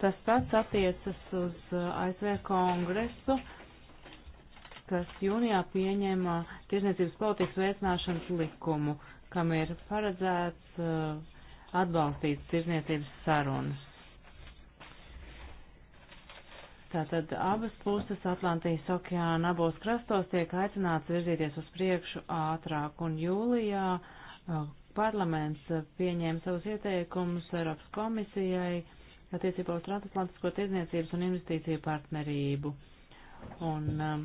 Tas pats attiecas uz uh, ASV kongresu, kas jūnijā pieņēma tiesniecības politikas veicināšanas likumu, kam ir paredzēts uh, atbalstīt tiesniecības sarunas. Tātad abas puses Atlantijas okeāna abos krastos tiek aicināts virzīties uz priekšu ātrāk, un jūlijā uh, Oh, parlaments eh, pieņēma savus ieteikumus Eiropas komisijai attiecībā uz transatlantisko tirdzniecības un investīciju partnerību. Un um,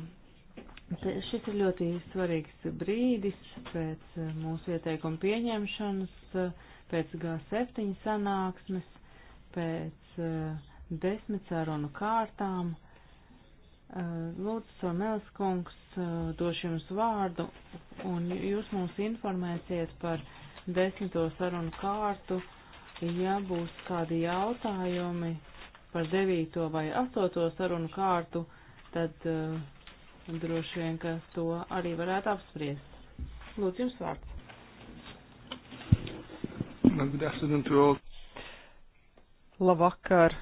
šis ir ļoti svarīgs brīdis pēc eh, mūsu ieteikumu pieņemšanas, eh, pēc G7 sanāksmes, pēc desmit sarunu kārtām Eh, lūdzu, Sonels kungs, eh, došu jums vārdu, un jūs mums informēsiet par desmito sarunu kārtu. Ja būs kādi jautājumi par devīto vai astoto sarunu kārtu, tad uh, droši vien, ka to arī varētu apspriest. Lūdzu, jums vārds. Labvakar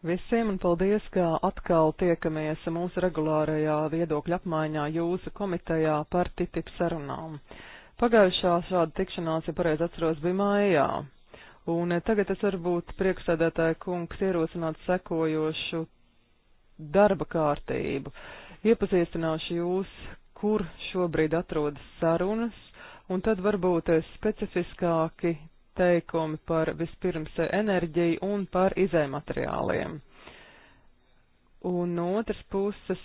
visiem un paldies, ka atkal tiekamies mūsu regulārajā viedokļa apmaiņā jūsu komitejā par TTIP sarunām. Pagājušā šāda tikšanās, ja pareizi atceros, bija mājā. Un eh, tagad es varbūt priekšsēdētāju kungs ierosināt sekojošu darba kārtību. Iepazīstināšu jūs, kur šobrīd atrodas sarunas, un tad varbūt specifiskāki teikumi par vispirms enerģiju un par izējumateriāliem. Un no otras puses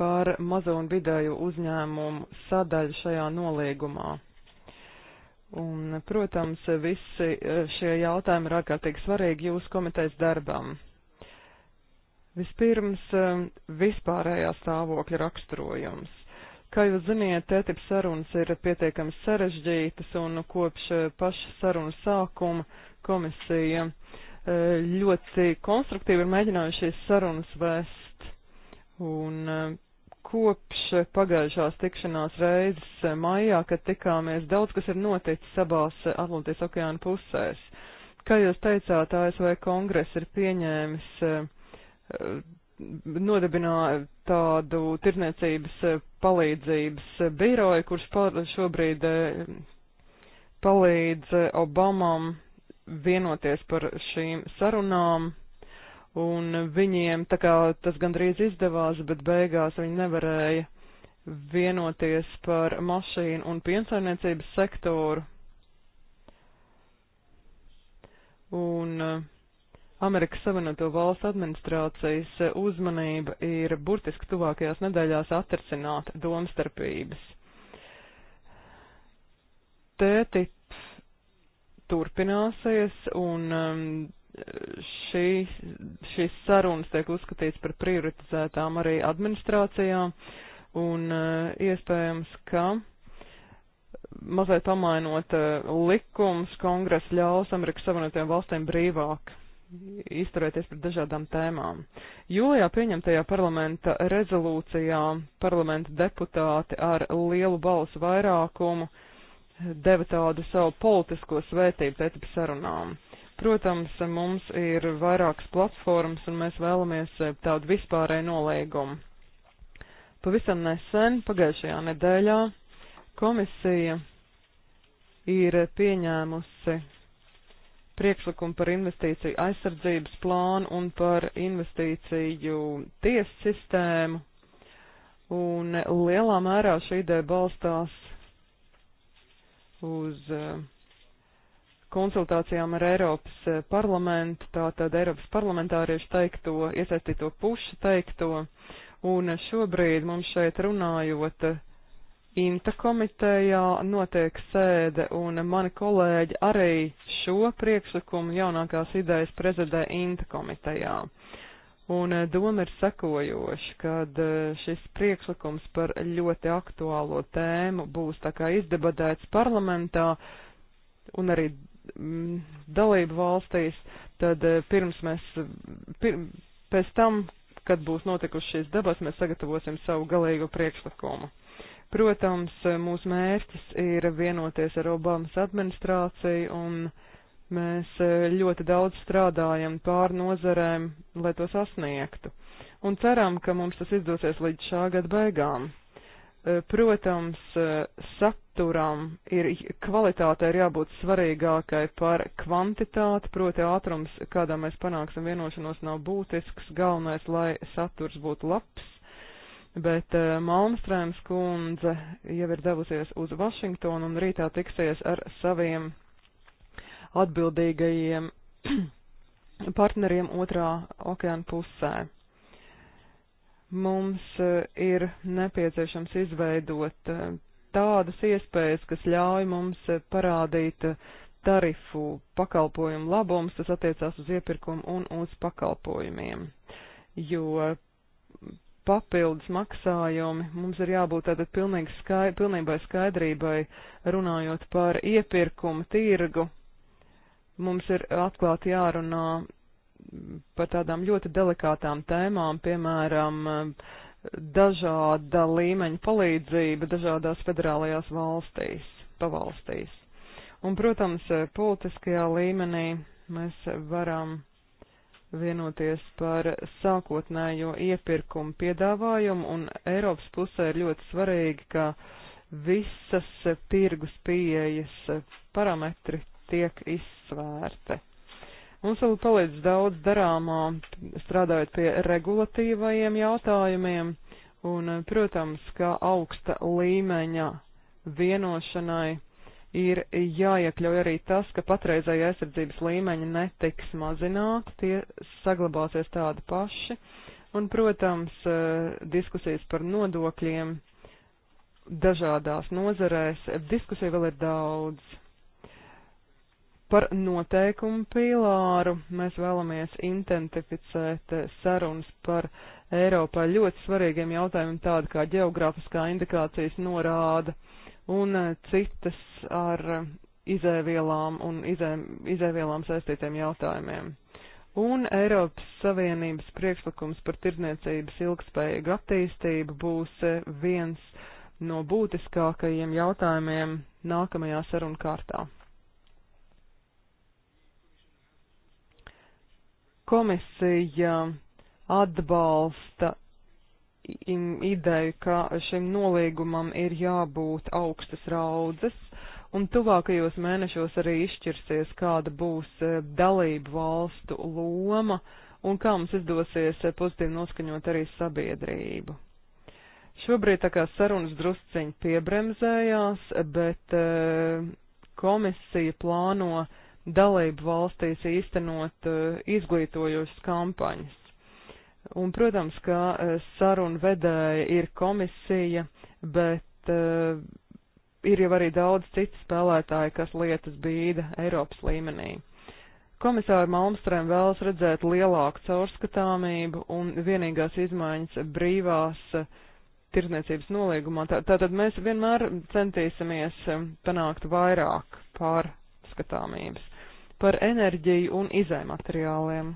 par mazo un vidēju uzņēmumu sadaļu šajā noliegumā. Un, protams, visi e, šie jautājumi ir ārkārtīgi svarīgi jūsu komitejas darbam. Vispirms e, vispārējā stāvokļa raksturojums. Kā jūs ziniet, tētips sarunas ir pietiekami sarežģītas un kopš eh, paša sarunu sākuma komisija eh, ļoti konstruktīvi ir mēģinājusi šīs sarunas vēst. Un eh, kopš pagājušās tikšanās reizes maijā, kad tikāmies, daudz kas ir noticis abās Atlantijas okeāna pusēs. Kā jūs teicāt, ASV kongress ir pieņēmis nodibināja tādu tirniecības eh, palīdzības eh, biroju, kurš šobrīd eh, palīdz Obamam vienoties par šīm sarunām, un viņiem tā kā tas gandrīz izdevās, bet beigās viņi nevarēja vienoties par mašīnu un piensaimniecības sektoru. Un uh, Amerikas Savienoto Valstu administrācijas uzmanība ir burtiski tuvākajās nedēļās atrasināt domstarpības. Tētips turpināsies un um, šī, šīs sarunas tiek uzskatīts par prioritizētām arī administrācijā un uh, iespējams, ka mazliet pamainot uh, likums, kongress ļaus Amerikas Savienotajām valstīm brīvāk izturēties par dažādām tēmām. Jūlijā pieņemtajā parlamenta rezolūcijā parlamenta deputāti ar lielu balsu vairākumu deva tādu savu politisko svētību pēc sarunām. Protams, mums ir vairākas platformas un mēs vēlamies tādu vispārēju nolīgumu. Pavisam nesen, pagājušajā nedēļā, komisija ir pieņēmusi priekšlikumu par investīciju aizsardzības plānu un par investīciju tiesu sistēmu. Un eh, lielā mērā šī ideja balstās uz eh, konsultācijām ar Eiropas eh, parlamentu, tātad Eiropas parlamentāriešu teikto, iesaistīto pušu teikto. Un šobrīd mums šeit runājot, Imta komitejā notiek sēde, un mani kolēģi arī šo priekšlikumu jaunākās idejas prezentē Imta komitejā. Un eh, doma ir sekojoša, kad eh, šis priekšlikums par ļoti aktuālo tēmu būs tā kā izdebatēts parlamentā un arī mm, dalību valstīs, tad eh, pirms mēs, pir, pēc tam, kad būs notikušas šīs debats, mēs sagatavosim savu galīgo priekšlikumu. Protams, eh, mūsu mērķis ir vienoties ar Obamas administrāciju un mēs eh, ļoti daudz strādājam pār nozarēm, lai to sasniegtu. Un ceram, ka mums tas izdosies līdz šā gada beigām. Eh, protams, saturam ir kvalitāte ir jābūt svarīgākai par kvantitāti, proti ātrums, kādā mēs panāksim vienošanos, nav būtisks. Galvenais, lai saturs būtu labs bet eh, Malmstrēms kundze jau ir devusies uz Vašingtonu un rītā tiksies ar saviem atbildīgajiem partneriem otrā okeāna pusē. Mums eh, ir nepieciešams izveidot eh, tādas iespējas, kas ļauj mums parādīt tarifu pakalpojumu labums, tas attiecās uz iepirkumu un uz pakalpojumiem, jo papildus maksājumi. Mums ir jābūt tātad skai, pilnībai skaidrībai runājot par iepirkumu tirgu. Mums ir atklāti jārunā par tādām ļoti delikātām tēmām, piemēram, dažāda līmeņa palīdzība dažādās federālajās valstīs, pavalstīs. Un, protams, politiskajā līmenī mēs varam vienoties par sākotnējo iepirkumu piedāvājumu, un Eiropas pusē ir ļoti svarīgi, ka visas tirgus pieejas parametri tiek izsvērti. Mums vēl palīdz daudz darāmā, strādājot pie regulatīvajiem jautājumiem, un, protams, kā augsta līmeņa vienošanai ir jāiekļauj arī tas, ka patreizēja aizsardzības līmeņi netiks mazināti, tie saglabāsies tādi paši. Un, protams, e, diskusijas par nodokļiem dažādās nozarēs, diskusija vēl ir daudz. Par noteikumu pīlāru mēs vēlamies intensificēt sarunas par Eiropā ļoti svarīgiem jautājumiem, tādi kā geogrāfiskā indikācijas norāda. Uh, un eh, citas ar eh, izēvielām un izē, izēvielām saistītiem jautājumiem. Un Eiropas Savienības priekšlikums par tirdzniecības ilgspējīgu attīstību būs eh, viens no būtiskākajiem jautājumiem nākamajā sarunu kārtā. Komisija atbalsta ideju, ka šim nolīgumam ir jābūt augstas raudzes, un tuvākajos mēnešos arī izšķirsies, kāda būs eh, dalību valstu loma un kā mums izdosies eh, pozitīvi noskaņot arī sabiedrību. Šobrīd tā kā sarunas drusciņi piebremzējās, bet eh, komisija plāno dalību valstīs īstenot izglītojošas kampaņas. Un, protams, ka eh, sarunu vedēja ir komisija, bet uh, ir jau arī daudz citu spēlētāju, kas lietas bīda Eiropas līmenī. Komisāra Malmstrēm vēlas redzēt lielāku caurskatāmību un vienīgās izmaiņas brīvās eh, tirdzniecības noliegumā. Tā, tātad mēs vienmēr centīsimies panākt vairāk pārskatāmības par enerģiju un izējumateriāliem.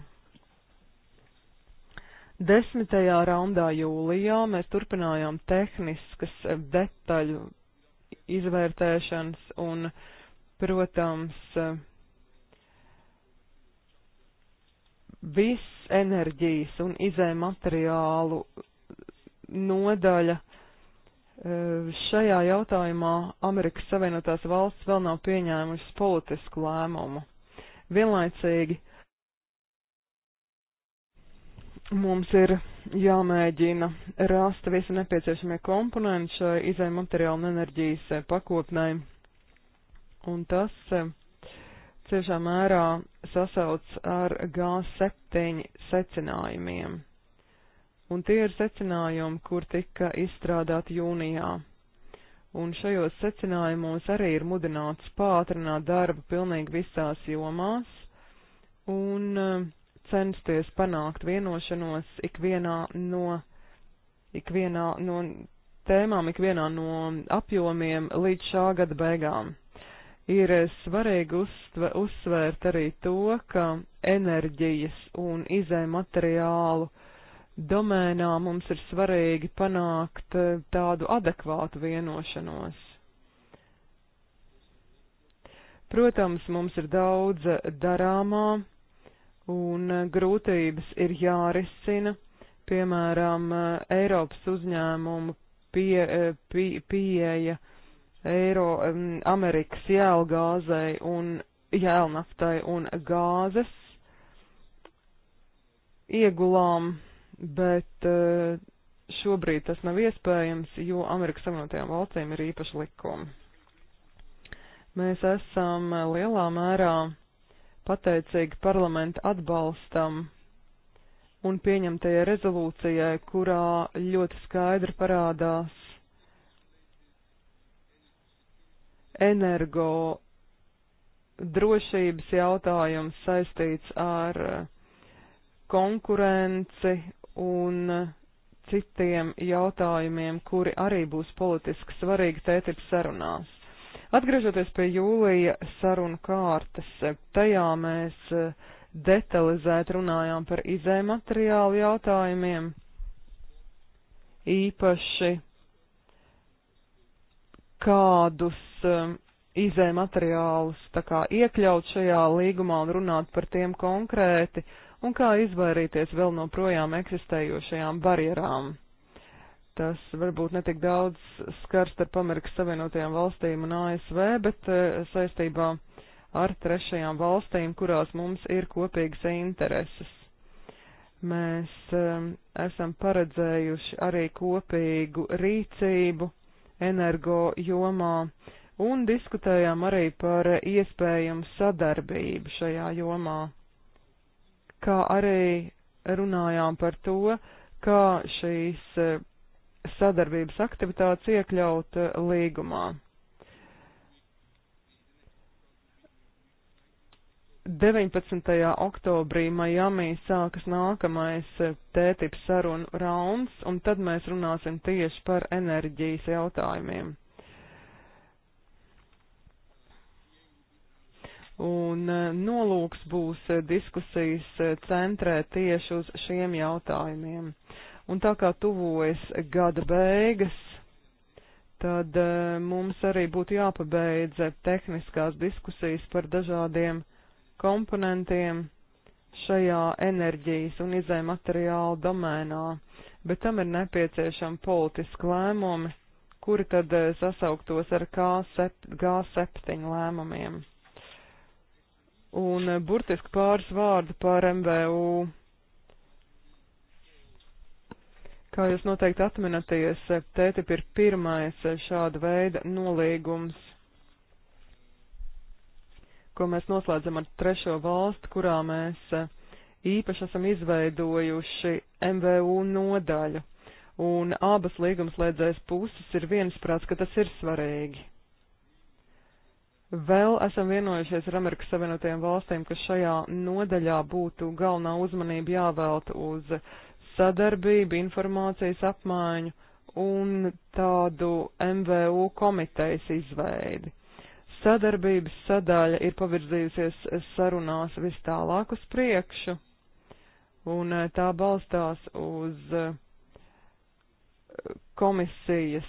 Desmitajā raundā jūlijā mēs turpinājām tehniskas eh, detaļu izvērtēšanas un, protams, eh, viss enerģijas un izē materiālu nodaļa eh, šajā jautājumā Amerikas Savienotās valsts vēl nav pieņēmušas politisku lēmumu. Vienlaicīgi mums ir jāmēģina rast visi nepieciešamie komponenti šai izai materiāla un enerģijas eh, pakopnē. Un tas eh, ciešā mērā sasauc ar G7 secinājumiem. Un tie ir secinājumi, kur tika izstrādāti jūnijā. Un šajos secinājumos arī ir mudināts pātrināt darbu pilnīgi visās jomās. Un uh, censties panākt vienošanos ikvienā no, ikvienā no tēmām, ikvienā no apjomiem līdz šā gada beigām. Ir svarīgi uzstve, uzsvērt arī to, ka enerģijas un izējumateriālu domēnā mums ir svarīgi panākt e, tādu adekvātu vienošanos. Protams, mums ir daudz darāmā, un eh, grūtības ir jārisina, piemēram, eh, Eiropas uzņēmumu pie, eh, pie, pieeja Eiro, Amerikas jēlgāzei un jēlnaftai un gāzes iegulām, bet šobrīd tas nav iespējams, jo Amerikas Savienotajām valstīm ir īpaši likumi. Mēs esam lielā mērā pateicīgi parlamenta atbalstam un pieņemtajai rezolūcijai, kurā ļoti skaidri parādās energo drošības jautājums saistīts ar konkurenci un citiem jautājumiem, kuri arī būs politiski svarīgi tētip sarunās. Atgriežoties pie jūlija sarunu kārtas, tajā mēs e, detalizēt runājām par izējuma materiālu jautājumiem, īpaši kādus e, izējuma materiālus tā kā iekļaut šajā līgumā un runāt par tiem konkrēti, un kā izvairīties vēl no projām eksistējošajām barjerām tas varbūt netik daudz skar starp Amerikas Savienotajām valstīm un ASV, bet eh, saistībā ar trešajām valstīm, kurās mums ir kopīgas intereses. Mēs um, esam paredzējuši arī kopīgu rīcību energo jomā un diskutējām arī par iespējumu sadarbību šajā jomā, kā arī runājām par to, kā šīs eh, sadarbības aktivitātes iekļaut eh, līgumā. 19. oktobrī Miami sākas nākamais eh, tētips sarunu rauns, un tad mēs runāsim tieši par enerģijas jautājumiem. Un eh, nolūks būs diskusijas centrē tieši uz šiem jautājumiem. Un tā kā tuvojas gada beigas, tad e, mums arī būtu jāpabeidz tehniskās diskusijas par dažādiem komponentiem šajā enerģijas un izējumateriāla domēnā, bet tam ir nepieciešama politiska lēmumi, kuri tad e, sasauktos ar G7 lēmumiem. Un e, burtiski pāris vārdu par MVU Kā jūs noteikti atminaties, TTIP ir pirmais šāda veida nolīgums, ko mēs noslēdzam ar trešo valstu, kurā mēs īpaši esam izveidojuši MVU nodaļu. Un abas līgumslēdzējas puses ir viensprāts, ka tas ir svarīgi. Vēl esam vienojušies ar Amerikas Savienotajām valstīm, ka šajā nodaļā būtu galvenā uzmanība jāvēlta uz sadarbību, informācijas apmaiņu un tādu MVU komitejas izveidi. Sadarbības sadaļa ir pavirzījusies sarunās vis tālāk uz priekšu, un eh, tā balstās uz eh, komisijas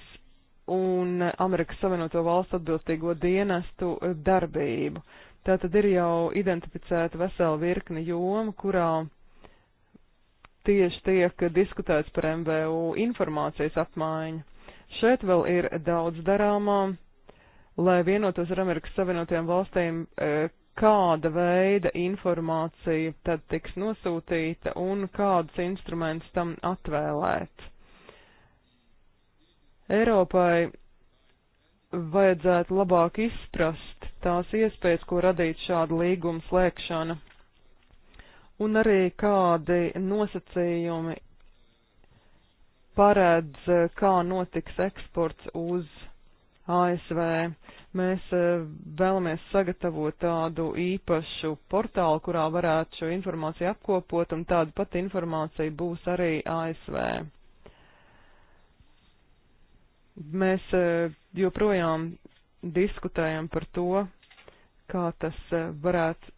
un Amerikas Savienoto Valstu atbilstīgo dienestu eh, darbību. Tātad ir jau identificēta vesela virkne joma, kurā tieši tiek diskutēts par MVU informācijas apmaiņu. Šeit vēl ir daudz darāmā, lai vienotos ar Amerikas Savienotajām valstīm, e, kāda veida informācija tad tiks nosūtīta un kādus instrumentus tam atvēlēt. Eiropai vajadzētu labāk izprast tās iespējas, ko radīt šāda līguma slēgšana un arī kādi nosacījumi paredz, kā notiks eksports uz ASV. Mēs e, vēlamies sagatavot tādu īpašu portālu, kurā varētu šo informāciju apkopot, un tāda pati informācija būs arī ASV. Mēs e, joprojām diskutējam par to, kā tas e, varētu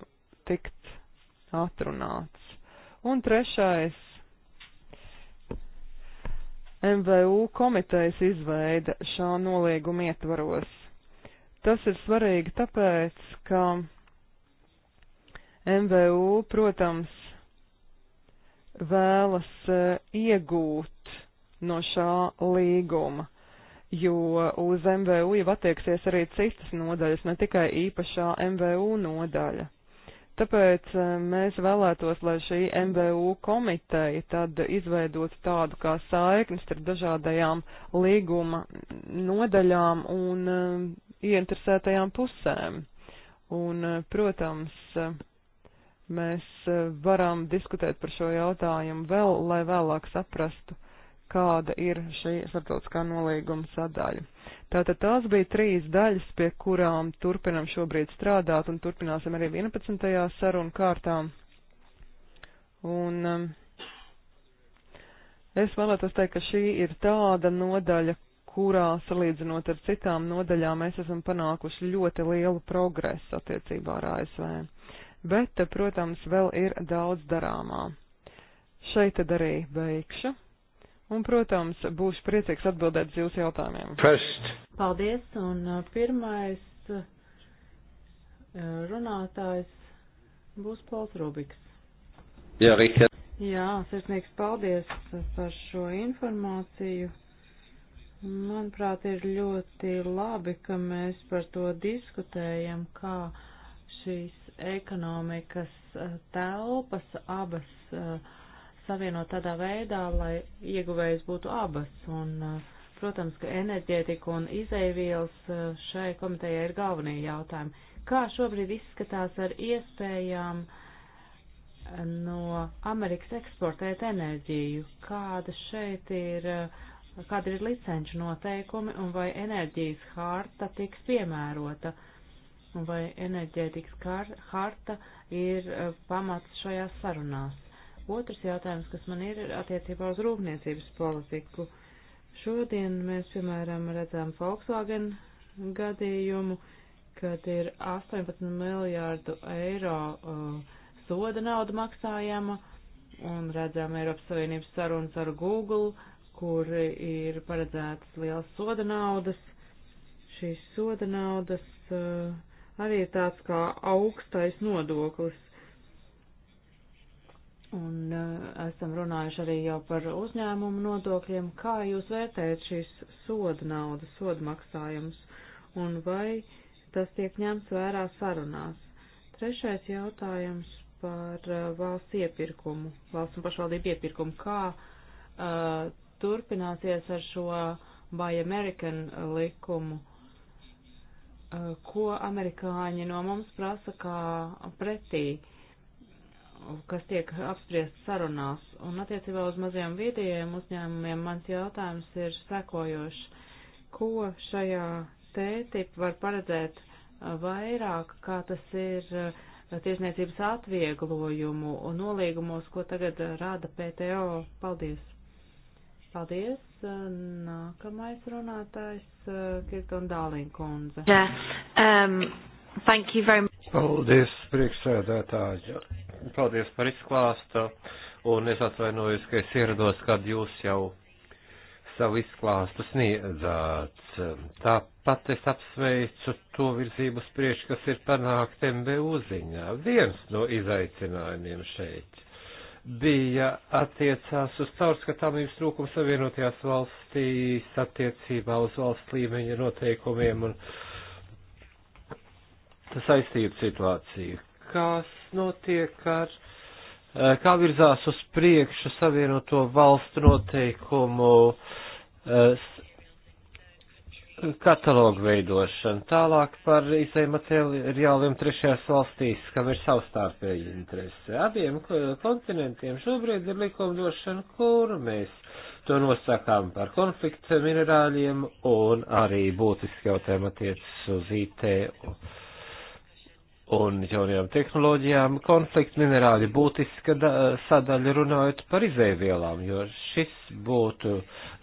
tikt atrunāts. Un trešais MVU komitejas izveida šā nolieguma ietvaros. Tas ir svarīgi tāpēc, ka MVU, protams, vēlas e, iegūt no šā līguma, jo uz MVU jau attieksies arī citas nodaļas, ne tikai īpašā MVU nodaļa. Tāpēc eh, mēs vēlētos, lai šī MVU komiteja tad izveidot tādu kā saiknis ar dažādajām līguma nodaļām un uh, ieinteresētajām pusēm. Un, uh, protams, mēs varam diskutēt par šo jautājumu vēl, lai vēlāk saprastu, kāda ir šī starptautiskā nolīguma sadaļa. Tātad tās bija trīs daļas, pie kurām turpinam šobrīd strādāt un turpināsim arī 11. sarunu kārtām. Un um, es vēlētos teikt, ka šī ir tāda nodaļa, kurā salīdzinot ar citām nodaļām mēs esam panākuši ļoti lielu progresu attiecībā ar ASV. Bet, protams, vēl ir daudz darāmā. Šeit tad arī beigšu Un, protams, būšu priecīgs atbildēt uz jūsu jautājumiem. First. Paldies, un uh, pirmais uh, runātājs būs Pols Rubiks. Jā, Rika. Jā, sirsnīgs paldies par šo informāciju. Manuprāt, ir ļoti labi, ka mēs par to diskutējam, kā šīs ekonomikas uh, telpas abas uh, savienot tādā veidā, lai ieguvējs būtu abas. Un, uh, protams, ka enerģētika un izēvielas uh, šai komitejai ir galvenie jautājumi. Kā šobrīd izskatās ar iespējām uh, no Amerikas eksportēt enerģiju? Kāda šeit ir, kāda ir licenču noteikumi un vai enerģijas harta tiks piemērota? Un vai enerģētikas harta ir pamats šajās sarunās? Otrs jautājums, kas man ir attiecībā uz rūpniecības politiku. Šodien mēs, piemēram, redzam Volkswagen gadījumu, kad ir 18 miljārdu eiro uh, soda nauda maksājama, un redzam Eiropas Savienības sarunas ar Google, kur ir paredzētas liels soda naudas. Šīs soda naudas uh, arī ir tāds kā augstais nodoklis Un uh, esam runājuši arī jau par uzņēmumu nodokļiem. Kā jūs vērtējat šīs soda naudas, soda maksājumus, un vai tas tiek ņemts vērā sarunās? Trešais jautājums par uh, valsts iepirkumu, valsts un pašvaldību iepirkumu. Kā uh, turpināsies ar šo Buy American likumu? Uh, ko amerikāņi no mums prasa kā pretī? Uh, kas tiek apspriest sarunās. Un attiecībā uz maziem vietējiem uzņēmumiem mans jautājums ir sekojošs. Ko šajā tētip var paredzēt uh, vairāk, kā tas ir uh, tiešniecības atvieglojumu un nolīgumos, ko tagad uh, rāda PTO? Paldies! Paldies! Nākamais runātājs Kirton Dālinkundze. Yeah, um, thank you very much. Paldies, priekšsēdētāji paldies par izklāstu, un es atvainojos, ka es ierados, kad jūs jau savu izklāstu sniedzāt. Tāpat es apsveicu to virzību spriež, kas ir panākt MBU ziņā. Viens no izaicinājumiem šeit bija attiecās uz caurskatāmības trūkumu savienotajās valstīs attiecībā uz valsts līmeņa noteikumiem un saistību situāciju kas notiek ar, eh, kā virzās uz priekšu savienoto valstu noteikumu eh, katalogu veidošanu. Tālāk par izējiem materiāliem trešajās valstīs, kam ir savstarpēji interese. Abiem kontinentiem šobrīd ir likumdošana, kur mēs to nosakām par konflikta minerāļiem un arī būtiski jautājumi attiecas uz IT. Un un jaunajām tehnoloģijām. Konflikts minerāli būtiska sadaļa runājot par izēvielām, jo šis būtu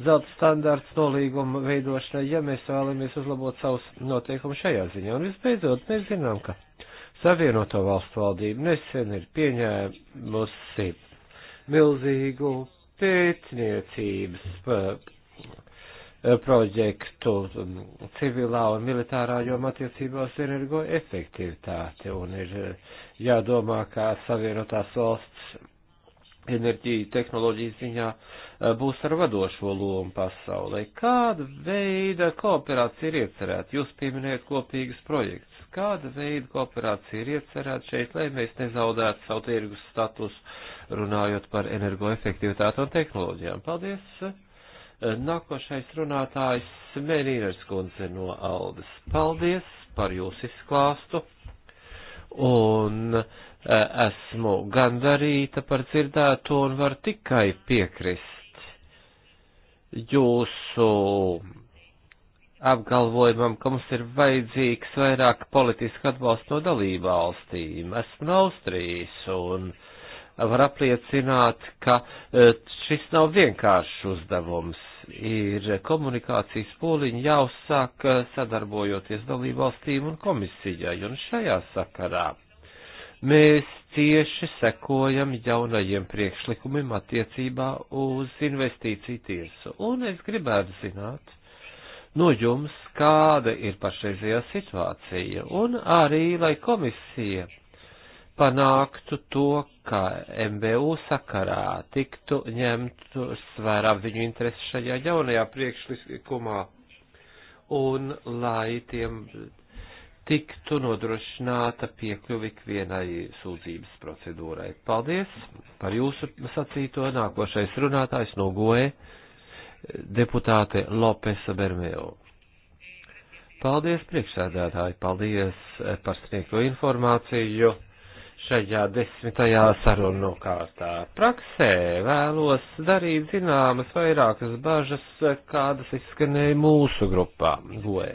zelta standārts nolīguma veidošanai, ja mēs vēlamies uzlabot savus noteikumus šajā ziņā. Un visbeidzot, mēs zinām, ka Savienoto valstu valdība nesen ir pieņēmusi milzīgu pētniecības projektu civilā un militārā jomā attiecībās ir energoefektivitāte un ir jādomā, kā savienotās valsts enerģija tehnoloģijas ziņā e, būs ar vadošo lomu pasaulē. Kāda veida kooperācija ir iecerēta? Jūs pieminējat kopīgas projekts. Kāda veida kooperācija ir iecerēta šeit, lai mēs nezaudētu savu tirgus status, runājot par energoefektivitāti un tehnoloģijām? Paldies! Eh, nākošais runātājs Menīres kundze no Aldas. Paldies par jūsu izklāstu un eh, esmu gandarīta par dzirdēto un var tikai piekrist jūsu apgalvojumam, ka mums ir vajadzīgs vairāk politiska atbalsta no dalību valstīm. Esmu no Austrijas un uh, var apliecināt, ka e, šis nav vienkāršs uzdevums. Ir komunikācijas pūliņi jāuzsāk e, sadarbojoties dalībvalstīm un komisijai, un šajā sakarā mēs cieši sekojam jaunajiem priekšlikumiem attiecībā uz investīciju tiesu, un es gribētu zināt no jums, kāda ir pašreizējā situācija, un arī, lai komisija panāktu to, ka MBU sakarā tiktu ņemtu svērā viņu interesi šajā jaunajā priekšlikumā un lai tiem tiktu nodrošināta piekļuvi ikvienai sūdzības procedūrai. Paldies par jūsu sacīto nākošais runātājs no GOE, deputāte Lopesa Bermeo. Paldies priekšsēdētāji, paldies eh, par sniegto informāciju šajā desmitajā sarunu kārtā. Praksē vēlos darīt zināmas vairākas bažas, kādas izskanēja mūsu grupā. Goē.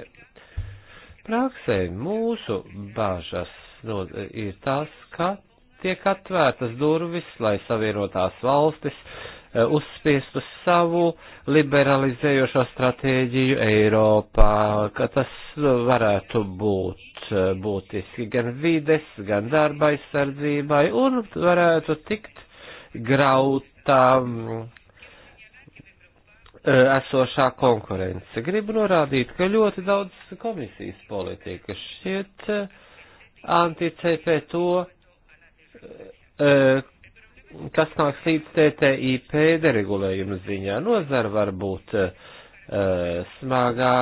Praksē mūsu bažas no, ir tas, ka tiek atvērtas durvis, lai savienotās valstis e, uzspiestu savu liberalizējošo stratēģiju Eiropā, ka tas varētu būt Eh, būtiski gan vides, gan darba aizsardzībai un varētu tikt grautām mm, eh, esošā konkurence. Gribu norādīt, ka ļoti daudz komisijas politika šķiet eh, anticipē to, kas nāks līdz TTIP deregulējumu ziņā. Nozara var būt smagā,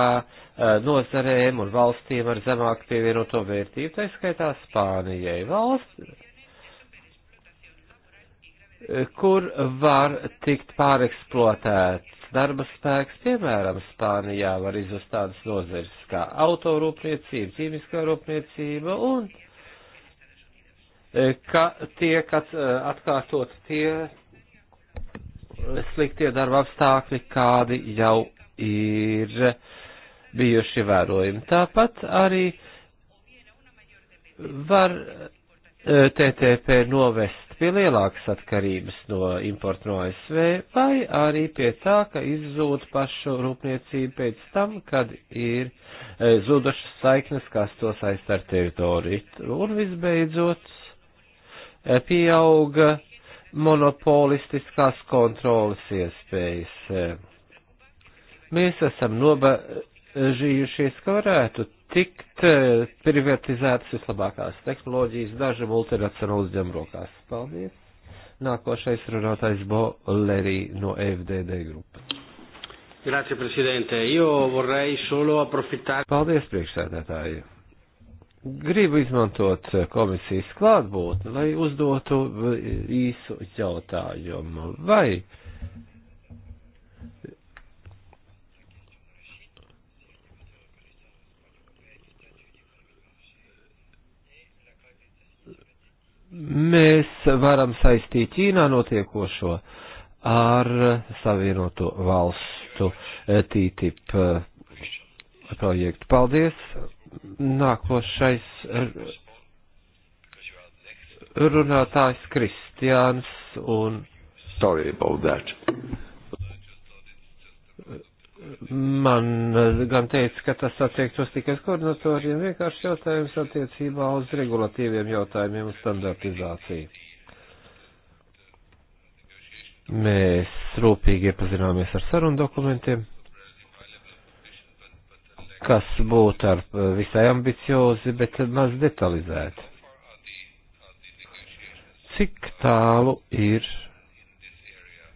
Eh, nozarēm un valstīm ar zemāku pievienoto vērtību, tā skaitā Spānijai valsts, eh, kur var tikt pāreksploatēts darba spēks, piemēram, Spānijā var izvest tādas nozeres kā autorūpniecība, ķīmiskā rūpniecība un eh, ka tiek atkārtot tie sliktie darba apstākļi, kādi jau ir uh, bijuši vērojami. Tāpat arī var e, TTP novest pie lielākas atkarības no importa no ASV vai arī pie tā, ka izzūd pašu rūpniecību pēc tam, kad ir e, zudušas saiknes, kas to saist ar teritoriju. Un visbeidzot, e, pieauga monopolistiskās kontrolas iespējas. Mēs esam noba žījušies, ka varētu tikt eh, privatizētas vislabākās tehnoloģijas dažu multinacionālu uzņēmumu rokās. Paldies! Nākošais runātājs Bolerī no e FDD grupas. Grazie, Presidente. Io vorrei solo approfittare. Paldies, priekšsēdētāji. Gribu izmantot komisijas klātbūtni, lai uzdotu eh, īsu jautājumu. Vai mēs varam saistīt Ķīnā notiekošo ar Savienoto valstu eh, TTIP eh, projektu. Paldies! Nākošais runātājs Kristiāns un. Sorry about that man gan teica, ka tas attiektos tikai uz koordinatoriem, vienkārši jautājums attiecībā uz regulatīviem jautājumiem un standartizāciju. Mēs rūpīgi iepazināmies ar sarunu dokumentiem, kas būtu ar visai ambiciozi, bet maz detalizēti. Cik tālu ir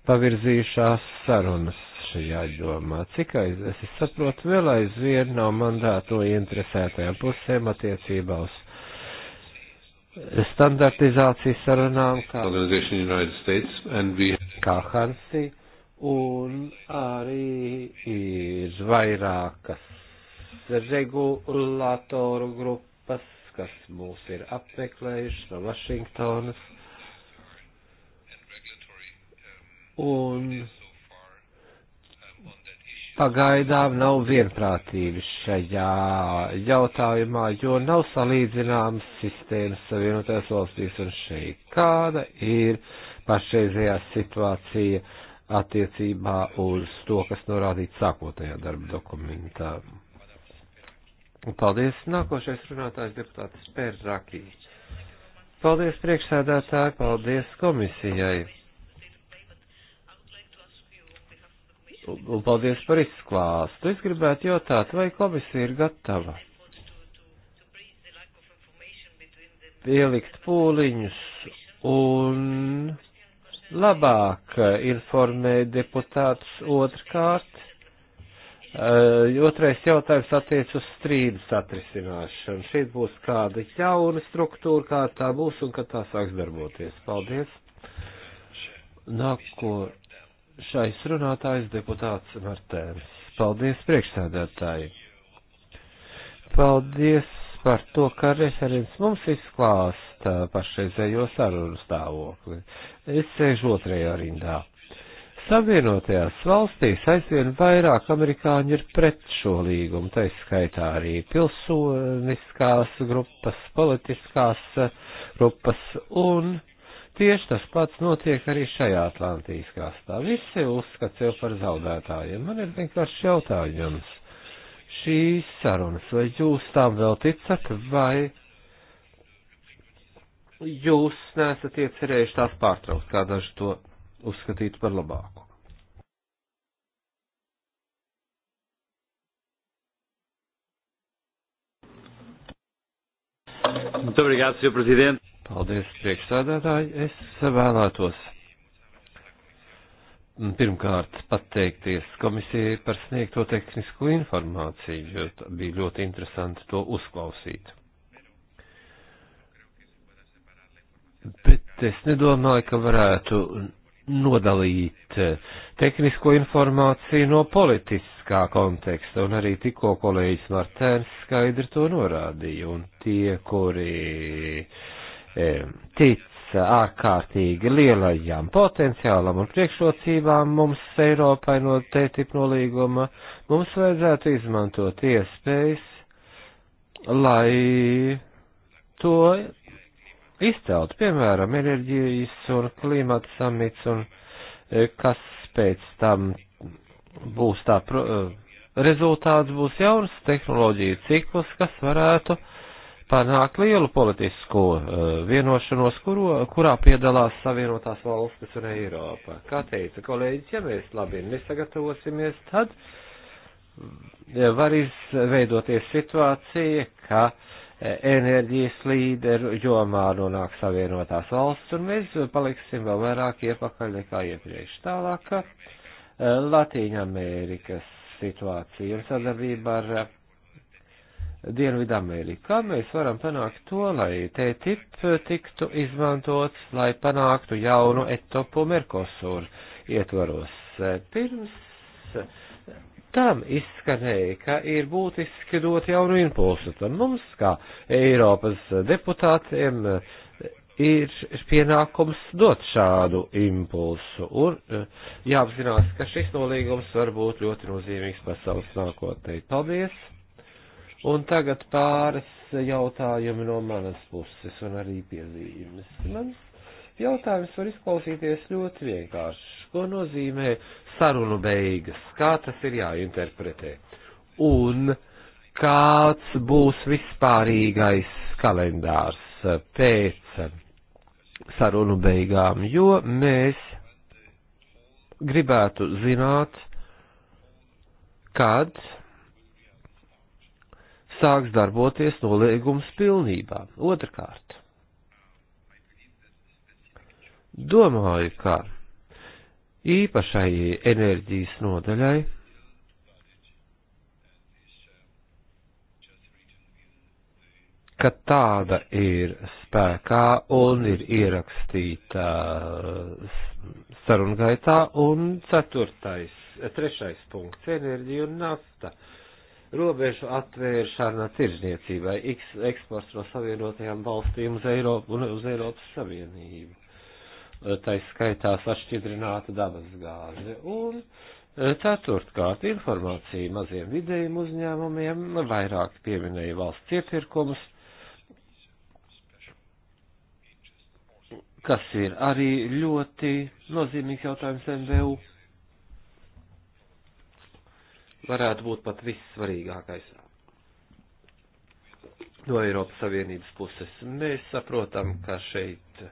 pavirzījušās sarunas šajā jomā. Cik aiz, es saprotu, vēl aizvien nav mandāto interesētajām pusēm attiecībā uz standartizācijas sarunām, kā, kā Hansi, un arī ir vairākas regulātoru grupas, kas mūs ir apmeklējuši no Vašingtonas. Un pagaidām nav vienprātības šajā jautājumā, jo nav salīdzināmas sistēmas savienotās valstīs un šeit. Kāda ir pašreizējā situācija attiecībā uz to, kas norādīts sākotnējā darba dokumentā? Paldies. Nākošais runātājs deputāts Pērrakī. Paldies priekšsēdētāji, paldies komisijai un paldies par izklāstu. Es gribētu jautāt, vai komisija ir gatava pielikt pūliņus un labāk informēt deputātus otrkārt. Eh, otrais jautājums attiec uz strīdus atrisināšanu. Šeit būs kāda jauna struktūra, kā tā būs un kad tā sāks darboties. Paldies. Nāko, Nākošais runātājs deputāts Martēns. Paldies priekšsēdētāji. Paldies par to, ka referents mums izklāsta pašreizējo sarunu stāvokli. Es sēžu otrajā rindā. Savienotajās valstīs aizvien vairāk amerikāņi ir pret šo līgumu, tā skaitā arī pilsoniskās grupas, politiskās grupas un Tieši tas pats notiek arī šajā Atlantijas kastā. Visi uzskata sev par zaudētājiem. Man ir vienkārši jautājums. Šīs sarunas, vai jūs tām vēl ticat, vai jūs nesat iecerējuši tās pārtraukt, kā daži to uzskatītu par labāku? Muito obrigado, Sr. Presidente. Paldies, priekšsādātāji. Es vēlētos pirmkārt pateikties komisijai par sniegto tehnisko informāciju, jo bija ļoti interesanti to uzklausīt. Bet es nedomāju, ka varētu nodalīt eh, tehnisko informāciju no politiskā konteksta, un arī tikko kolēģis Martēns skaidri to norādīja, un tie, kuri uh, E, tic ārkārtīgi lielajām potenciālam un priekšrocībām mums Eiropai no TTIP nolīguma, mums vajadzētu izmantot iespējas, lai to izcelt, piemēram, enerģijas un klimata samits un e, kas pēc tam būs tā, e, rezultāts būs jauns tehnoloģiju cikls, kas varētu panākt lielu politisko eh, vienošanos, kuro, kurā piedalās Savienotās valstis un Eiropa. Kā teica kolēģis, ja mēs labi nesagatavosimies, tad var izveidoties situācija, ka eh, enerģijas līderu jomā nonāk Savienotās valsts, un mēs paliksim vēl vairāk iepakaļ nekā iepriekš. Tālāk, eh, Latīņa Amerikas situācija un sadarbība ar Dienvidu Ameriku. Kā mēs varam panākt to, lai TTIP tiktu izmantots, lai panāktu jaunu etopu Merkosur ietvaros? Pirms tam izskanēja, ka ir būtiski dot jaunu impulsu. Tad mums, kā Eiropas deputātiem, ir pienākums dot šādu impulsu. Un eh, jāapzinās, ka šis nolīgums var būt ļoti nozīmīgs pasaules nākotnē. Paldies! Un tagad pāris jautājumi no manas puses un arī piezīmes. Man jautājums var izklausīties ļoti vienkāršs. Ko nozīmē sarunu beigas? Kā tas ir jāinterpretē? Un kāds būs vispārīgais kalendārs pēc sarunu beigām? Jo mēs gribētu zināt, kad sāks darboties noliegums pilnībā. Otrakārt, domāju, ka īpašai enerģijas nodaļai ka tāda ir spēkā un ir ierakstīta sarungaitā, un ceturtais, trešais punkts - enerģija un nafta. Uh, robežu atvēršana tirzniecībai, eksports no savienotajām valstīm uz Eiropu un uz Eiropas Savienību. Eh, Tā skaitā sašķidrināta dabas gāze. Un eh, ceturtkārt informācija maziem vidējiem uzņēmumiem, vairāk pieminēja valsts iepirkumus, kas ir arī ļoti nozīmīgs jautājums MVU varētu būt pat vissvarīgākais no Eiropas Savienības puses. Mēs saprotam, ka šeit e,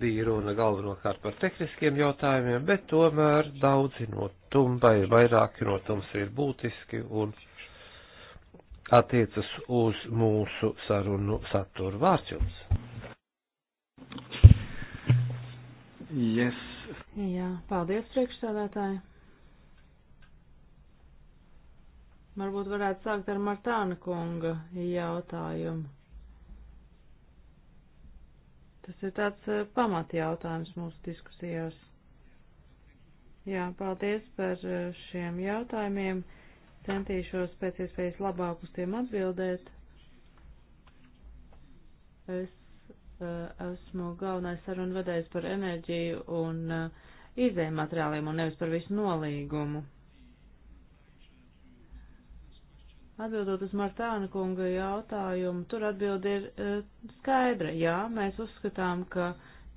bija runa galvenokārt par tehniskiem jautājumiem, bet tomēr daudzi no tumbai, vairāki no tums ir būtiski un attiecas uz mūsu sarunu saturu vārds jums. Yes. Jā, paldies priekšstādātāji. Varbūt varētu sākt ar Martāna kunga jautājumu. Tas ir tāds eh, pamatjautājums mūsu diskusijās. Jā, paldies par eh, šiem jautājumiem. Centīšos pēc iespējas labāk uz tiem atbildēt. Es eh, esmu galvenais sarunu vedējs par enerģiju un izējuma materiāliem un nevis par visu nolīgumu. Atbildot uz Martāna kunga jautājumu, tur atbildi ir e, skaidra. Jā, mēs uzskatām, ka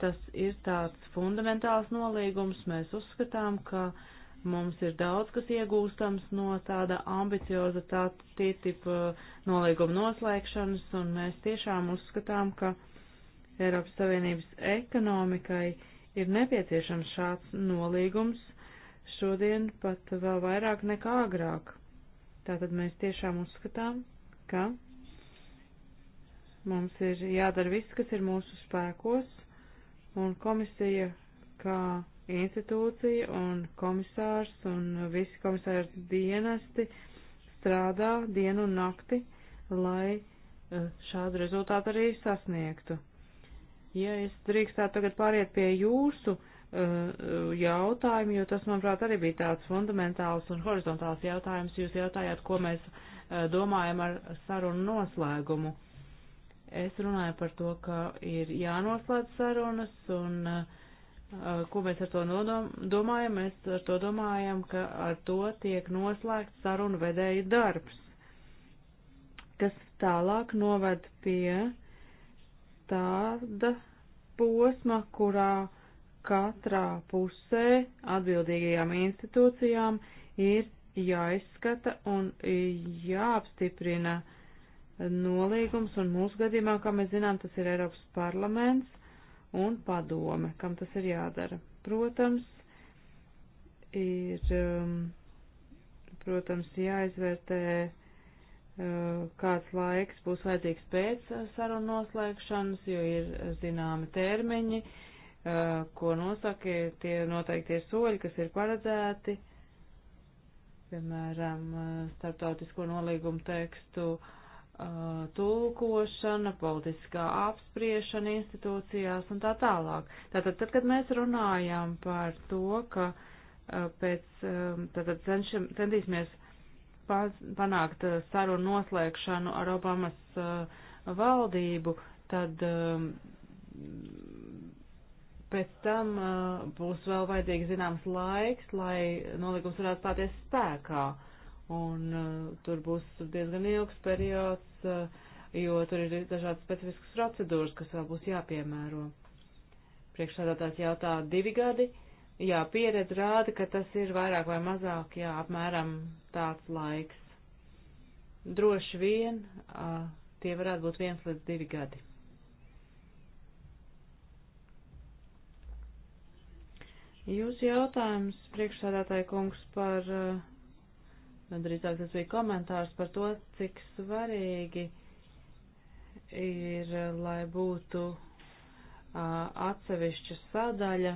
tas ir tāds fundamentāls nolīgums. Mēs uzskatām, ka mums ir daudz, kas iegūstams no tāda ambicioza tā tītipa e, nolīguma noslēgšanas, un mēs tiešām uzskatām, ka Eiropas Savienības ekonomikai ir nepieciešams šāds nolīgums šodien pat vēl vairāk nekā agrāk. Tātad mēs tiešām uzskatām, ka mums ir jādara viss, kas ir mūsu spēkos, un komisija kā institūcija un komisārs un visi komisārs dienesti strādā dienu un nakti, lai eh, šādu rezultātu arī sasniegtu. Ja es drīkstētu tagad pāriet pie jūsu uh, jautājumu, jo tas, manuprāt, arī bija tāds fundamentāls un horizontāls jautājums. Jūs jautājāt, ko mēs eh, domājam ar sarunu noslēgumu. Es runāju par to, ka ir jānoslēdz sarunas un eh, ko mēs ar to domājam. Mēs ar to domājam, ka ar to tiek noslēgts sarunu vedēju darbs, kas tālāk noved pie tāda posma, kurā uh, katrā pusē atbildīgajām institūcijām ir jāizskata un jāapstiprina nolīgums, un mūsu gadījumā, kā mēs zinām, tas ir Eiropas parlaments un padome, kam tas ir jādara. Protams, ir, um, protams, jāizvērtē, uh, kāds laiks būs vajadzīgs pēc sarunu noslēgšanas, jo ir zināmi termiņi, Eh, ko nosaka tie noteiktie soļi, kas ir paredzēti, piemēram, eh, starptautisko nolīgumu tekstu eh, tulkošana, politiskā apspriešana institūcijās un tā tālāk. Tātad, tad, kad mēs runājam par to, ka pēc, tātad cenšam, centīsimies panākt sarunu noslēgšanu ar Obamas valdību, tad pēc tam uh, būs vēl vajadzīgs zināms laiks, lai nolikums varētu stāties spēkā. Un uh, tur būs diezgan ilgs periods, uh, jo tur ir dažādas specifiskas procedūras, kas vēl būs jāpiemēro. Priekšsādātājs jautā divi gadi. Jā, pieredze rāda, ka tas ir vairāk vai mazāk, jā, apmēram tāds laiks. Droši vien uh, tie varētu būt viens līdz divi gadi. Jūs jautājums priekšsādātāji kungs par, eh, nu, drīzāk tas bija komentārs par to, cik svarīgi ir, eh, lai būtu eh, atsevišķa sadaļa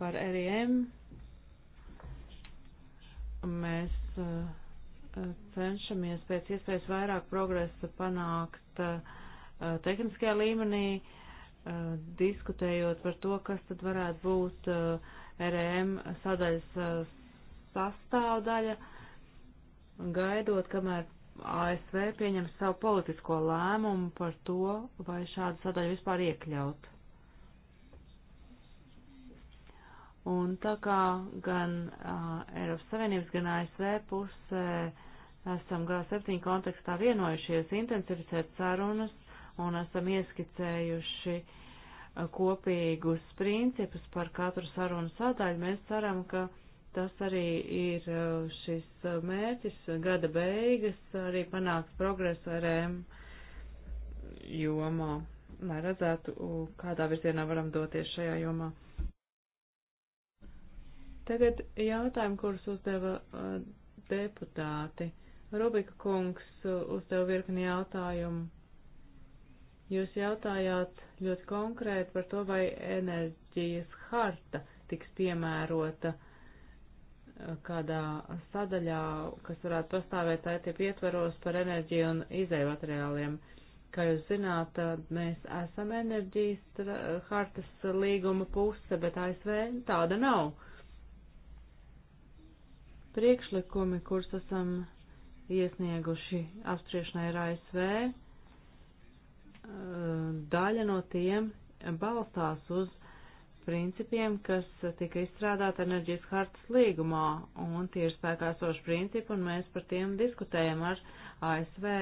par RIM. Mēs cenšamies pēc iespējas vairāk progresa panākt tehniskajā līmenī, Eh, diskutējot par to, kas tad varētu būt eh, RM sadaļas eh, sastāvdaļa, gaidot, kamēr ASV pieņems savu politisko lēmumu par to, vai šādu sadaļu vispār iekļaut. Un tā kā gan uh, Eiropas Savienības, gan ASV pusē esam G7 kontekstā vienojušies intensificēt sarunas un esam ieskicējuši uh, kopīgus principus par katru sarunu sadaļu. Mēs ceram, ka tas arī ir uh, šis uh, mērķis gada beigas, arī panākt progresu ar M jomā, lai redzētu, kādā virzienā varam doties šajā jomā. Tagad jautājumi, kurus uzdeva deputāti. Rubika kungs uzdeva virkni jautājumu Jūs jautājāt ļoti konkrēti par to, vai enerģijas harta tiks piemērota eh, kādā sadaļā, kas varētu pastāvēt ATP ietveros par enerģiju un izēju materiāliem. Kā jūs zināt, mēs esam enerģijas hartas līguma puse, bet ASV tāda nav. Priekšlikumi, kurus esam iesnieguši apspriešanai ar ASV, daļa no tiem balstās uz principiem, kas tika izstrādāti enerģijas hartas līgumā, un tie ir spēkā soši principi, un mēs par tiem diskutējam ar ASV.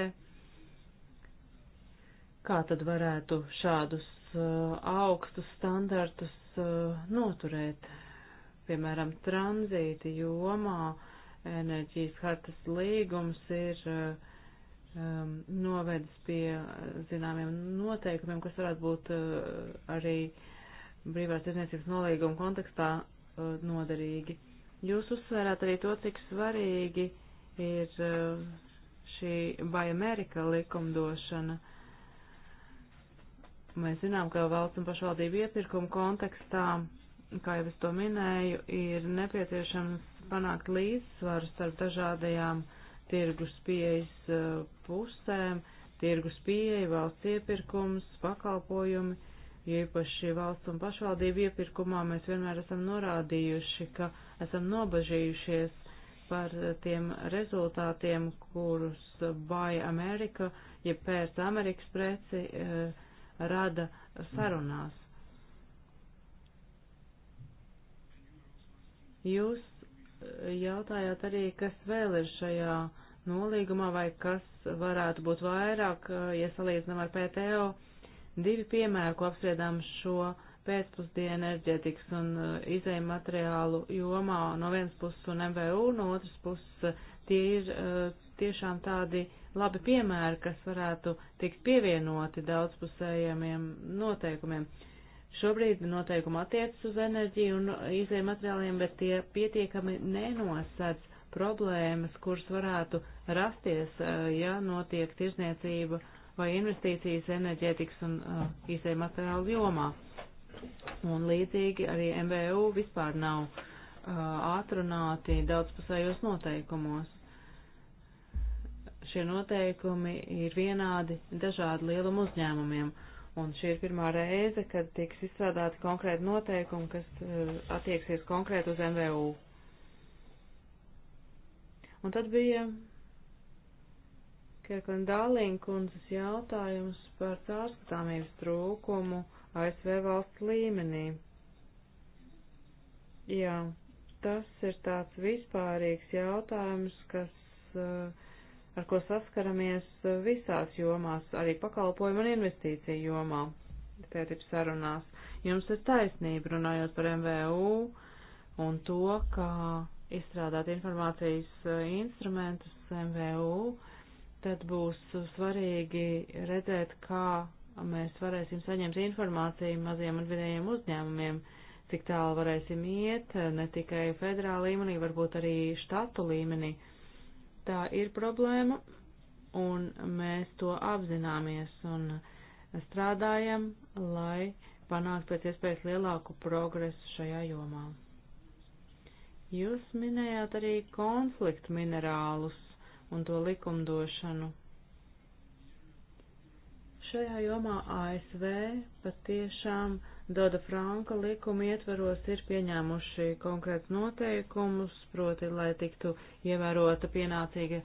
Kā tad varētu šādus uh, augstus standartus uh, noturēt, piemēram, tranzīti jomā, enerģijas hartas līgums ir uh, um, novedis pie uh, zināmiem noteikumiem, kas varētu būt uh, arī brīvās tiesniecības nolīguma kontekstā uh, noderīgi. Jūs uzsvērāt arī to, cik svarīgi ir uh, šī Bajamerika likumdošana. Mēs zinām, ka valsts un pašvaldību iepirkuma kontekstā, kā jau es to minēju, ir nepieciešams panākt līdzsvaru starp dažādajām uh, tirgus pieejas eh, pusēm, tirgus pieeja, valsts iepirkums, pakalpojumi, jo īpaši valsts un pašvaldību iepirkumā mēs vienmēr esam norādījuši, ka esam nobažījušies par tiem rezultātiem, kurus Buy America, jeb ja pērts Amerikas preci, eh, rada sarunās. Jūs jautājāt arī, kas vēl ir šajā nolīgumā vai kas varētu būt vairāk, ja salīdzinām ar PTO. Divi piemēri, ko apspriedām šo pēcpusdienu enerģētikas un uh, izējuma materiālu jomā no vienas puses un MVU, no otras puses uh, tie ir uh, tiešām tādi labi piemēri, kas varētu tikt pievienoti daudzpusējiem noteikumiem. Uh, Šobrīd noteikumi attiecas uz enerģiju un izējiem materiāliem, bet tie pietiekami nenosedz problēmas, kuras varētu rasties, eh, ja notiek tirzniecība vai investīcijas enerģētikas un eh, izējiem materiālu jomā. Un līdzīgi arī MVU vispār nav eh, atrunāti daudzpusējos noteikumos. Šie noteikumi ir vienādi dažādu lielumu uzņēmumiem Un šī ir pirmā reize, kad tiks izstrādāti konkrēti noteikumi, kas eh, attieksies konkrēti uz MVU. Un tad bija Kerklina Dālīna kundzes jautājums par cārskatāmības trūkumu ASV valsts līmenī. Jā, tas ir tāds vispārīgs jautājums, kas uh, ar ko saskaramies visās jomās, arī pakalpojumu un investīciju jomā, tētips sarunās. Jums ir taisnība runājot par MVU un to, kā izstrādāt informācijas eh, instrumentus MVU, tad būs svarīgi redzēt, kā mēs varēsim saņemt informāciju maziem un vidējiem uzņēmumiem, cik tālu varēsim iet, ne tikai federāla līmenī, varbūt arī štatu līmenī. Uh, tā ir problēma, un mēs to apzināmies un strādājam, lai panāktu pēc iespējas lielāku progresu šajā jomā. Jūs minējāt arī konfliktu minerālus un to likumdošanu. Šajā jomā ASV patiešām tiešām Doda Franka likuma ietveros ir pieņēmuši konkrēts noteikumus, proti, lai tiktu ievērota pienācīga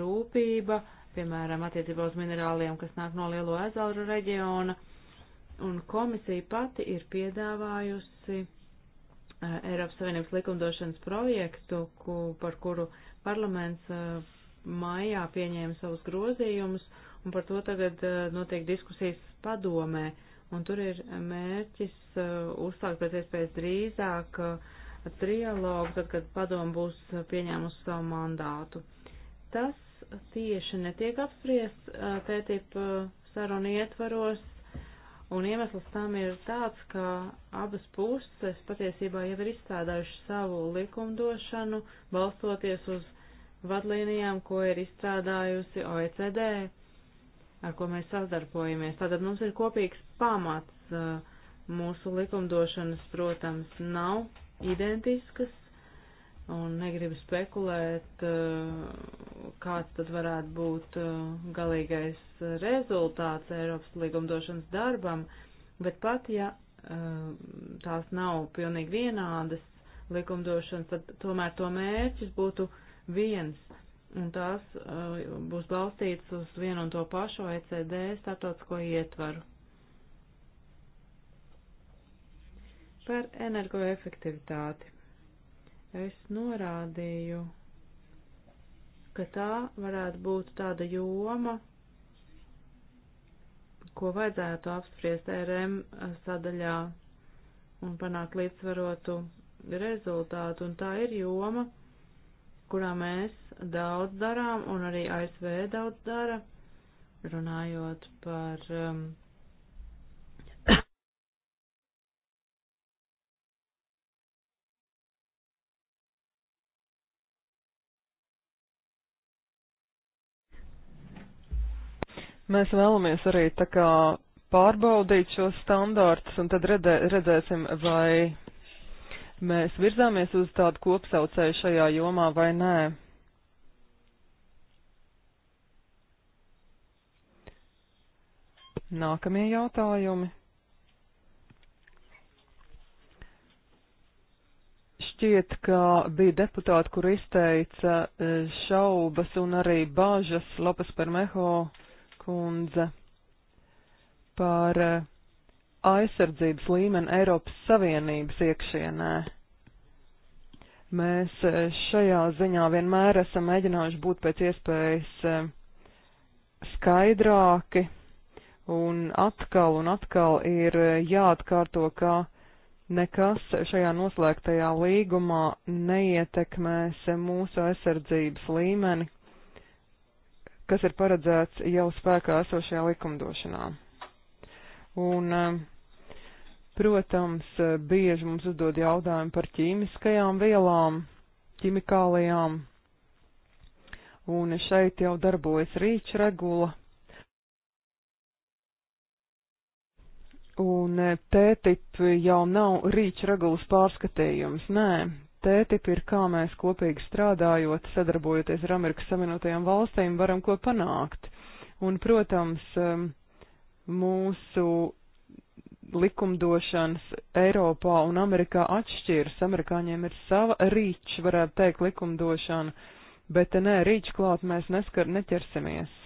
rūpība, piemēram, attiecībā uz minerāliem, kas nāk no Lielo ezauru reģiona, un komisija pati ir piedāvājusi eh, Eiropas Savienības likumdošanas projektu, ku, par kuru parlaments eh, maijā pieņēma savus grozījumus, un par to tagad eh, notiek diskusijas padomē un tur ir mērķis uh, uzsākt pēc iespējas drīzāk uh, trialogu, tad, kad padomu būs pieņēmusi savu mandātu. Tas tieši netiek apspriests uh, TTIP sarunu ietvaros, un iemesls tam ir tāds, ka abas puses patiesībā jau ir izstrādājuši savu likumdošanu, balstoties uz vadlīnijām, ko ir izstrādājusi OECD ar ko mēs sadarbojamies. Tātad mums ir kopīgs pamats. Uh, mūsu likumdošanas, protams, nav identiskas un negribu spekulēt, uh, kāds tad varētu būt uh, galīgais rezultāts Eiropas likumdošanas darbam, bet pat ja tās nav pilnīgi vienādas likumdošanas, tad tomēr to mērķis būtu viens un tās uh, būs balstītas uz vienu un to pašu OECD starptautisko ietvaru. Par energoefektivitāti. Es norādīju, ka tā varētu būt tāda joma, ko vajadzētu apspriest e RM sadaļā un panākt līdzsvarotu rezultātu, un tā ir joma, kurā mēs daudz darām, un arī ASV daudz dara, runājot par um, mēs vēlamies arī tā kā pārbaudīt šos standārtus un tad redē, redzēsim, vai mēs virzāmies uz tādu kopsaucēju šajā jomā vai nē. Nākamie jautājumi. Šķiet, ka bija deputāti, kur izteica e, šaubas un arī bāžas Lopes Permeho kundze par e, aizsardzības līmeni Eiropas Savienības iekšienē. Mēs e, šajā ziņā vienmēr esam mēģinājuši būt pēc iespējas skaidrāki un atkal un atkal ir jāatkārto, ka nekas šajā noslēgtajā līgumā neietekmēs mūsu aizsardzības līmeni, kas ir paredzēts jau spēkā esošajā likumdošanā. Un, um, protams, bieži mums uzdod jautājumu par ķīmiskajām vielām, ķimikālijām, un šeit jau darbojas rīčregula, Un e, tētip jau nav rīča regulas pārskatījums, nē. Tētip ir kā mēs kopīgi strādājot, sadarbojoties ar Amerikas Savienotajām valstīm, varam ko panākt. Un, protams, e, mūsu likumdošanas Eiropā un Amerikā atšķiras. Amerikāņiem ir sava rīča, varētu teikt, likumdošana, bet e, nē, rīča klāt mēs neskar, neķersimies.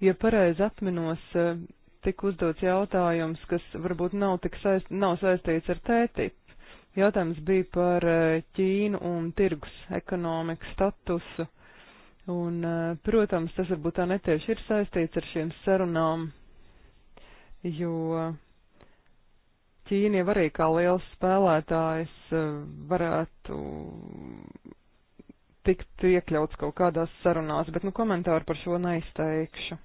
ja pareizi atminos, eh, tika uzdots jautājums, kas varbūt nav, saist, nav saistīts ar tētipu. Jautājums bija par eh, Ķīnu un tirgus ekonomikas statusu. Un, eh, protams, tas varbūt tā netieši ir saistīts ar šiem sarunām, jo Ķīna jau arī kā liels spēlētājs varētu tikt iekļauts kaut kādās sarunās, bet nu komentāru par šo neizteikšu.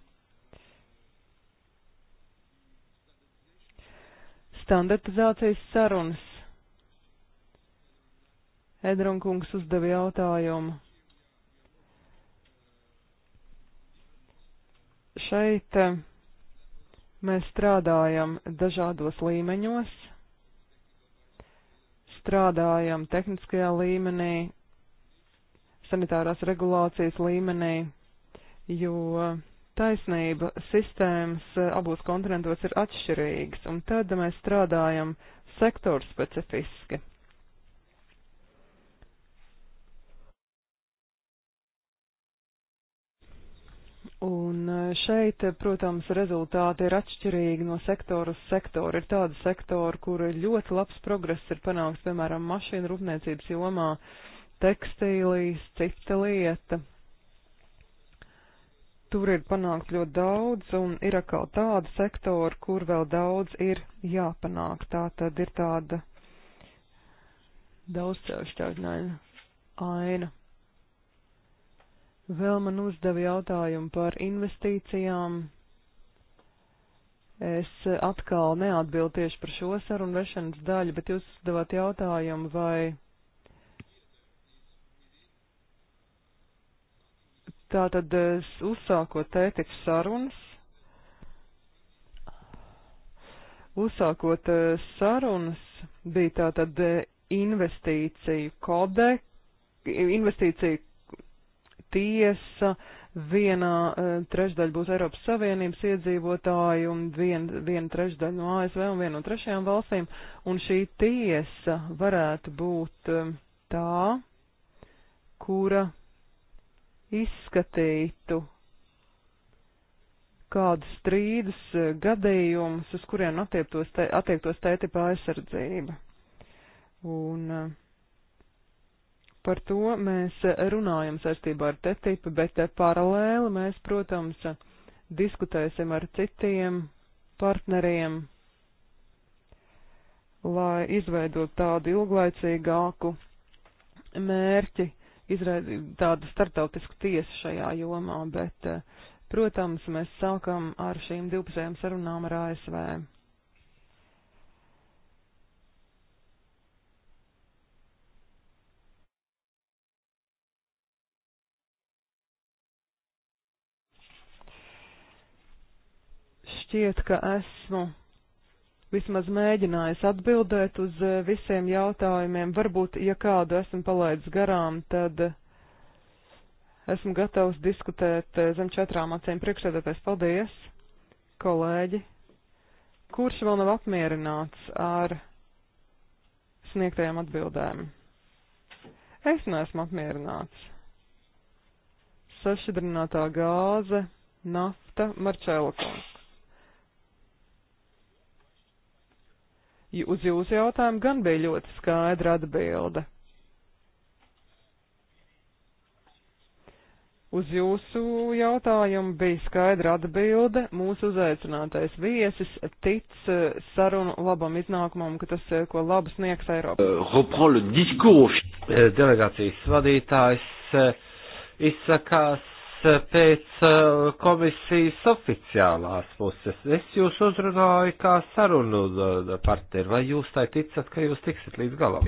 Standartizācijas sarunas. Edrunkungs uzdeva jautājumu. Šeit eh, mēs strādājam dažādos līmeņos, strādājam tehniskajā līmenī, sanitārās regulācijas līmenī, jo taisnība, sistēmas eh, abos kontinentos ir atšķirīgas, un tad mēs strādājam sektoru specifiski. Un eh, šeit, eh, protams, rezultāti ir atšķirīgi no sektora uz sektoru. Ir tāda sektora, kur ļoti labs progress ir panākts, piemēram, mašīnu rūpniecības jomā, tekstīlīs, cita lieta, Tur ir panākts ļoti daudz, un ir atkal tāda sektora, kur vēl daudz ir jāpanāk. Tā tad ir tāda daudzcēlšķaignaina aina. Vēl man uzdeva jautājumu par investīcijām. Es atkal neatbildu tieši par šo sarunu vešanas daļu, bet jūs uzdevāt jautājumu, vai Tātad eh, uzsākot ētikas sarunas, uzsākot eh, sarunas, bija tātad investīciju kodeks, investīciju tiesa, vienā eh, trešdaļa būs Eiropas Savienības iedzīvotāji un vien, viena trešdaļa no ASV un viena no trešajām valstīm, un šī tiesa varētu būt tā, kura izskatītu kādus strīdus, eh, gadījumus, uz kuriem attiektos, te, attiektos tētipa aizsardzība. Un eh, par to mēs runājam saistībā ar tētipu, bet eh, paralēli mēs, protams, diskutēsim ar citiem partneriem, lai izveidot tādu ilglaicīgāku mērķi tādu startautisku tiesu šajā jomā, bet, eh, protams, mēs sākam ar šīm divpusējām sarunām ar ASV. šķiet, ka esmu vismaz mēģinājis atbildēt uz eh, visiem jautājumiem. Varbūt, ja kādu esmu palaidis garām, tad esmu gatavs diskutēt eh, zem četrām acīm priekšsēdētājs. Paldies, kolēģi! Kurš vēl nav apmierināts ar sniegtajām atbildēm? Es neesmu apmierināts. Sašķidrinātā gāze, nafta, marčēlokums. uz jūsu jautājumu gan bija ļoti skaidra atbilde. Uz jūsu jautājumu bija skaidra atbilde. Mūsu uzaicinātais viesis tic eh, sarunu labam iznākumam, ka tas, eh, ko labu sniegs Eiropa. Euh, eh, delegācijas vadītājs izsakās Eh, pēc eh, komisijas oficiālās puses. Es jūs uzrunāju kā sarunu eh, partneri, vai jūs tai ticat, ka jūs tiksiet līdz galam?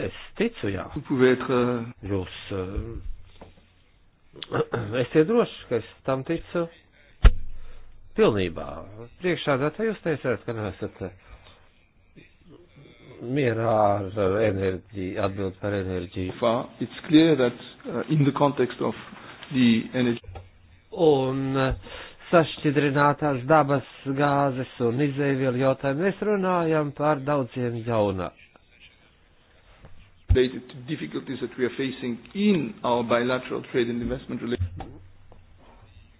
Es ticu, jā. Euh, jūs. Esiet droši, ka es tam ticu pilnībā. Priekšādā te jūs teicāt, ka neesat. Uh, mierā ar enerģiju, atbild par enerģiju. Far, it's clear that uh, in the context of the energy. Un uh, sašķidrinātās dabas gāzes un izēvielu jautājumu mēs runājam par daudziem jaunā. Related to difficulties that we are facing in our bilateral trade and investment relations.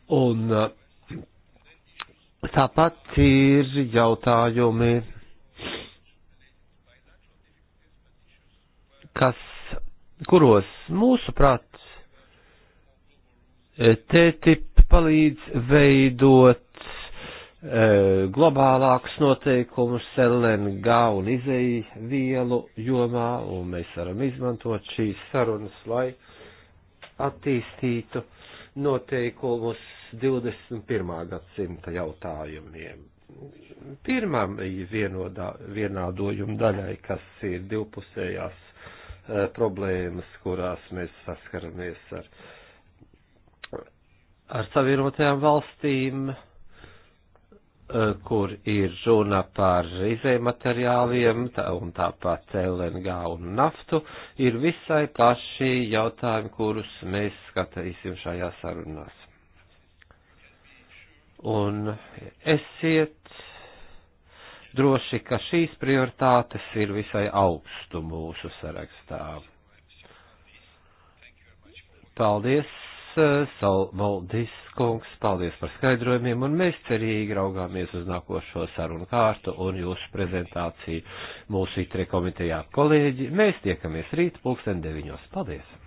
Un uh, tāpat ir jautājumi kas, kuros mūsuprāt e, TTIP palīdz veidot e, globālākus noteikumus LNG un izēju vielu jomā, un mēs varam izmantot šīs sarunas, lai attīstītu noteikumus 21. gadsimta jautājumiem. Pirmām vienādojumu daļai, kas ir divpusējās Eh, problēmas, kurās mēs saskaramies ar, ar savienotajām valstīm, eh, kur ir runa par izējumateriāliem tā, un tāpat LNG un naftu, ir visai plaši jautājumi, kurus mēs skatīsim šajā sarunās. Un esiet droši, ka šīs prioritātes ir visai augstu mūsu sarakstā. Paldies, eh, Salmaldis kungs, paldies par skaidrojumiem, un mēs cerīgi raugāmies uz nākošo sarunu kārtu un jūsu prezentāciju mūsu itre komitejā. Kolēģi, mēs tiekamies rīt pulksten deviņos. Paldies!